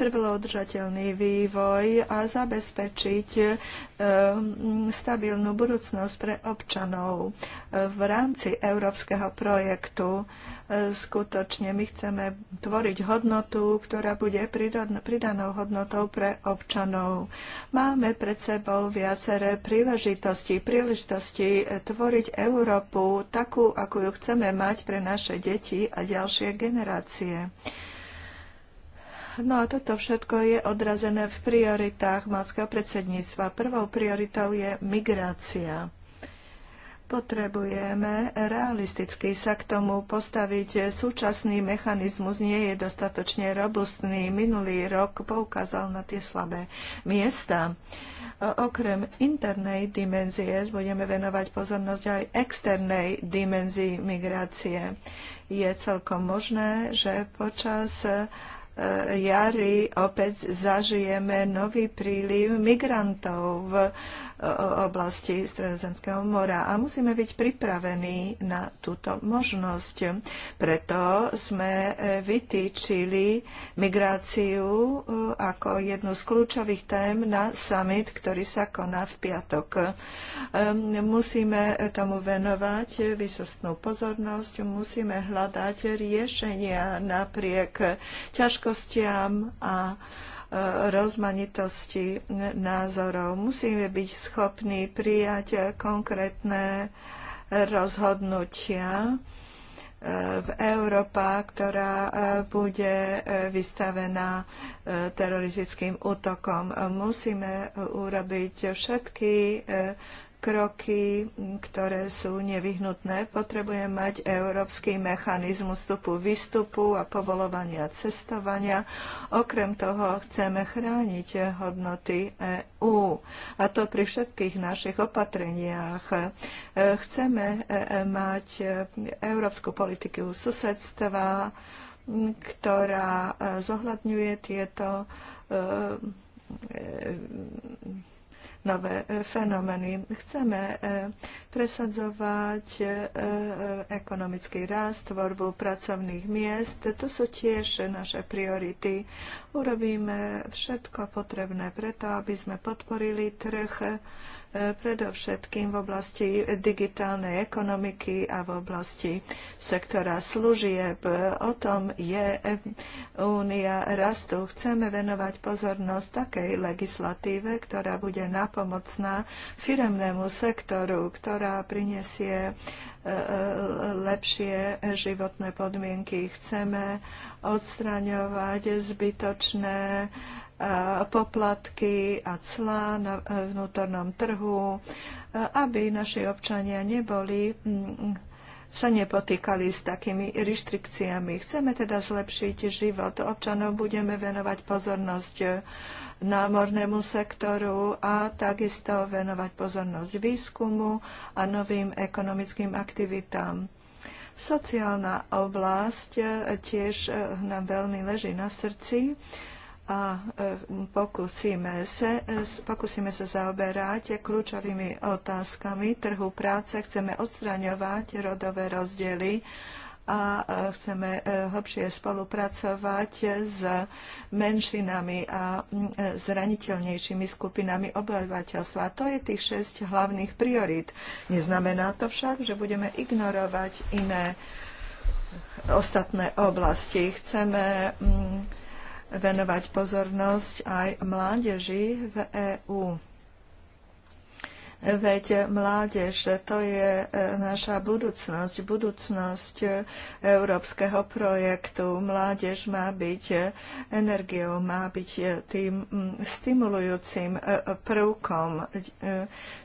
trvalo udržateľný vývoj a zabezpečiť eh, stabilnú budúcnosť pre občanov v rámci európskeho projektu. Eh, skutočne my chceme tvoriť hodnotu, ktorá bude pridanou hodnotou pre občanov. Máme pred sebou viaceré príležitosti. Príležitosti eh, tvoriť Európu takú, akú ju chceme mať pre naše deti a ďalšie generácie. No a toto všetko je odrazené v prioritách malského predsedníctva. Prvou prioritou je migrácia. Potrebujeme realisticky sa k tomu postaviť. Súčasný mechanizmus nie je dostatočne robustný. Minulý rok poukázal na tie slabé miesta. Okrem internej dimenzie budeme venovať pozornosť aj externej dimenzii migrácie. Je celkom možné, že počas jari opäť zažijeme nový príliv migrantov. V oblasti Stredozemského mora a musíme byť pripravení na túto možnosť. Preto sme e, vytýčili migráciu e, ako jednu z kľúčových tém na summit, ktorý sa koná v piatok. E, musíme tomu venovať vysostnú pozornosť, musíme hľadať riešenia napriek ťažkostiam a rozmanitosti názorov. Musíme byť schopní prijať konkrétne rozhodnutia e, v Európa, ktorá e, bude e, vystavená teroristickým útokom. Musíme urobiť všetky kroky, ktoré sú nevyhnutné. Potrebujeme mať európsky mechanizmus vstupu, výstupu a povolovania cestovania. Okrem toho chceme chrániť hodnoty EÚ. A to pri všetkých našich opatreniach. E, chceme e, e, mať európsku politiku susedstva, ktorá zohľadňuje tieto nové e, fenomény. Chceme e, presadzovať e, ekonomický rast, tvorbu pracovných miest. To sú tiež naše priority. Urobíme všetko potrebné preto, aby sme podporili trh predovšetkým v oblasti digitálnej ekonomiky a v oblasti sektora služieb. O tom je Únia rastu. Chceme venovať pozornosť takej legislatíve, ktorá bude napomocná firemnému sektoru, ktorá prinesie e, e, lepšie životné podmienky. Chceme odstraňovať zbytočné poplatky a clá na e, vnútornom trhu, e, aby naši občania neboli mm, sa nepotýkali s takými reštrikciami. Chceme teda zlepšiť život občanov, budeme venovať pozornosť námornému sektoru a takisto venovať pozornosť výskumu a novým ekonomickým aktivitám. Sociálna oblasť e, tiež nám veľmi leží na srdci a e, pokúsime sa, e, pokúsime sa zaoberať kľúčovými otázkami trhu práce. Chceme odstraňovať rodové rozdiely a e, chceme hlbšie spolupracovať s menšinami a zraniteľnejšími skupinami obyvateľstva. To je tých šesť hlavných priorít. Neznamená to však, že budeme ignorovať iné ostatné oblasti. Chceme venovať pozornosť aj mládeži v EÚ. Veď mládež, to je e, naša budúcnosť, budúcnosť e, európskeho projektu. Mládež má byť e, energiou, má byť tým stimulujúcim prvkom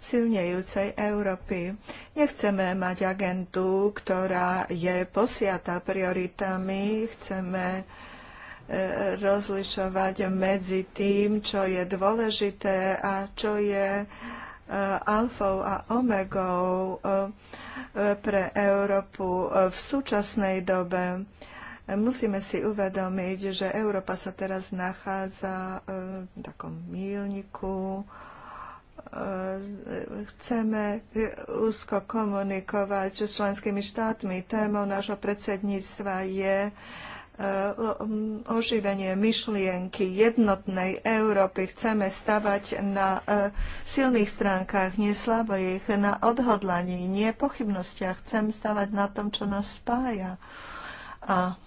silnejúcej Európy. Nechceme mať agendu, ktorá je posiata prioritami, chceme rozlišovať medzi tým, čo je dôležité a čo je e, alfou a omegou e, pre Európu e, v súčasnej dobe. Musíme si uvedomiť, že Európa sa teraz nachádza v takom mílniku. Chceme úzko komunikovať s členskými štátmi. Témou nášho predsedníctva je Eh, oživenie myšlienky jednotnej Európy. Chceme stavať na eh, silných stránkach, nie slabých, na odhodlaní, nie pochybnostiach. Chcem stavať na tom, čo nás spája. A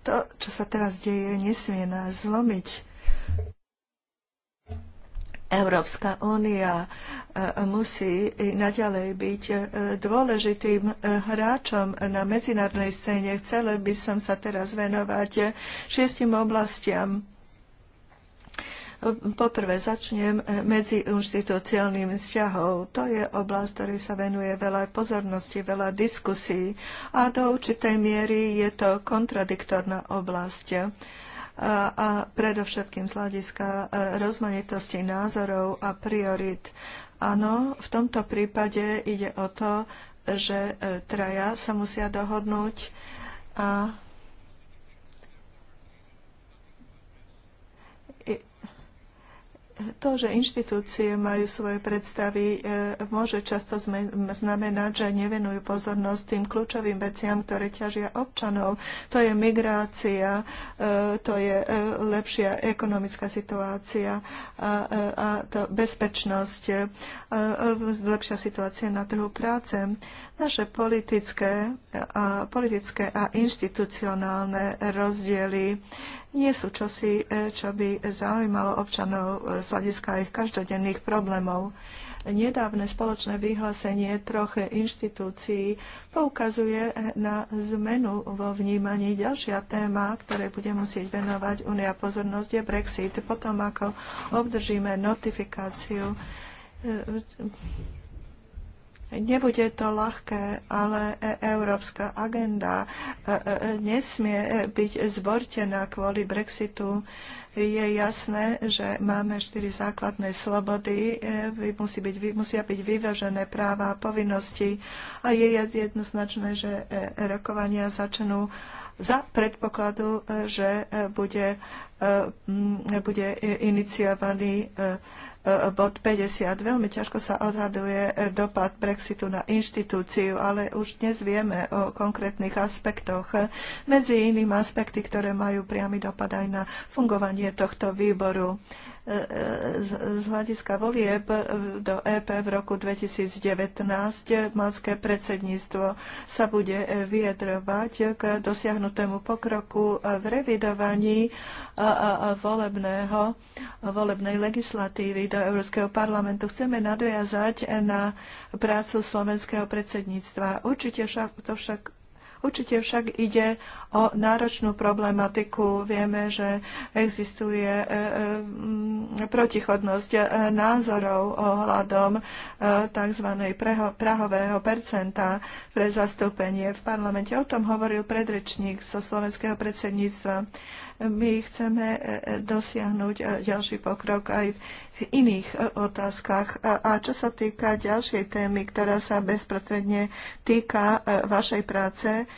to, čo sa teraz deje, nesmie nás zlomiť Európska únia e, musí naďalej byť e, dôležitým e, hráčom na medzinárodnej scéne. Chcela by som sa teraz venovať šiestim oblastiam. Poprvé začnem medzi inštitúciálnym vzťahom. To je oblasť, ktorej sa venuje veľa pozornosti, veľa diskusí a do určitej miery je to kontradiktorná oblasť a predovšetkým z hľadiska e, rozmanitosti názorov a priorit. Áno, v tomto prípade ide o to, že e, traja sa musia dohodnúť a to, že inštitúcie majú svoje predstavy, e, môže často znamenať, že nevenujú pozornosť tým kľúčovým veciam, ktoré ťažia občanov. To je migrácia, e, to je e, lepšia ekonomická situácia a, to bezpečnosť, lepšia situácia na trhu práce. Naše politické a, politické a inštitucionálne rozdiely nie sú čosi, e, čo by zaujímalo občanov e, z hľadiska ich každodenných problémov. Nedávne spoločné vyhlásenie troch inštitúcií poukazuje e, na zmenu vo vnímaní. Ďalšia téma, ktorej bude musieť venovať Unia pozornosť, je Brexit. Potom, ako obdržíme notifikáciu Nebude to ľahké, ale e, európska agenda e, e, nesmie byť zbortená kvôli Brexitu je jasné, že máme štyri základné slobody, musí byť, musia byť vyvážené práva a povinnosti a je jednoznačné, že rokovania začnú za predpokladu, že bude, bude iniciovaný bod 50. Veľmi ťažko sa odhaduje dopad Brexitu na inštitúciu, ale už dnes vieme o konkrétnych aspektoch. Medzi iným aspekty, ktoré majú priamy dopad aj na fungovanie tohto výboru z hľadiska volieb do EP v roku 2019 malské predsedníctvo sa bude vyjadrovať k dosiahnutému pokroku v revidovaní volebného, volebnej legislatívy do Európskeho parlamentu. Chceme nadviazať na prácu slovenského predsedníctva. Určite však, to však Určite však ide o náročnú problematiku. Vieme, že existuje e, e, protichodnosť e, názorov ohľadom tzv. prahového percenta pre zastúpenie v parlamente. O tom hovoril predrečník zo slovenského predsedníctva. My chceme e, e, dosiahnuť e, ďalší pokrok aj v iných otázkach. A čo sa týka ďalšej témy, ktorá sa bezprostredne týka vašej práce,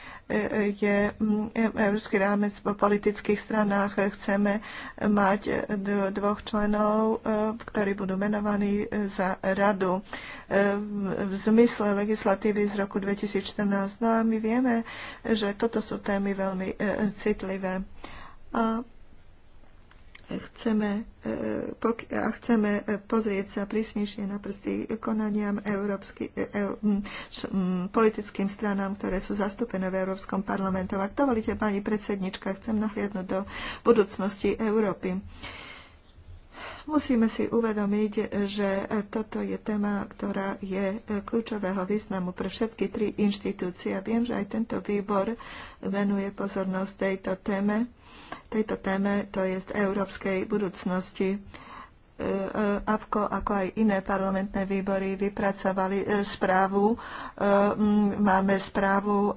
je Európsky rámec po politických stranách. Chceme mať dvoch členov, ktorí budú menovaní za radu v zmysle legislatívy z roku 2014. No a my vieme, že toto sú témy veľmi citlivé a chceme, e, a chceme pozrieť sa prísnejšie na prsty konaniam európsky, e, e politickým stranám, ktoré sú zastúpené v Európskom parlamentu. Ak dovolíte, pani predsednička, chcem nahliadnúť do budúcnosti Európy. E, Musíme si uvedomiť, že toto je téma, ktorá je kľúčového významu pre všetky tri inštitúcie. Viem, že aj tento výbor venuje pozornosť tejto téme, tejto téme, to je z európskej budúcnosti. E, APKO, ako aj iné parlamentné výbory, vypracovali e, správu. E, máme správu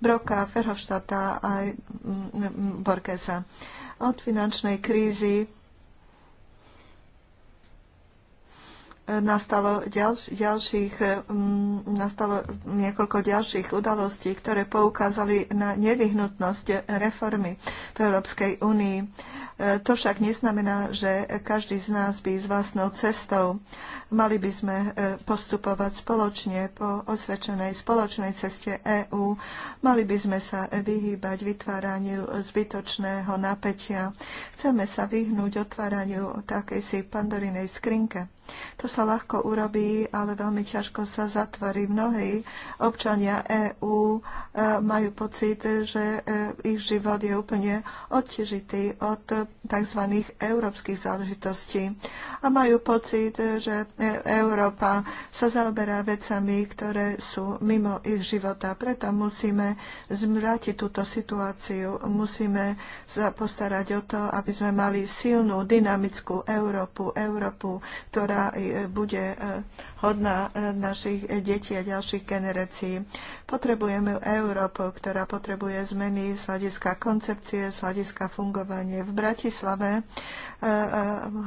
Broka, Ferhovštata a Borgesa. Od finančnej krízy nastalo, ďalš, ďalších, mm, nastalo niekoľko ďalších udalostí, ktoré poukázali na nevyhnutnosť reformy v Európskej únii. E, to však neznamená, že každý z nás by s vlastnou cestou mali by sme e, postupovať spoločne po osvedčenej spoločnej ceste EÚ. Mali by sme sa vyhýbať vytváraniu zbytočného napätia. Chceme sa vyhnúť otváraniu takejsi pandorinej skrinke to sa ľahko urobí, ale veľmi ťažko sa zatvorí. Mnohí občania EÚ e, majú pocit, že e, ich život je úplne odtežitý od tzv. európskych záležitostí. A majú pocit, že e, Európa sa zaoberá vecami, ktoré sú mimo ich života. Preto musíme zmrátiť túto situáciu. Musíme sa postarať o to, aby sme mali silnú, dynamickú Európu, Európu, ktorá ktorá e, bude e, hodná e, našich detí a ďalších generácií. Potrebujeme Európu, ktorá potrebuje zmeny z hľadiska koncepcie, z hľadiska fungovania. V Bratislave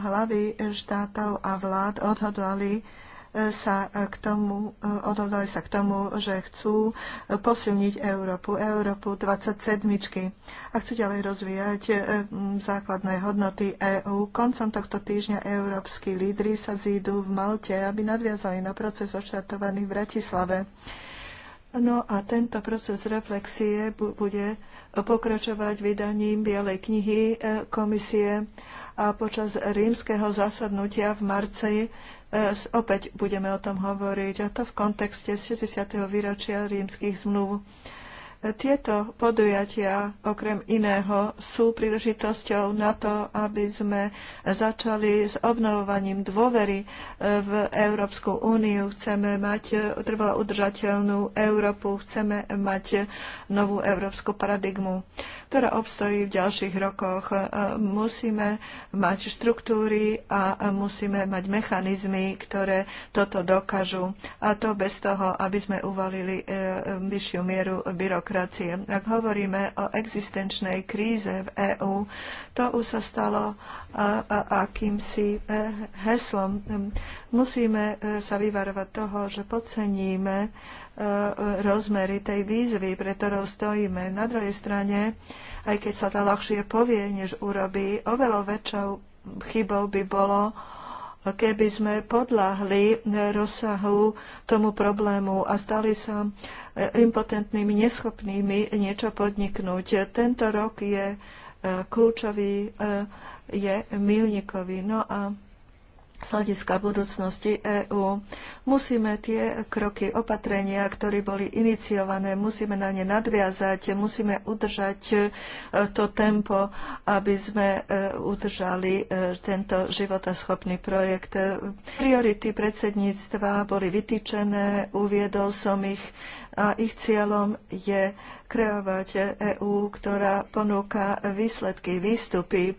hlavy štátov a vlád odhodlali sa e, k tomu, e, odhodlali sa k tomu, že chcú e, posilniť Európu, Európu 27. A chcú ďalej rozvíjať základné hodnoty EÚ. Koncom tohto týždňa európsky lídry sa zídu v Malte, aby nadviazali na proces odštartovaný v Bratislave. No a tento proces reflexie bude pokračovať vydaním Bielej knihy komisie a počas rímskeho zasadnutia v marci Opäť budeme o tom hovoriť, a to v kontexte 60. výročia rímskych zmluv. Tieto podujatia okrem iného sú príležitosťou na to, aby sme začali s obnovovaním dôvery e, v Európsku úniu. Chceme mať e, trvalo udržateľnú Európu, chceme mať e, novú európsku paradigmu, ktorá obstojí v ďalších rokoch. Musíme mať štruktúry a musíme mať mechanizmy, ktoré toto dokážu. A to bez toho, aby sme uvalili vyššiu mieru byrokracie demokracie. Ak hovoríme o existenčnej kríze v EÚ, to už sa stalo akýmsi e, heslom. Musíme e, sa vyvarovať toho, že podceníme e, rozmery tej výzvy, pre ktorou stojíme. Na druhej strane, aj keď sa to ľahšie povie, než urobí, oveľa väčšou chybou by bolo keby sme podľahli eh, rozsahu tomu problému a stali sa eh, impotentnými, neschopnými niečo podniknúť. Tento rok je eh, kľúčový, je milníkový. No a z hľadiska budúcnosti EÚ. Musíme tie kroky, opatrenia, ktoré boli iniciované, musíme na ne nadviazať, musíme udržať e, to tempo, aby sme e, udržali e, tento životaschopný projekt. Priority predsedníctva boli vytýčené, uviedol som ich a ich cieľom je kreovať EÚ, ktorá ponúka výsledky, výstupy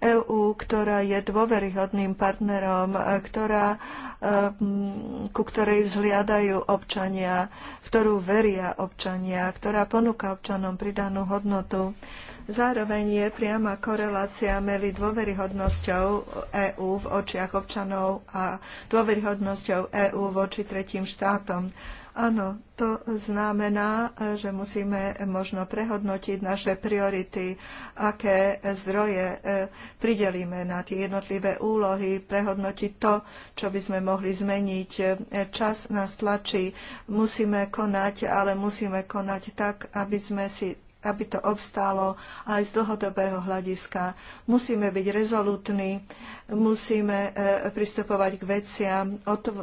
EÚ, ktorá je dôveryhodným partnerom, e, ktorá, e, ku ktorej vzhliadajú občania, v ktorú veria občania, ktorá ponúka občanom pridanú hodnotu. Zároveň je priama korelácia medzi dôveryhodnosťou EÚ v očiach občanov a dôveryhodnosťou EÚ voči tretím štátom. Áno, to znamená, že musíme možno prehodnotiť naše priority, aké zdroje e, pridelíme na tie jednotlivé úlohy, prehodnotiť to, čo by sme mohli zmeniť. E, čas nás tlačí, musíme konať, ale musíme konať tak, aby sme si aby to obstálo aj z dlhodobého hľadiska. Musíme byť rezolutní, musíme e, pristupovať k veciam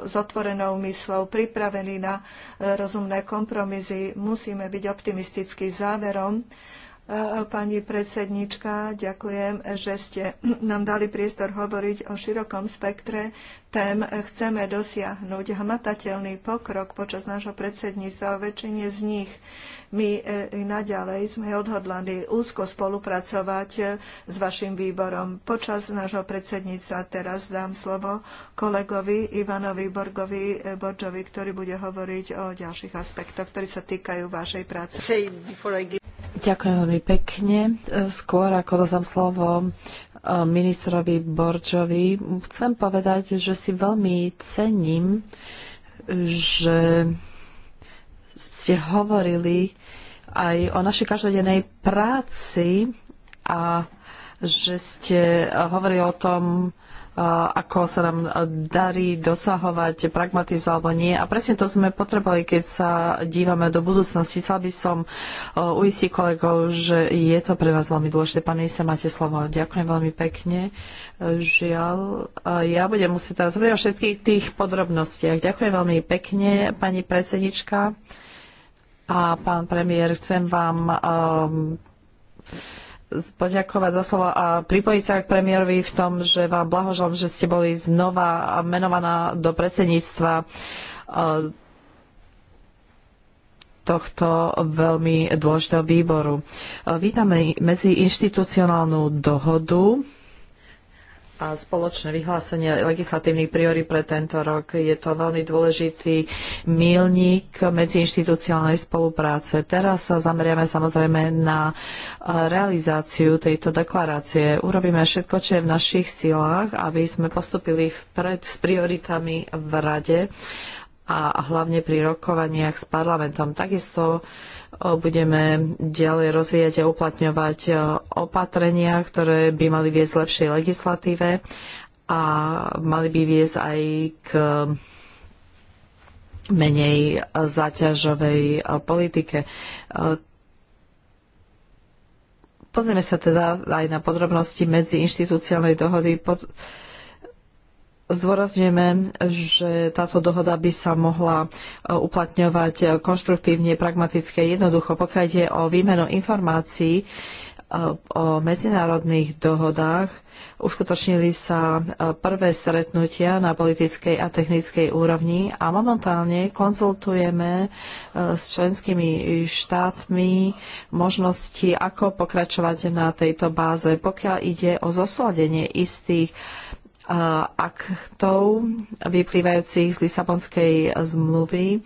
s otvorenou myslou, pripravení na e, rozumné kompromisy, musíme byť optimistickí záverom. Eh, pani predsednička, ďakujem, že ste nám dali priestor hovoriť o širokom spektre tém. Chceme dosiahnuť hmatateľný pokrok počas nášho predsedníctva. O väčšine z nich my eh, naďalej sme odhodlani úzko spolupracovať eh, s vašim výborom. Počas nášho predsedníctva teraz dám slovo kolegovi Ivanovi Borgovi Borčovi, ktorý bude hovoriť o ďalších aspektoch, ktorí sa týkajú vašej práce. Ďakujem veľmi pekne. E, Skôr ako dozam slovo e, ministrovi Borčovi, chcem povedať, že si veľmi cením, že ste hovorili aj o našej každodennej práci a že ste hovorili o tom, ako sa nám darí dosahovať pragmatiz alebo nie. A presne to sme potrebovali, keď sa dívame do budúcnosti. Chcel by som e, uistiť kolegov, že je to pre nás veľmi dôležité. Pán minister, máte slovo. Ďakujem veľmi pekne. E, žiaľ, e, ja budem musieť teraz hovoriť o všetkých tých podrobnostiach. Ďakujem veľmi pekne, pani predsednička a pán premiér. Chcem vám um, poďakovať za slovo a pripojiť sa k premiérovi v tom, že vám blahoželám, že ste boli znova menovaná do predsedníctva e, tohto veľmi dôležitého výboru. E, vítame medzi inštitucionálnu dohodu a spoločné vyhlásenie legislatívnych priory pre tento rok. Je to veľmi dôležitý milník medziinštitucionálnej spolupráce. Teraz sa zameriame samozrejme na eh, realizáciu tejto deklarácie. Urobíme všetko, čo je v našich silách, aby sme postupili vpred s prioritami v Rade a hlavne pri rokovaniach s parlamentom. Takisto budeme ďalej rozvíjať a uplatňovať opatrenia, ktoré by mali viesť lepšej legislatíve a mali by viesť aj k menej záťažovej politike. Pozrieme sa teda aj na podrobnosti medzi inštitúciálnej dohody pod, Zdôrazňujeme, že táto dohoda by sa mohla e, uplatňovať konštruktívne, pragmaticky, jednoducho. Pokiaľ ide o výmenu informácií e, o medzinárodných dohodách, uskutočnili sa e, prvé stretnutia na politickej a technickej úrovni a momentálne konzultujeme s členskými štátmi možnosti, ako pokračovať na tejto báze, pokiaľ ide o zosladenie istých aktov vyplývajúcich z Lisabonskej zmluvy.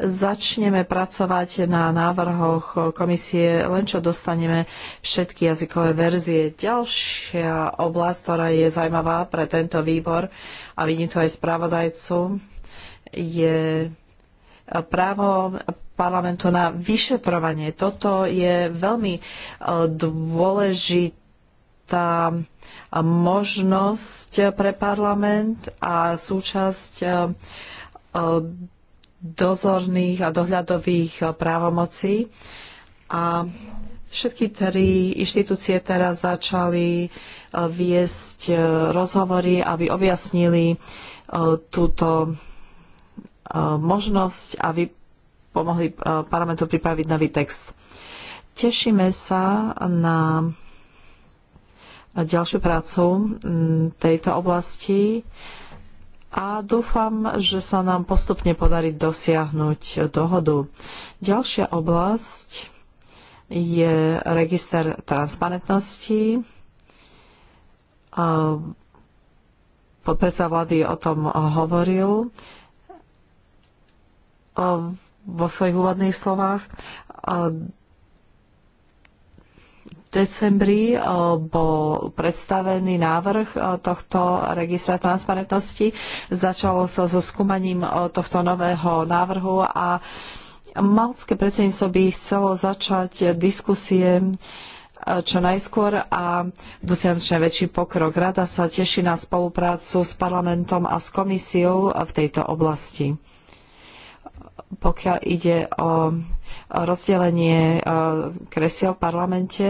Začneme pracovať na návrhoch komisie, len čo dostaneme všetky jazykové verzie. Ďalšia oblasť, ktorá je zaujímavá pre tento výbor, a vidím tu aj spravodajcu, je právo parlamentu na vyšetrovanie. Toto je veľmi e, dôležité tá možnosť pre parlament a súčasť e, e, dozorných a dohľadových právomocí. A všetky tri inštitúcie teraz začali e, viesť rozhovory, aby objasnili túto možnosť a vy pomohli parlamentu pripraviť nový text. Tešíme sa na ďalšiu prácu mm, tejto oblasti a dúfam, že sa nám postupne podarí dosiahnuť dohodu. Ďalšia oblasť je register transparentnosti. Podpredsa vlády o tom hovoril vo svojich úvodných slovách decembri eh, bol predstavený návrh eh, tohto registra transparentnosti. Začalo sa so skúmaním eh, tohto nového návrhu a malské predsedníctvo by chcelo začať diskusie čo najskôr a dosiahnuť väčší pokrok. Rada sa teší na spoluprácu s parlamentom a s komisiou v tejto oblasti. Pokiaľ ide o rozdelenie e, kresiel v parlamente.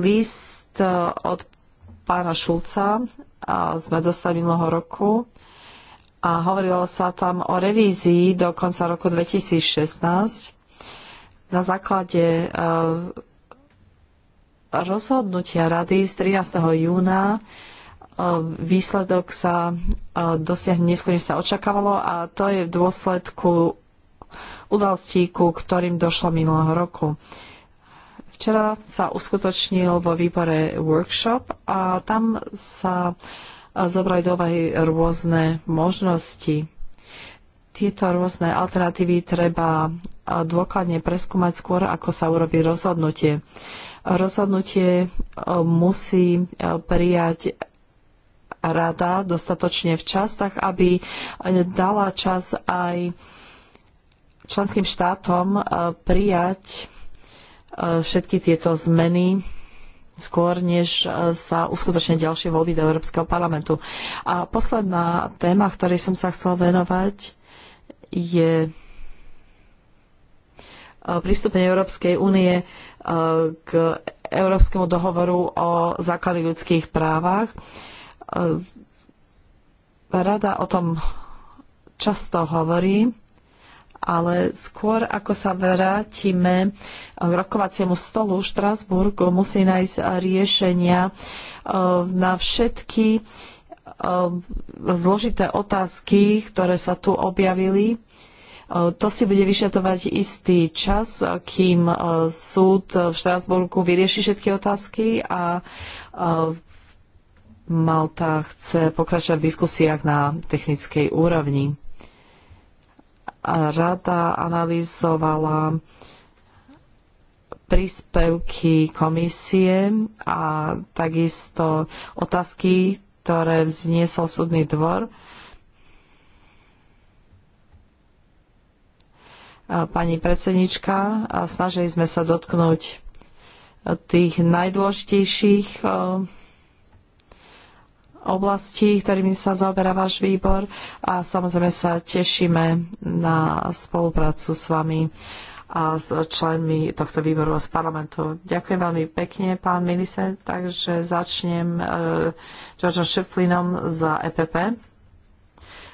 List e, od pána Šulca e, sme dostali minulého roku a hovorilo sa tam o revízii do konca roku 2016 na základe rozhodnutia rady z 13. júna E, výsledok sa e, dosiahne neskôr, než sa očakávalo a to je v dôsledku udalostí, ku ktorým došlo minulého roku. Včera sa uskutočnil vo výbore workshop a tam sa e, zobrali do aj rôzne možnosti. Tieto rôzne alternatívy treba dôkladne preskúmať skôr, ako sa urobí rozhodnutie. Rozhodnutie musí prijať rada dostatočne včas, tak aby dala čas aj členským štátom eh, prijať eh, všetky tieto zmeny skôr, než eh, sa uskutočne ďalšie voľby do Európskeho parlamentu. A posledná téma, ktorej som sa chcel venovať, je prístupenie Európskej únie k Európskemu dohovoru o základných ľudských právach. E, rada o tom často hovorí, ale skôr ako sa vrátime k rokovaciemu stolu v Štrasburgu, musí nájsť riešenia e, na všetky e, zložité otázky, ktoré sa tu objavili. To si bude vyšetovať istý čas, kým súd v Štrasburgu vyrieši všetky otázky a Malta chce pokračovať v diskusiách na technickej úrovni. Rada analyzovala príspevky komisie a takisto otázky, ktoré vzniesol súdny dvor. Pani predsednička, snažili sme sa dotknúť tých najdôležitejších eh, oblastí, ktorými sa zaoberá váš výbor a samozrejme sa tešíme na spoluprácu s vami a s členmi tohto výboru a z parlamentu. Ďakujem veľmi pekne, pán minister, takže začnem uh, Georgeom Šeflinom za EPP.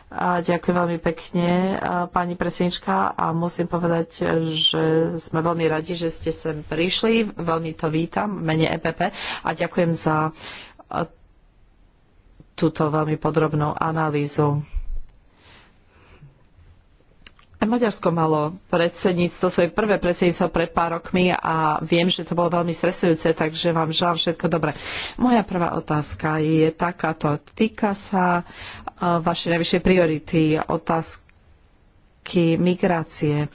A ďakujem veľmi pekne, e, pani presnička, a musím povedať, e, že sme veľmi radi, že ste sem prišli. Veľmi to vítam v mene EPP a ďakujem za túto veľmi podrobnú analýzu. Maďarsko malo predsedníctvo, svoje prvé predsedníctvo pred pár rokmi a viem, že to bolo veľmi stresujúce, takže vám želám všetko dobré. Moja prvá otázka je takáto. Týka sa e, vašej najvyššej priority otázky migrácie. E,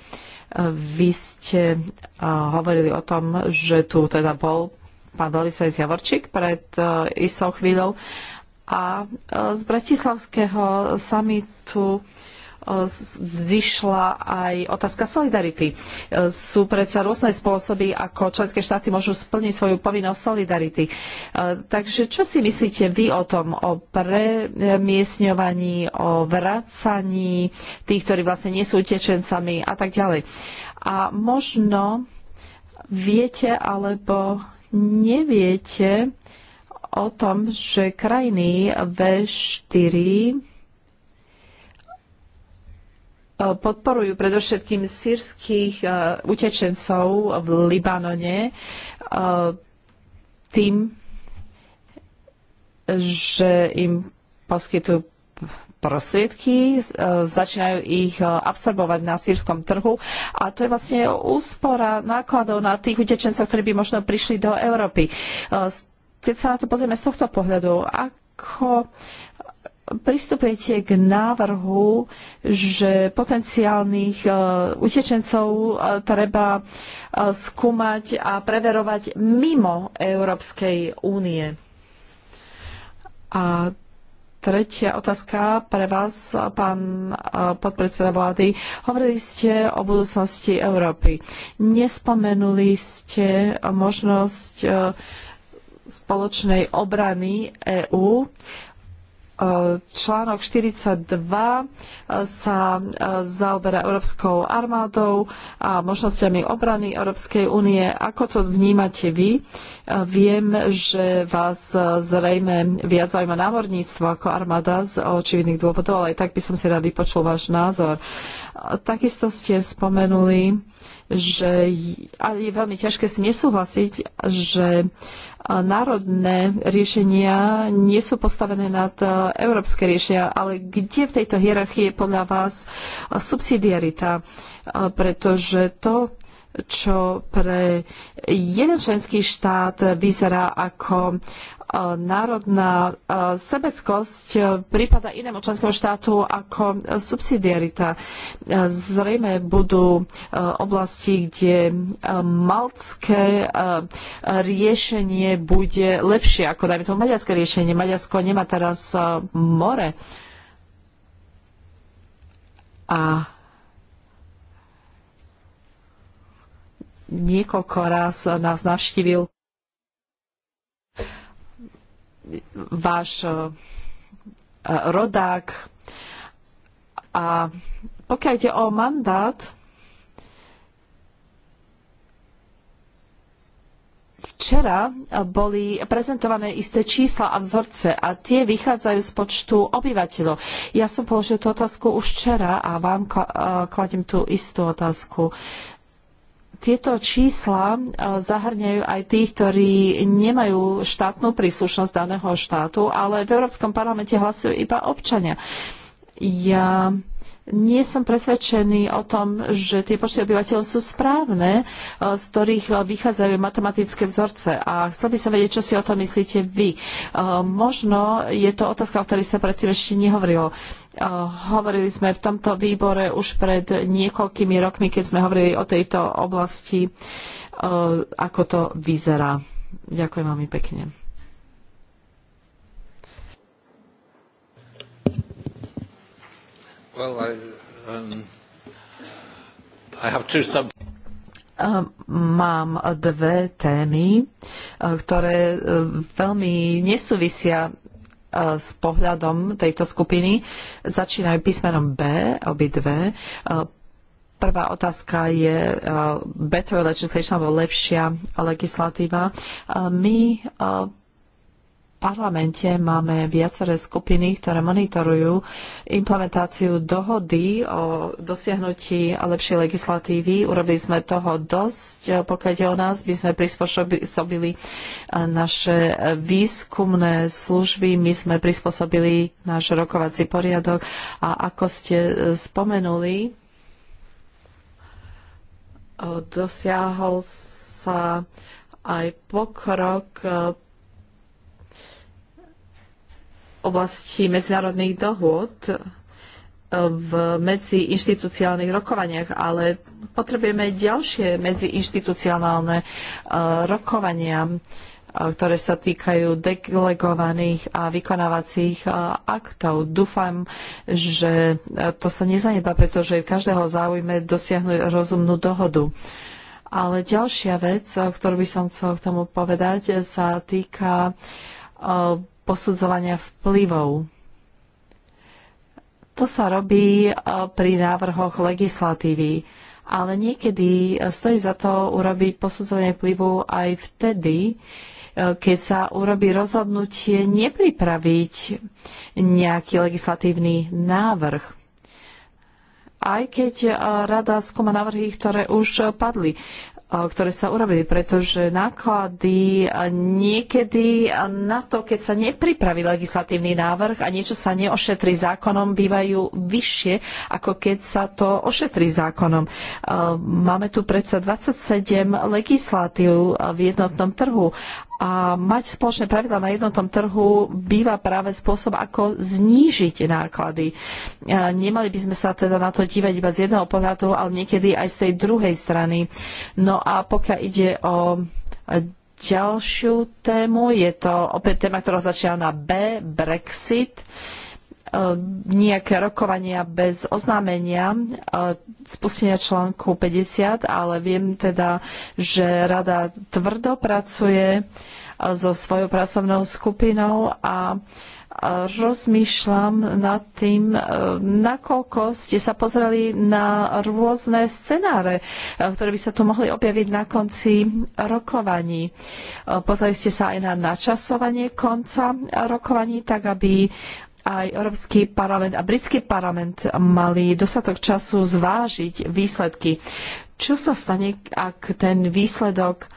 vy ste e, hovorili o tom, že tu teda bol pán veľvyslanec Javorčík pred istou chvíľou a e, z bratislavského samitu e, zišla aj otázka solidarity. E, sú predsa rôzne spôsoby, ako členské štáty môžu splniť svoju povinnosť solidarity. Takže čo si myslíte vy o tom, o premiesňovaní, o vracaní tých, ktorí vlastne nie sú utečencami a tak ďalej? A možno viete alebo neviete, o tom, že krajiny V4 e, podporujú predovšetkým sírskych e, utečencov v Libanone e, tým, že im poskytujú prostriedky, začínajú ich absorbovať na sírskom trhu a to je vlastne úspora nákladov na tých utečencov, ktorí by možno prišli do Európy. Z keď sa na to pozrieme z tohto pohľadu, ako pristupujete k návrhu, že potenciálnych e, utečencov e, treba e, skúmať a preverovať mimo Európskej únie. A tretia otázka pre vás, pán podpredseda vlády. Hovorili ste o budúcnosti Európy. Nespomenuli ste možnosť spoločnej obrany EÚ. E, článok 42 e, sa e, zaoberá Európskou armádou a možnosťami obrany Európskej únie. Ako to vnímate vy? Viem, že vás zrejme viac zaujíma námorníctvo ako armáda z očividných dôvodov, ale aj tak by som si rád vypočul váš názor. Takisto ste spomenuli, že je veľmi ťažké si nesúhlasiť, že národné riešenia nie sú postavené nad e, európske riešenia, ale kde v tejto hierarchii je podľa vás subsidiarita? Pretože to čo pre jeden členský štát vyzerá ako e, národná e, sebeckosť e, prípada inému členskému štátu ako subsidiarita. Zrejme budú oblasti, kde maltské riešenie bude lepšie ako dajme tomu maďarské riešenie. Maďarsko nemá teraz more. A niekoľko raz nás navštívil váš e, rodák. A pokiaľ ide o mandát, Včera boli prezentované isté čísla a vzorce a tie vychádzajú z počtu obyvateľov. Ja som položil tú otázku už včera a vám e, kladím tú istú otázku. Tieto čísla e, zahrňajú aj tých, ktorí nemajú štátnu príslušnosť daného štátu, ale v Európskom parlamente hlasujú iba občania. Ja nie som presvedčený o tom, že tie počty obyvateľov sú správne, e, z ktorých e, vychádzajú matematické vzorce. A chcel by som vedieť, čo si o tom myslíte vy. E, možno je to otázka, o ktorej sa predtým ešte nehovorilo. Hovorili sme v tomto výbore už pred niekoľkými rokmi, keď sme hovorili o tejto oblasti, ako to vyzerá. Ďakujem veľmi pekne. Well, I, um, I have two sub- Mám dve témy, e, ktoré e, veľmi nesúvisia e, s pohľadom tejto skupiny. Začínajú písmenom B, obidve. Prvá otázka je better legislation alebo lepšia legislatíva. My parlamente máme viaceré skupiny, ktoré monitorujú implementáciu dohody o dosiahnutí lepšej legislatívy. Urobili sme toho dosť, pokiaľ je o nás, by sme prispôsobili naše výskumné služby, my sme prispôsobili náš rokovací poriadok a ako ste spomenuli, dosiahol sa aj pokrok oblasti medzinárodných dohôd eh, v medziinstitucionálnych rokovaniach, ale potrebujeme ďalšie medziinstitucionálne eh, rokovania, eh, ktoré sa týkajú delegovaných a vykonávacích aktov. Dúfam, že to sa nezanedba, pretože každého záujme dosiahnuť rozumnú dohodu. Ale ďalšia vec, ktorú by som chcel k tomu povedať, sa týka posudzovania vplyvov. To sa robí e, pri návrhoch legislatívy, ale niekedy e, stojí za to urobiť posudzovanie vplyvu aj vtedy, e, keď sa urobí rozhodnutie nepripraviť nejaký legislatívny návrh. Aj keď rada skúma návrhy, ktoré už padli ktoré sa urobili, pretože náklady niekedy na to, keď sa nepripraví legislatívny návrh a niečo sa neošetrí zákonom, bývajú vyššie, ako keď sa to ošetrí zákonom. Máme tu predsa 27 legislatív v jednotnom trhu a mať spoločné pravidla na jednotnom trhu býva práve spôsob, ako znížiť náklady. Nemali by sme sa teda na to dívať iba z jedného pohľadu, ale niekedy aj z tej druhej strany. No a pokiaľ ide o ďalšiu tému, je to opäť téma, ktorá začína na B, Brexit. Uh, E, nejaké rokovania bez oznámenia e, spustenia článku 50, ale viem teda, že rada tvrdo pracuje e, so svojou pracovnou skupinou a rozmýšľam nad tým, nakoľko ste sa pozreli na rôzne scenáre, ktoré by sa tu mohli objaviť na konci rokovaní. Pozreli ste sa aj na načasovanie konca rokovaní, tak aby aj Európsky parlament a Britský parlament mali dostatok času zvážiť výsledky. Čo sa stane, ak ten výsledok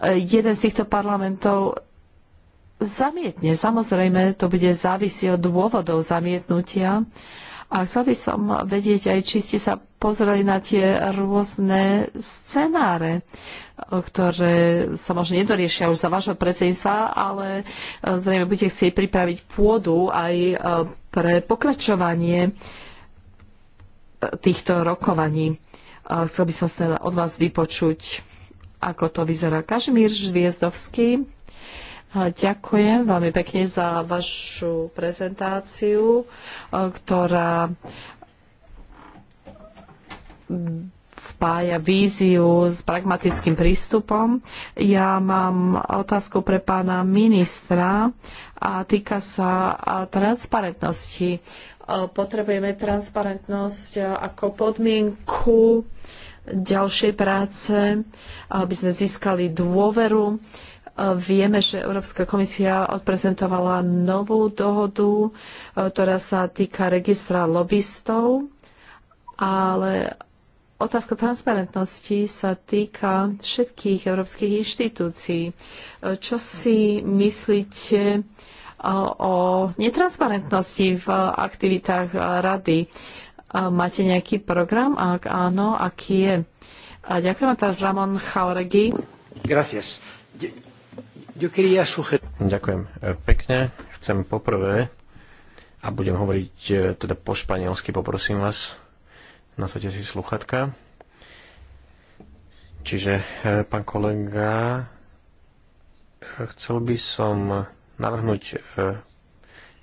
e, jeden z týchto parlamentov zamietne? Samozrejme, to bude závisieť od dôvodov zamietnutia. A chcel by som vedieť aj, či ste sa pozreli na tie rôzne scenáre, ktoré sa možno nedoriešia už za vašho predsedníctva, ale e, zrejme budete chcieť pripraviť pôdu aj e, pre pokračovanie e, týchto rokovaní. Chcel by som sa teda od vás vypočuť, ako to vyzerá Kažmír Žviezdovský, Ďakujem veľmi pekne za vašu prezentáciu, e, ktorá spája víziu s pragmatickým prístupom. Ja mám otázku pre pána ministra a týka sa e, transparentnosti. E, potrebujeme transparentnosť ako podmienku ďalšej práce, aby sme získali dôveru Vieme, že Európska komisia odprezentovala novú dohodu, e, ktorá sa týka registra lobbystov, ale otázka transparentnosti sa týka všetkých európskych inštitúcií. E, čo si myslíte e, o netransparentnosti v aktivitách rady? Máte nejaký program? Ak áno, aký je? A ďakujem teraz Ramon Chauregi. Gracias. Ďakujem e, pekne. Chcem poprvé, a budem hovoriť e, teda po španielsky, poprosím vás, nasadte si sluchatka. Čiže, e, pán kolega, chcel by som navrhnúť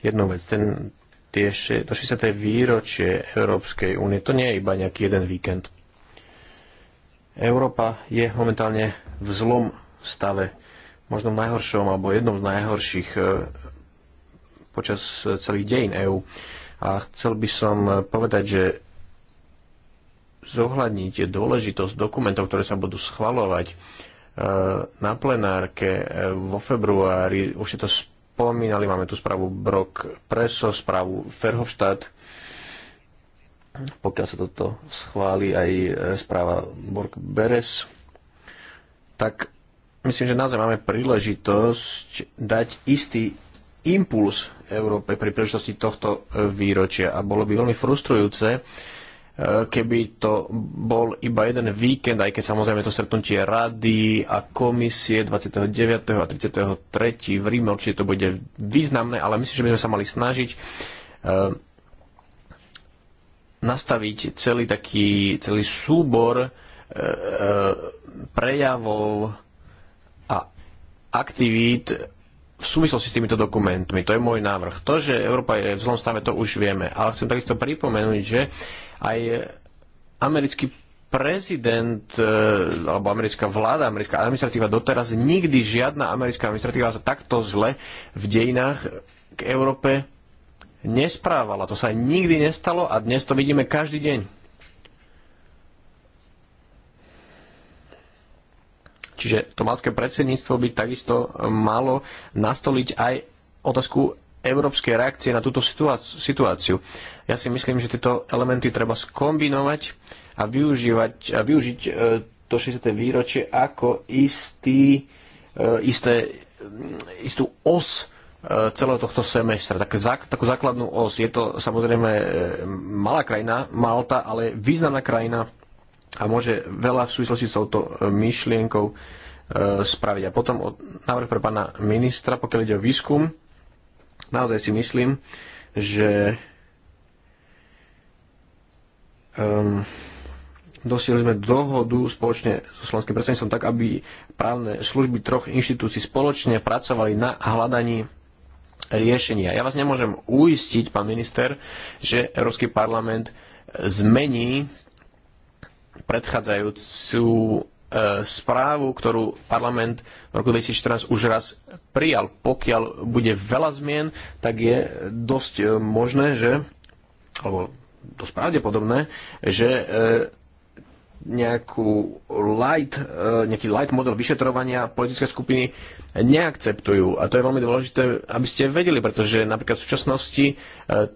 jednu vec. Ten, tie, to 60. výročie Európskej únie, to nie je iba nejaký jeden víkend. Európa je momentálne v zlom stave možno najhoršom alebo jednom z najhorších e, počas e, celých dejín EÚ. A chcel by som e, povedať, že zohľadniť dôležitosť dokumentov, ktoré sa budú schvalovať na plenárke vo februári. Už ste to spomínali, máme tu správu Brok Preso, správu Ferhofstadt, pokiaľ sa toto schváli aj správa Borg Beres, tak myslím, že naozaj máme príležitosť dať istý impuls Európe pri príležitosti tohto e, výročia. A bolo by veľmi frustrujúce, e, keby to bol iba jeden víkend, aj keď samozrejme to stretnutie rady a komisie 29. a 33. v Ríme určite to bude významné, ale myslím, že by sme sa mali snažiť e, nastaviť celý taký celý súbor prejavov aktivít v súvislosti s týmito dokumentmi. To je môj návrh. To, že Európa je v zlom stave, to už vieme. Ale chcem takisto pripomenúť, že aj americký prezident e, alebo americká vláda, americká administratíva doteraz nikdy žiadna americká administratíva sa takto zle v dejinách k Európe nesprávala. To sa nikdy nestalo a dnes to vidíme každý deň. Čiže to malské predsedníctvo by takisto malo nastoliť aj otázku európskej reakcie na túto situáciu. Ja si myslím, že tieto elementy treba skombinovať a, využívať, a využiť e, to 60. výročie ako istý, e, isté, mm, istú os e, celého tohto semestra, tak, takú základnú os. Je to samozrejme malá krajina, Malta, ale významná krajina a môže veľa v súvislosti s touto e, myšlienkou e, spraviť. A potom návrh pre pána ministra, pokiaľ ide o výskum, naozaj si myslím, že um, dosiahli sme dohodu spoločne so slovenským predsedníctvom tak, aby právne služby troch inštitúcií spoločne pracovali na hľadaní riešenia. Ja vás nemôžem uistiť, pán minister, že Európsky parlament zmení predchádzajúcu e, správu, ktorú parlament v roku 2014 už raz prijal. Pokiaľ bude veľa zmien, tak je dosť e, možné, že, alebo dosť pravdepodobné, že e, nejakú light, nejaký light model vyšetrovania politické skupiny neakceptujú. A to je veľmi dôležité, aby ste vedeli, pretože napríklad v súčasnosti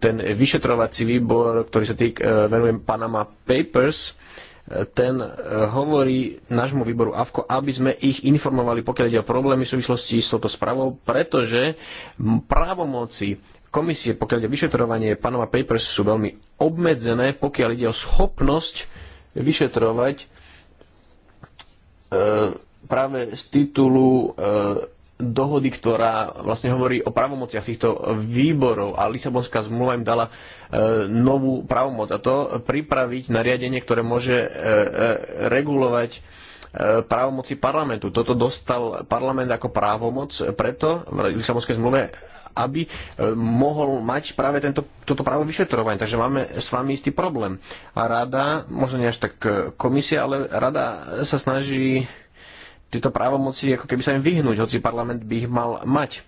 ten vyšetrovací výbor, ktorý sa týk, venuje Panama Papers, ten eh, hovorí nášmu výboru AVKO, aby sme ich informovali, pokiaľ ide o problémy v súvislosti s touto správou, pretože právomoci komisie, pokiaľ ide o vyšetrovanie Panama Papers, sú veľmi obmedzené, pokiaľ ide o schopnosť vyšetrovať eh, práve z titulu eh, dohody, ktorá vlastne hovorí o právomociach týchto výborov a Lisabonská zmluva im dala E, novú pravomoc a to pripraviť nariadenie, ktoré môže e, e, regulovať právomoci parlamentu. Toto dostal parlament ako právomoc preto v Lisabonskej zmluve aby mohol mať práve tento, toto právo vyšetrovania. Takže máme s vami istý problém. A rada, možno nie až tak komisia, ale rada sa snaží tieto právomoci ako keby sa im vyhnúť, hoci parlament by ich mal mať.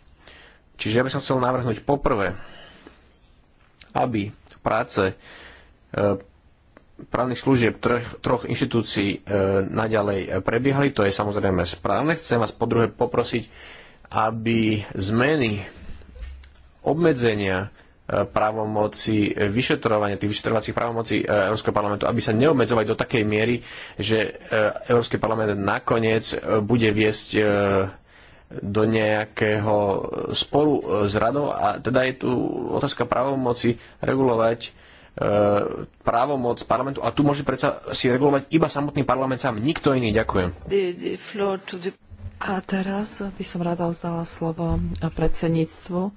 Čiže ja by som chcel navrhnúť poprvé, aby práce e, právnych služieb troch, troch inštitúcií e, naďalej prebiehali. To je samozrejme správne. Chcem vás po druhé poprosiť, aby zmeny obmedzenia e, právomoci, e, vyšetrovania tých vyšetrovacích právomocí Európskeho parlamentu, aby sa neobmedzovali do takej miery, že Európsky parlament nakoniec bude viesť do nejakého sporu e, s radou a teda je tu otázka právomoci regulovať e, právomoc parlamentu a tu môže predsa si regulovať iba samotný parlament sám, nikto iný. Ďakujem. A teraz by som rada vzdala slovo predsedníctvu.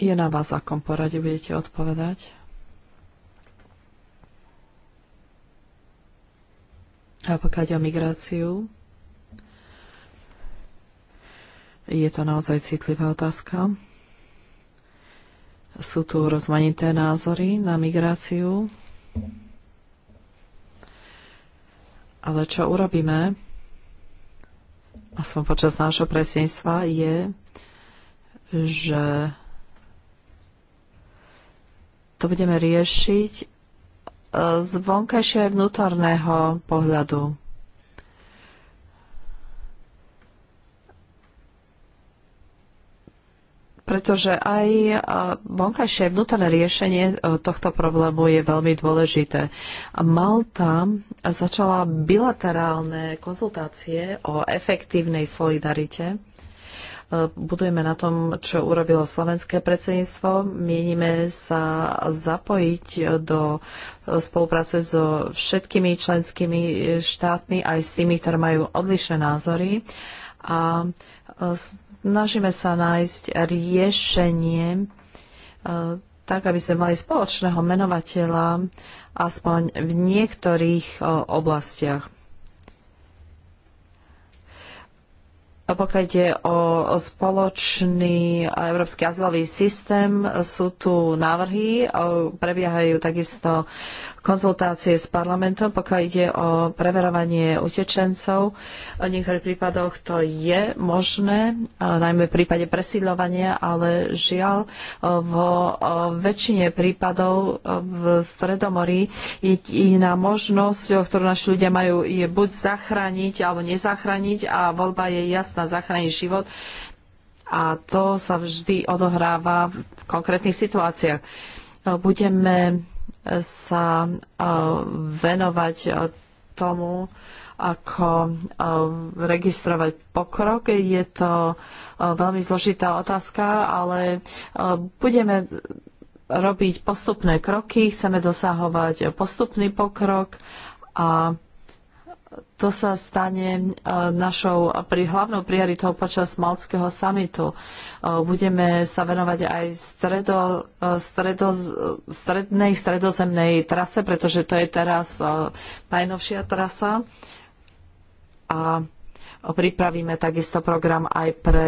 Je na vás, akom porade budete odpovedať. A pokiaľ o migráciu, je to naozaj citlivá otázka. Sú tu rozmanité názory na migráciu. Ale čo urobíme, aspoň počas nášho predsedníctva, je, že to budeme riešiť eh, z vonkajšieho aj vnútorného pohľadu. pretože aj e, vonkajšie vnútorné riešenie e, tohto problému je veľmi dôležité. Malta začala bilaterálne konzultácie o efektívnej solidarite. E, budujeme na tom, čo urobilo slovenské predsedníctvo. Mienime sa zapojiť do spolupráce so všetkými členskými štátmi, aj s tými, ktoré majú odlišné názory. A snažíme sa nájsť riešenie e, tak, aby sme mali spoločného menovateľa aspoň v niektorých e, oblastiach. Pokiaľ ide o spoločný európsky azylový systém, sú tu návrhy, prebiehajú takisto konzultácie s parlamentom, pokiaľ ide o preverovanie utečencov. V niektorých prípadoch to je možné, najmä v prípade presídľovania, ale žiaľ, vo väčšine prípadov v Stredomorí jediná možnosť, ktorú naši ľudia majú, je buď zachrániť alebo nezachrániť a voľba je jasná na zachrániť život a to sa vždy odohráva v konkrétnych situáciách. Budeme sa e, venovať e, tomu, ako e, registrovať pokrok. Je to veľmi zložitá otázka, ale budeme robiť postupné kroky, chceme dosahovať postupný pokrok a to sa stane e, našou pri hlavnou prioritou počas Malckého samitu. E, budeme sa venovať aj stredo, e, stredo, strednej stredozemnej trase, pretože to je teraz najnovšia trasa. A pripravíme takisto program aj pre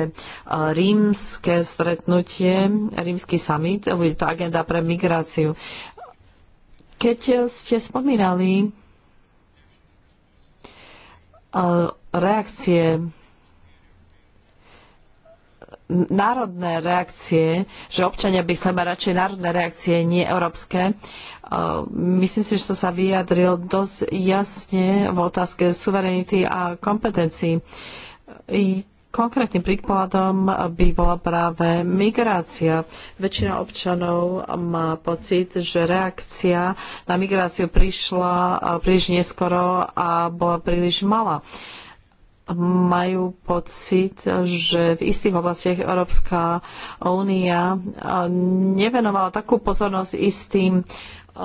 rímske stretnutie, rímsky summit, bude to agenda pre migráciu. Keď ste spomínali reakcie národné reakcie, že občania by chceli mať radšej národné reakcie, nie európske. Uh, myslím si, že som sa vyjadril dosť jasne v otázke suverenity a kompetencií. Konkrétnym príkladom by bola práve migrácia. Väčšina občanov má pocit, že reakcia na migráciu prišla príliš neskoro a bola príliš malá majú pocit, že v istých oblastiach Európska únia nevenovala takú pozornosť istým Eh,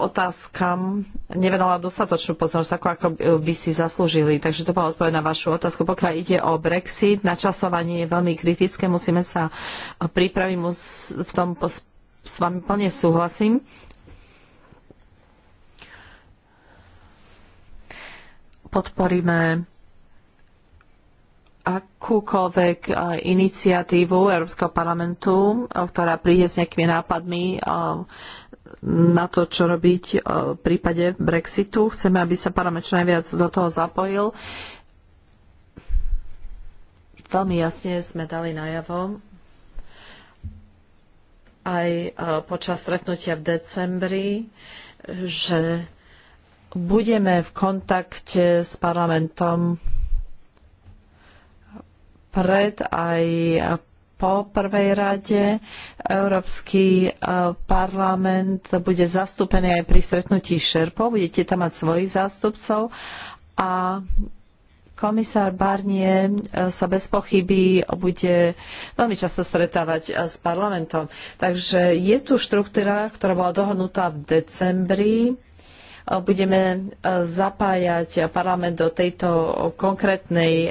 otázkam nevenovala dostatočnú pozornosť, ako, ako by si zaslúžili. Takže to bola odpoveď na vašu otázku. Pokiaľ ide o Brexit, načasovanie je veľmi kritické, musíme sa pripraviť, v tom s vami plne súhlasím. Podporíme akúkoľvek eh, iniciatívu Európskeho parlamentu, eh, ktorá príde s nejakými nápadmi na to, čo robiť e, v prípade Brexitu. Chceme, aby sa parlament čo najviac do toho zapojil. Veľmi jasne sme dali najavo aj e, počas stretnutia v decembri, že budeme v kontakte s parlamentom pred aj po prvej rade. Európsky e, parlament bude zastúpený aj pri stretnutí šerpov. Budete tam mať svojich zástupcov a komisár Barnier e, sa bez pochyby bude veľmi často stretávať e, s parlamentom. Takže je tu štruktúra, ktorá bola dohodnutá v decembri budeme zapájať parlament do tejto konkrétnej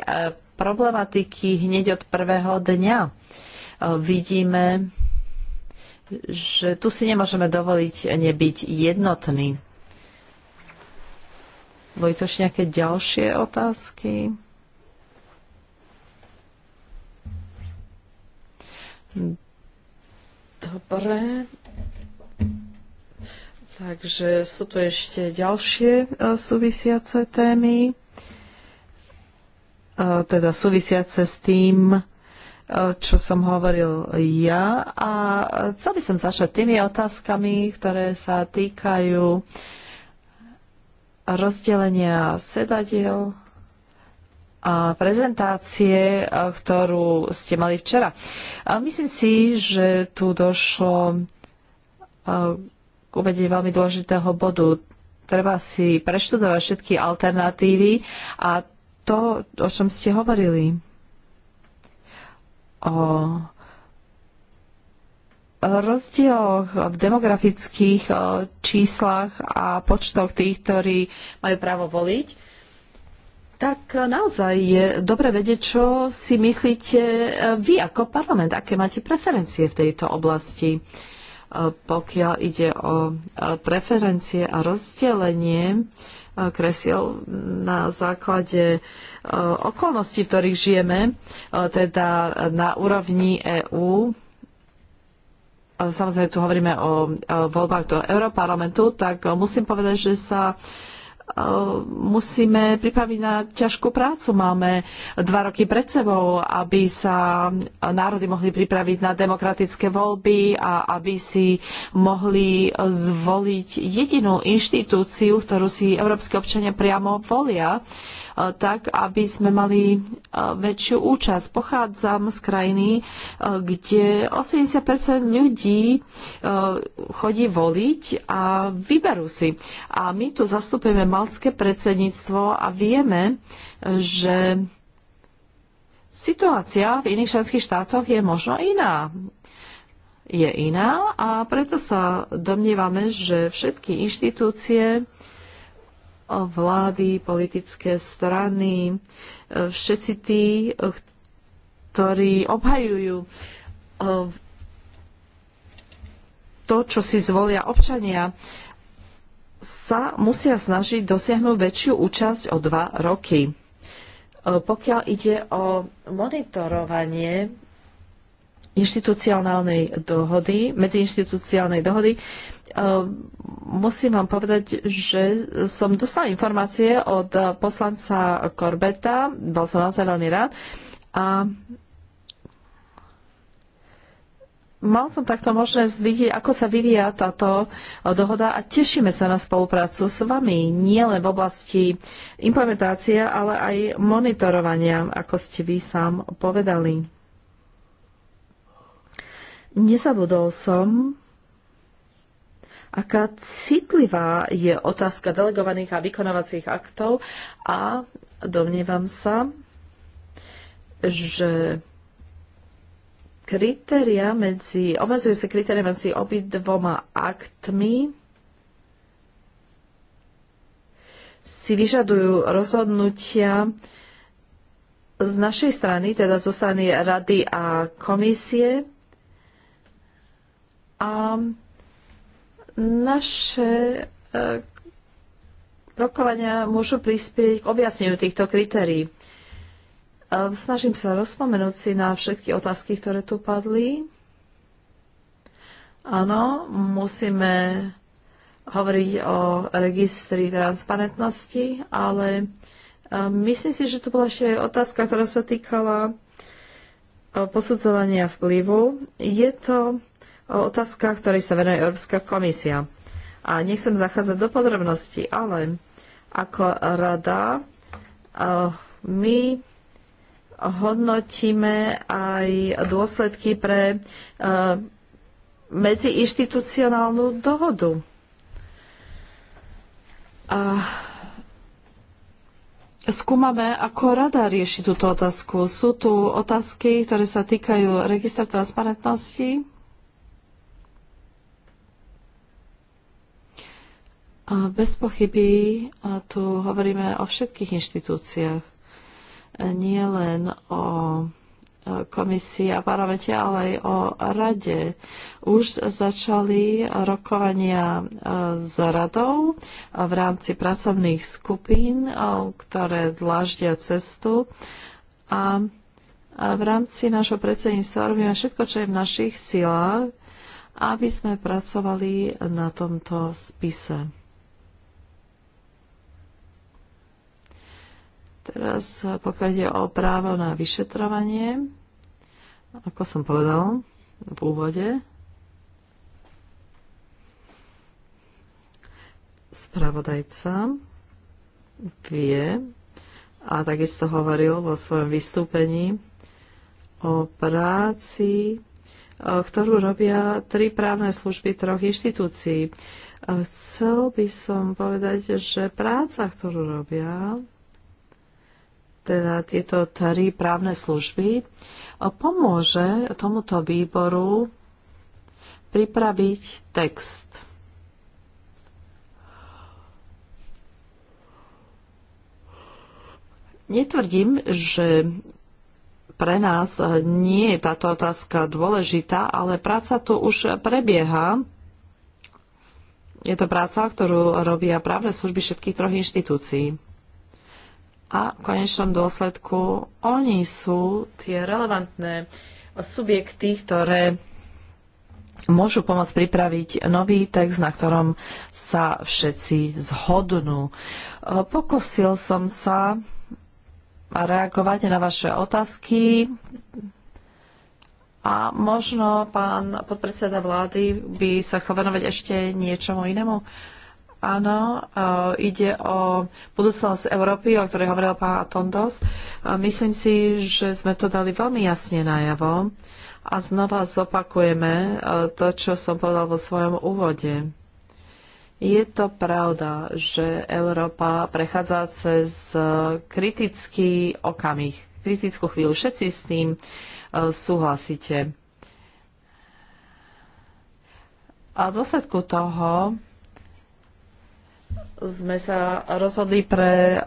problematiky hneď od prvého dňa. E, vidíme, že tu si nemôžeme dovoliť nebyť jednotný. Boli to ešte nejaké ďalšie otázky? Dobre. Takže sú tu ešte ďalšie e, súvisiace témy. E, teda súvisiace s tým, e, čo som hovoril ja. A chcel by som začať tými otázkami, ktoré sa týkajú rozdelenia sedadiel a prezentácie, e, ktorú ste mali včera. A myslím si, že tu došlo k uvedeniu veľmi dôležitého bodu. Treba si preštudovať všetky alternatívy a to, o čom ste hovorili. O rozdieloch v demografických číslach a počtoch tých, ktorí majú právo voliť, tak naozaj je dobre vedieť, čo si myslíte e, vy ako parlament, aké máte preferencie v tejto oblasti. E, pokiaľ ide o e, preferencie a rozdelenie, kresiel na základe e, okolností, v ktorých žijeme, e, teda na úrovni EÚ. Samozrejme, tu hovoríme o voľbách do Európarlamentu, tak musím povedať, že sa Eh, musíme pripraviť na ťažkú prácu. Máme dva roky pred sebou, aby sa národy mohli pripraviť na demokratické voľby a aby si mohli zvoliť jedinú inštitúciu, ktorú si európske občania priamo volia, eh, tak aby sme mali eh, väčšiu účasť. Pochádzam z krajiny, kde 80 ľudí chodí voliť a vyberú si. A my tu zastupujeme maltské predsedníctvo a vieme, že situácia v iných členských štátoch je možno iná. Je iná a preto sa domnievame, že všetky inštitúcie, vlády, politické strany, všetci tí, ktorí obhajujú eh, to, čo si zvolia občania, sa musia snažiť dosiahnuť väčšiu účasť o dva roky. E, pokiaľ ide o monitorovanie inštitucionálnej dohody, medziinštitucionálnej dohody, e, musím vám povedať, že som dostala informácie od poslanca Korbeta, bol som naozaj veľmi rád, a mal som takto možnosť vidieť, ako sa vyvíja táto eh, dohoda a tešíme sa na spoluprácu s vami, nielen v oblasti implementácie, ale aj monitorovania, ako ste vy sám povedali. Nezabudol som, aká citlivá je otázka delegovaných a vykonávacích aktov a domnievam sa, že kritéria medzi, obmedzuje sa kritéria medzi dvoma aktmi si vyžadujú rozhodnutia z našej strany, teda zo strany rady a komisie a naše e, rokovania môžu prispieť k objasneniu týchto kritérií. Snažím sa rozpomenúť si na všetky otázky, ktoré tu padli. Áno, musíme hovoriť o registri transparentnosti, ale myslím si, že tu bola ešte otázka, ktorá sa týkala posudzovania vplyvu. Je to otázka, ktorej sa venuje Európska komisia. A nechcem zachádzať do podrobností, ale ako rada my hodnotíme aj dôsledky pre e, medziinštitucionálnu dohodu. A skúmame, ako rada rieši túto otázku. Sú tu otázky, ktoré sa týkajú registra transparentnosti? A bez pochyby a tu hovoríme o všetkých inštitúciách nie len o e, komisii a parlamente, ale aj o rade. Už začali rokovania e, s radou v rámci pracovných skupín, e, ktoré dláždia cestu. A v rámci našho predsedníctva robíme všetko, čo je v našich silách, aby sme pracovali na tomto spise. Teraz eh, pokiaľ ide o právo na vyšetrovanie, ako som povedal v úvode, spravodajca vie a takisto hovoril vo svojom vystúpení o práci, eh, ktorú robia tri právne služby troch inštitúcií. Eh, chcel by som povedať, že práca, ktorú robia, teda tieto tri právne služby, pomôže tomuto výboru pripraviť text. Netvrdím, že pre nás nie je táto otázka dôležitá, ale práca tu už prebieha. Je to práca, ktorú robia právne služby všetkých troch inštitúcií a v konečnom dôsledku oni sú tie relevantné subjekty, ktoré môžu pomôcť pripraviť nový text, na ktorom sa všetci zhodnú. Pokusil som sa reagovať na vaše otázky a možno pán podpredseda vlády by sa chcel venovať ešte niečomu inému. Áno, eh, ide o budúcnosť Európy, o ktorej hovoril pán Tondos. Eh, myslím si, že sme to dali veľmi jasne najavo a znova zopakujeme eh, to, čo som povedal vo svojom úvode. Je to pravda, že Európa prechádza cez kritický okamih, kritickú chvíľu. Všetci s tým súhlasíte. A v dôsledku toho sme sa rozhodli pre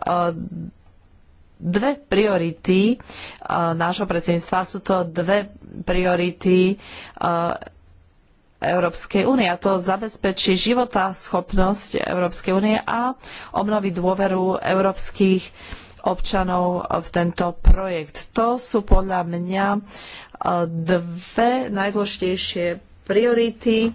dve priority nášho predsedníctva. Sú to dve priority Európskej únie a to zabezpečí života schopnosť Európskej únie a obnoví dôveru európskych občanov v tento projekt. To sú podľa mňa dve najdôležitejšie priority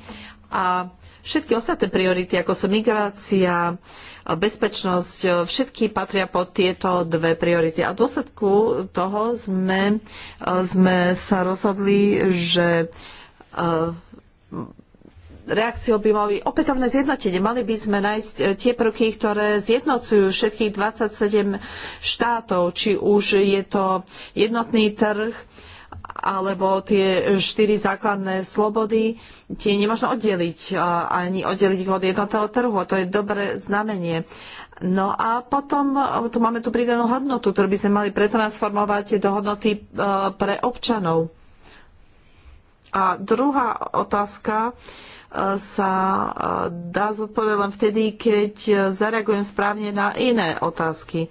a Všetky ostatné priority, ako sú migrácia, bezpečnosť, eh, všetky patria pod tieto dve priority. A v dôsledku toho sme, eh, sme sa rozhodli, že eh, reakciou by mali opätovné zjednotenie. Mali by sme nájsť tie prvky, ktoré zjednocujú všetkých 27 štátov, či už je to jednotný trh, alebo tie štyri základné slobody, tie nemôžno oddeliť, ani oddeliť ich od jednotného trhu. A to je dobré znamenie. No a potom e, tu máme tú pridanú hodnotu, ktorú by sme mali pretransformovať do hodnoty e, pre občanov. A druhá otázka e, sa dá zodpovedať len vtedy, keď zareagujem správne na iné otázky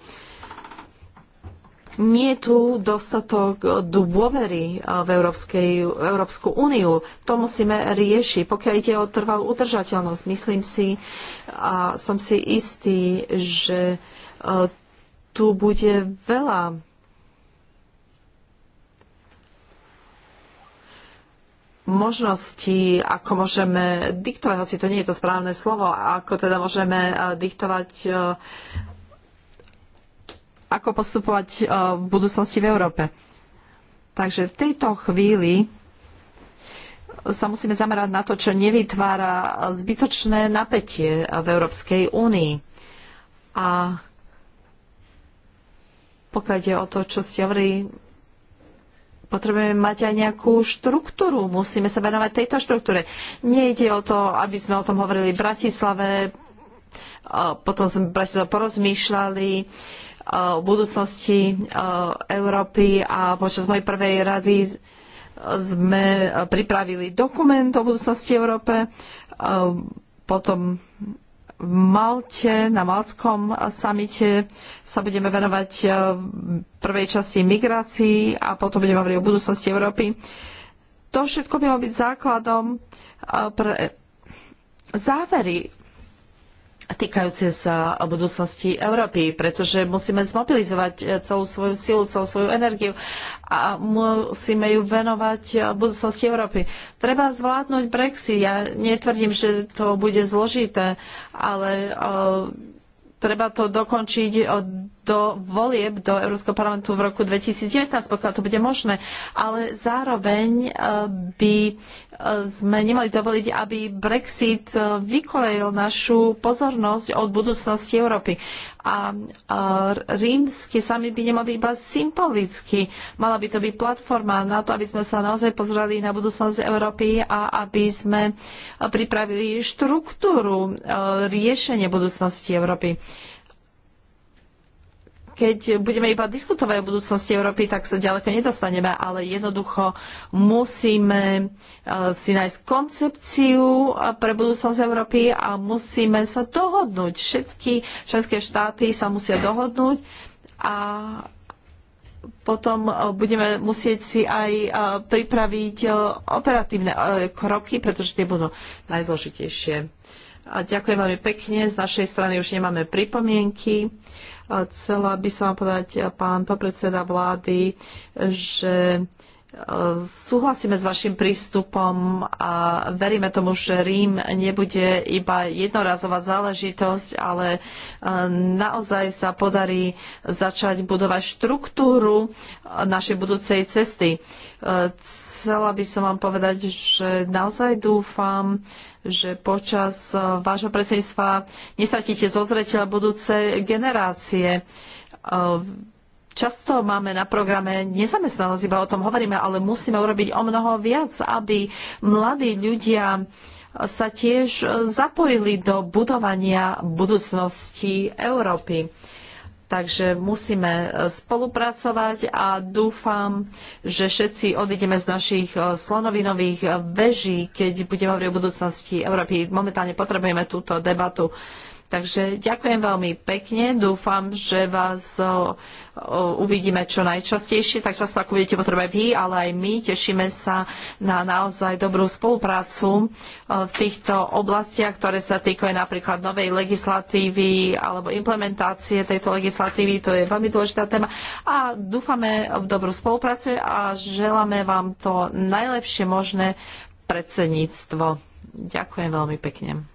nie je tu dostatok dôvery eh, v Európskej, Európsku úniu. To musíme riešiť. Pokiaľ ide o trvalú udržateľnosť, myslím si a som si istý, že eh, tu bude veľa možností, ako môžeme diktovať, hoci to nie je to správne slovo, ako teda môžeme eh, diktovať ako postupovať e, v budúcnosti v Európe. Takže v tejto chvíli sa musíme zamerať na to, čo nevytvára zbytočné napätie v Európskej únii. A pokiaľ ide o to, čo ste hovorili, potrebujeme mať aj nejakú štruktúru. Musíme sa venovať tejto štruktúre. Nejde o to, aby sme o tom hovorili v Bratislave, potom sme v Bratislave porozmýšľali, o budúcnosti Európy a počas mojej prvej rady sme pripravili dokument o budúcnosti Európe. Potom v Malte, na Maltskom samite sa budeme venovať prvej časti migrácii a potom budeme hovoriť o budúcnosti Európy. To všetko by malo byť základom pre závery týkajúce sa budúcnosti Európy, pretože musíme zmobilizovať eh, celú svoju silu, celú svoju energiu a musíme ju venovať eh, budúcnosti Európy. Treba zvládnuť Brexit. Ja netvrdím, že to bude zložité, ale eh, treba to dokončiť od do volieb do Európskeho parlamentu v roku 2019, pokiaľ to bude možné. Ale zároveň eh, by eh, sme nemali dovoliť, aby Brexit eh, vykolejil našu pozornosť od budúcnosti Európy. A, a rímsky sami by nemali iba symbolicky. Mala by to byť platforma na to, aby sme sa naozaj pozreli na budúcnosť Európy a aby sme pripravili štruktúru riešenie budúcnosti Európy keď budeme iba diskutovať o budúcnosti Európy, tak sa ďaleko nedostaneme, ale jednoducho musíme eh, si nájsť koncepciu eh, pre budúcnosť Európy a musíme sa dohodnúť. Všetky členské štáty sa musia dohodnúť a potom eh, budeme musieť si aj pripraviť operatívne kroky, pretože tie budú najzložitejšie. A ďakujem veľmi pekne. Z našej strany už nemáme pripomienky. Chcela by som vám povedať, pán podpredseda vlády, že súhlasíme s vašim prístupom a veríme tomu, že Rím nebude iba jednorazová záležitosť, ale e, naozaj sa podarí začať budovať štruktúru e, našej budúcej cesty. E, chcela by som vám povedať, že naozaj dúfam, že počas vášho predsedníctva nestratíte zozreteľa budúce generácie Často máme na programe nezamestnanosť, iba o tom hovoríme, ale musíme urobiť o mnoho viac, aby mladí ľudia sa tiež zapojili do budovania budúcnosti Európy. Takže musíme spolupracovať a dúfam, že všetci odídeme z našich slonovinových veží, keď budeme hovoriť o budúcnosti Európy. Momentálne potrebujeme túto debatu Takže ďakujem veľmi pekne, dúfam, že vás o, o, uvidíme čo najčastejšie, tak často ako budete potrebovať vy, ale aj my. Tešíme sa na naozaj dobrú spoluprácu v týchto oblastiach, ktoré sa týkajú napríklad novej legislatívy alebo implementácie tejto legislatívy. To je veľmi dôležitá téma. A dúfame v dobrú spoluprácu a želáme vám to najlepšie možné predsedníctvo. Ďakujem veľmi pekne.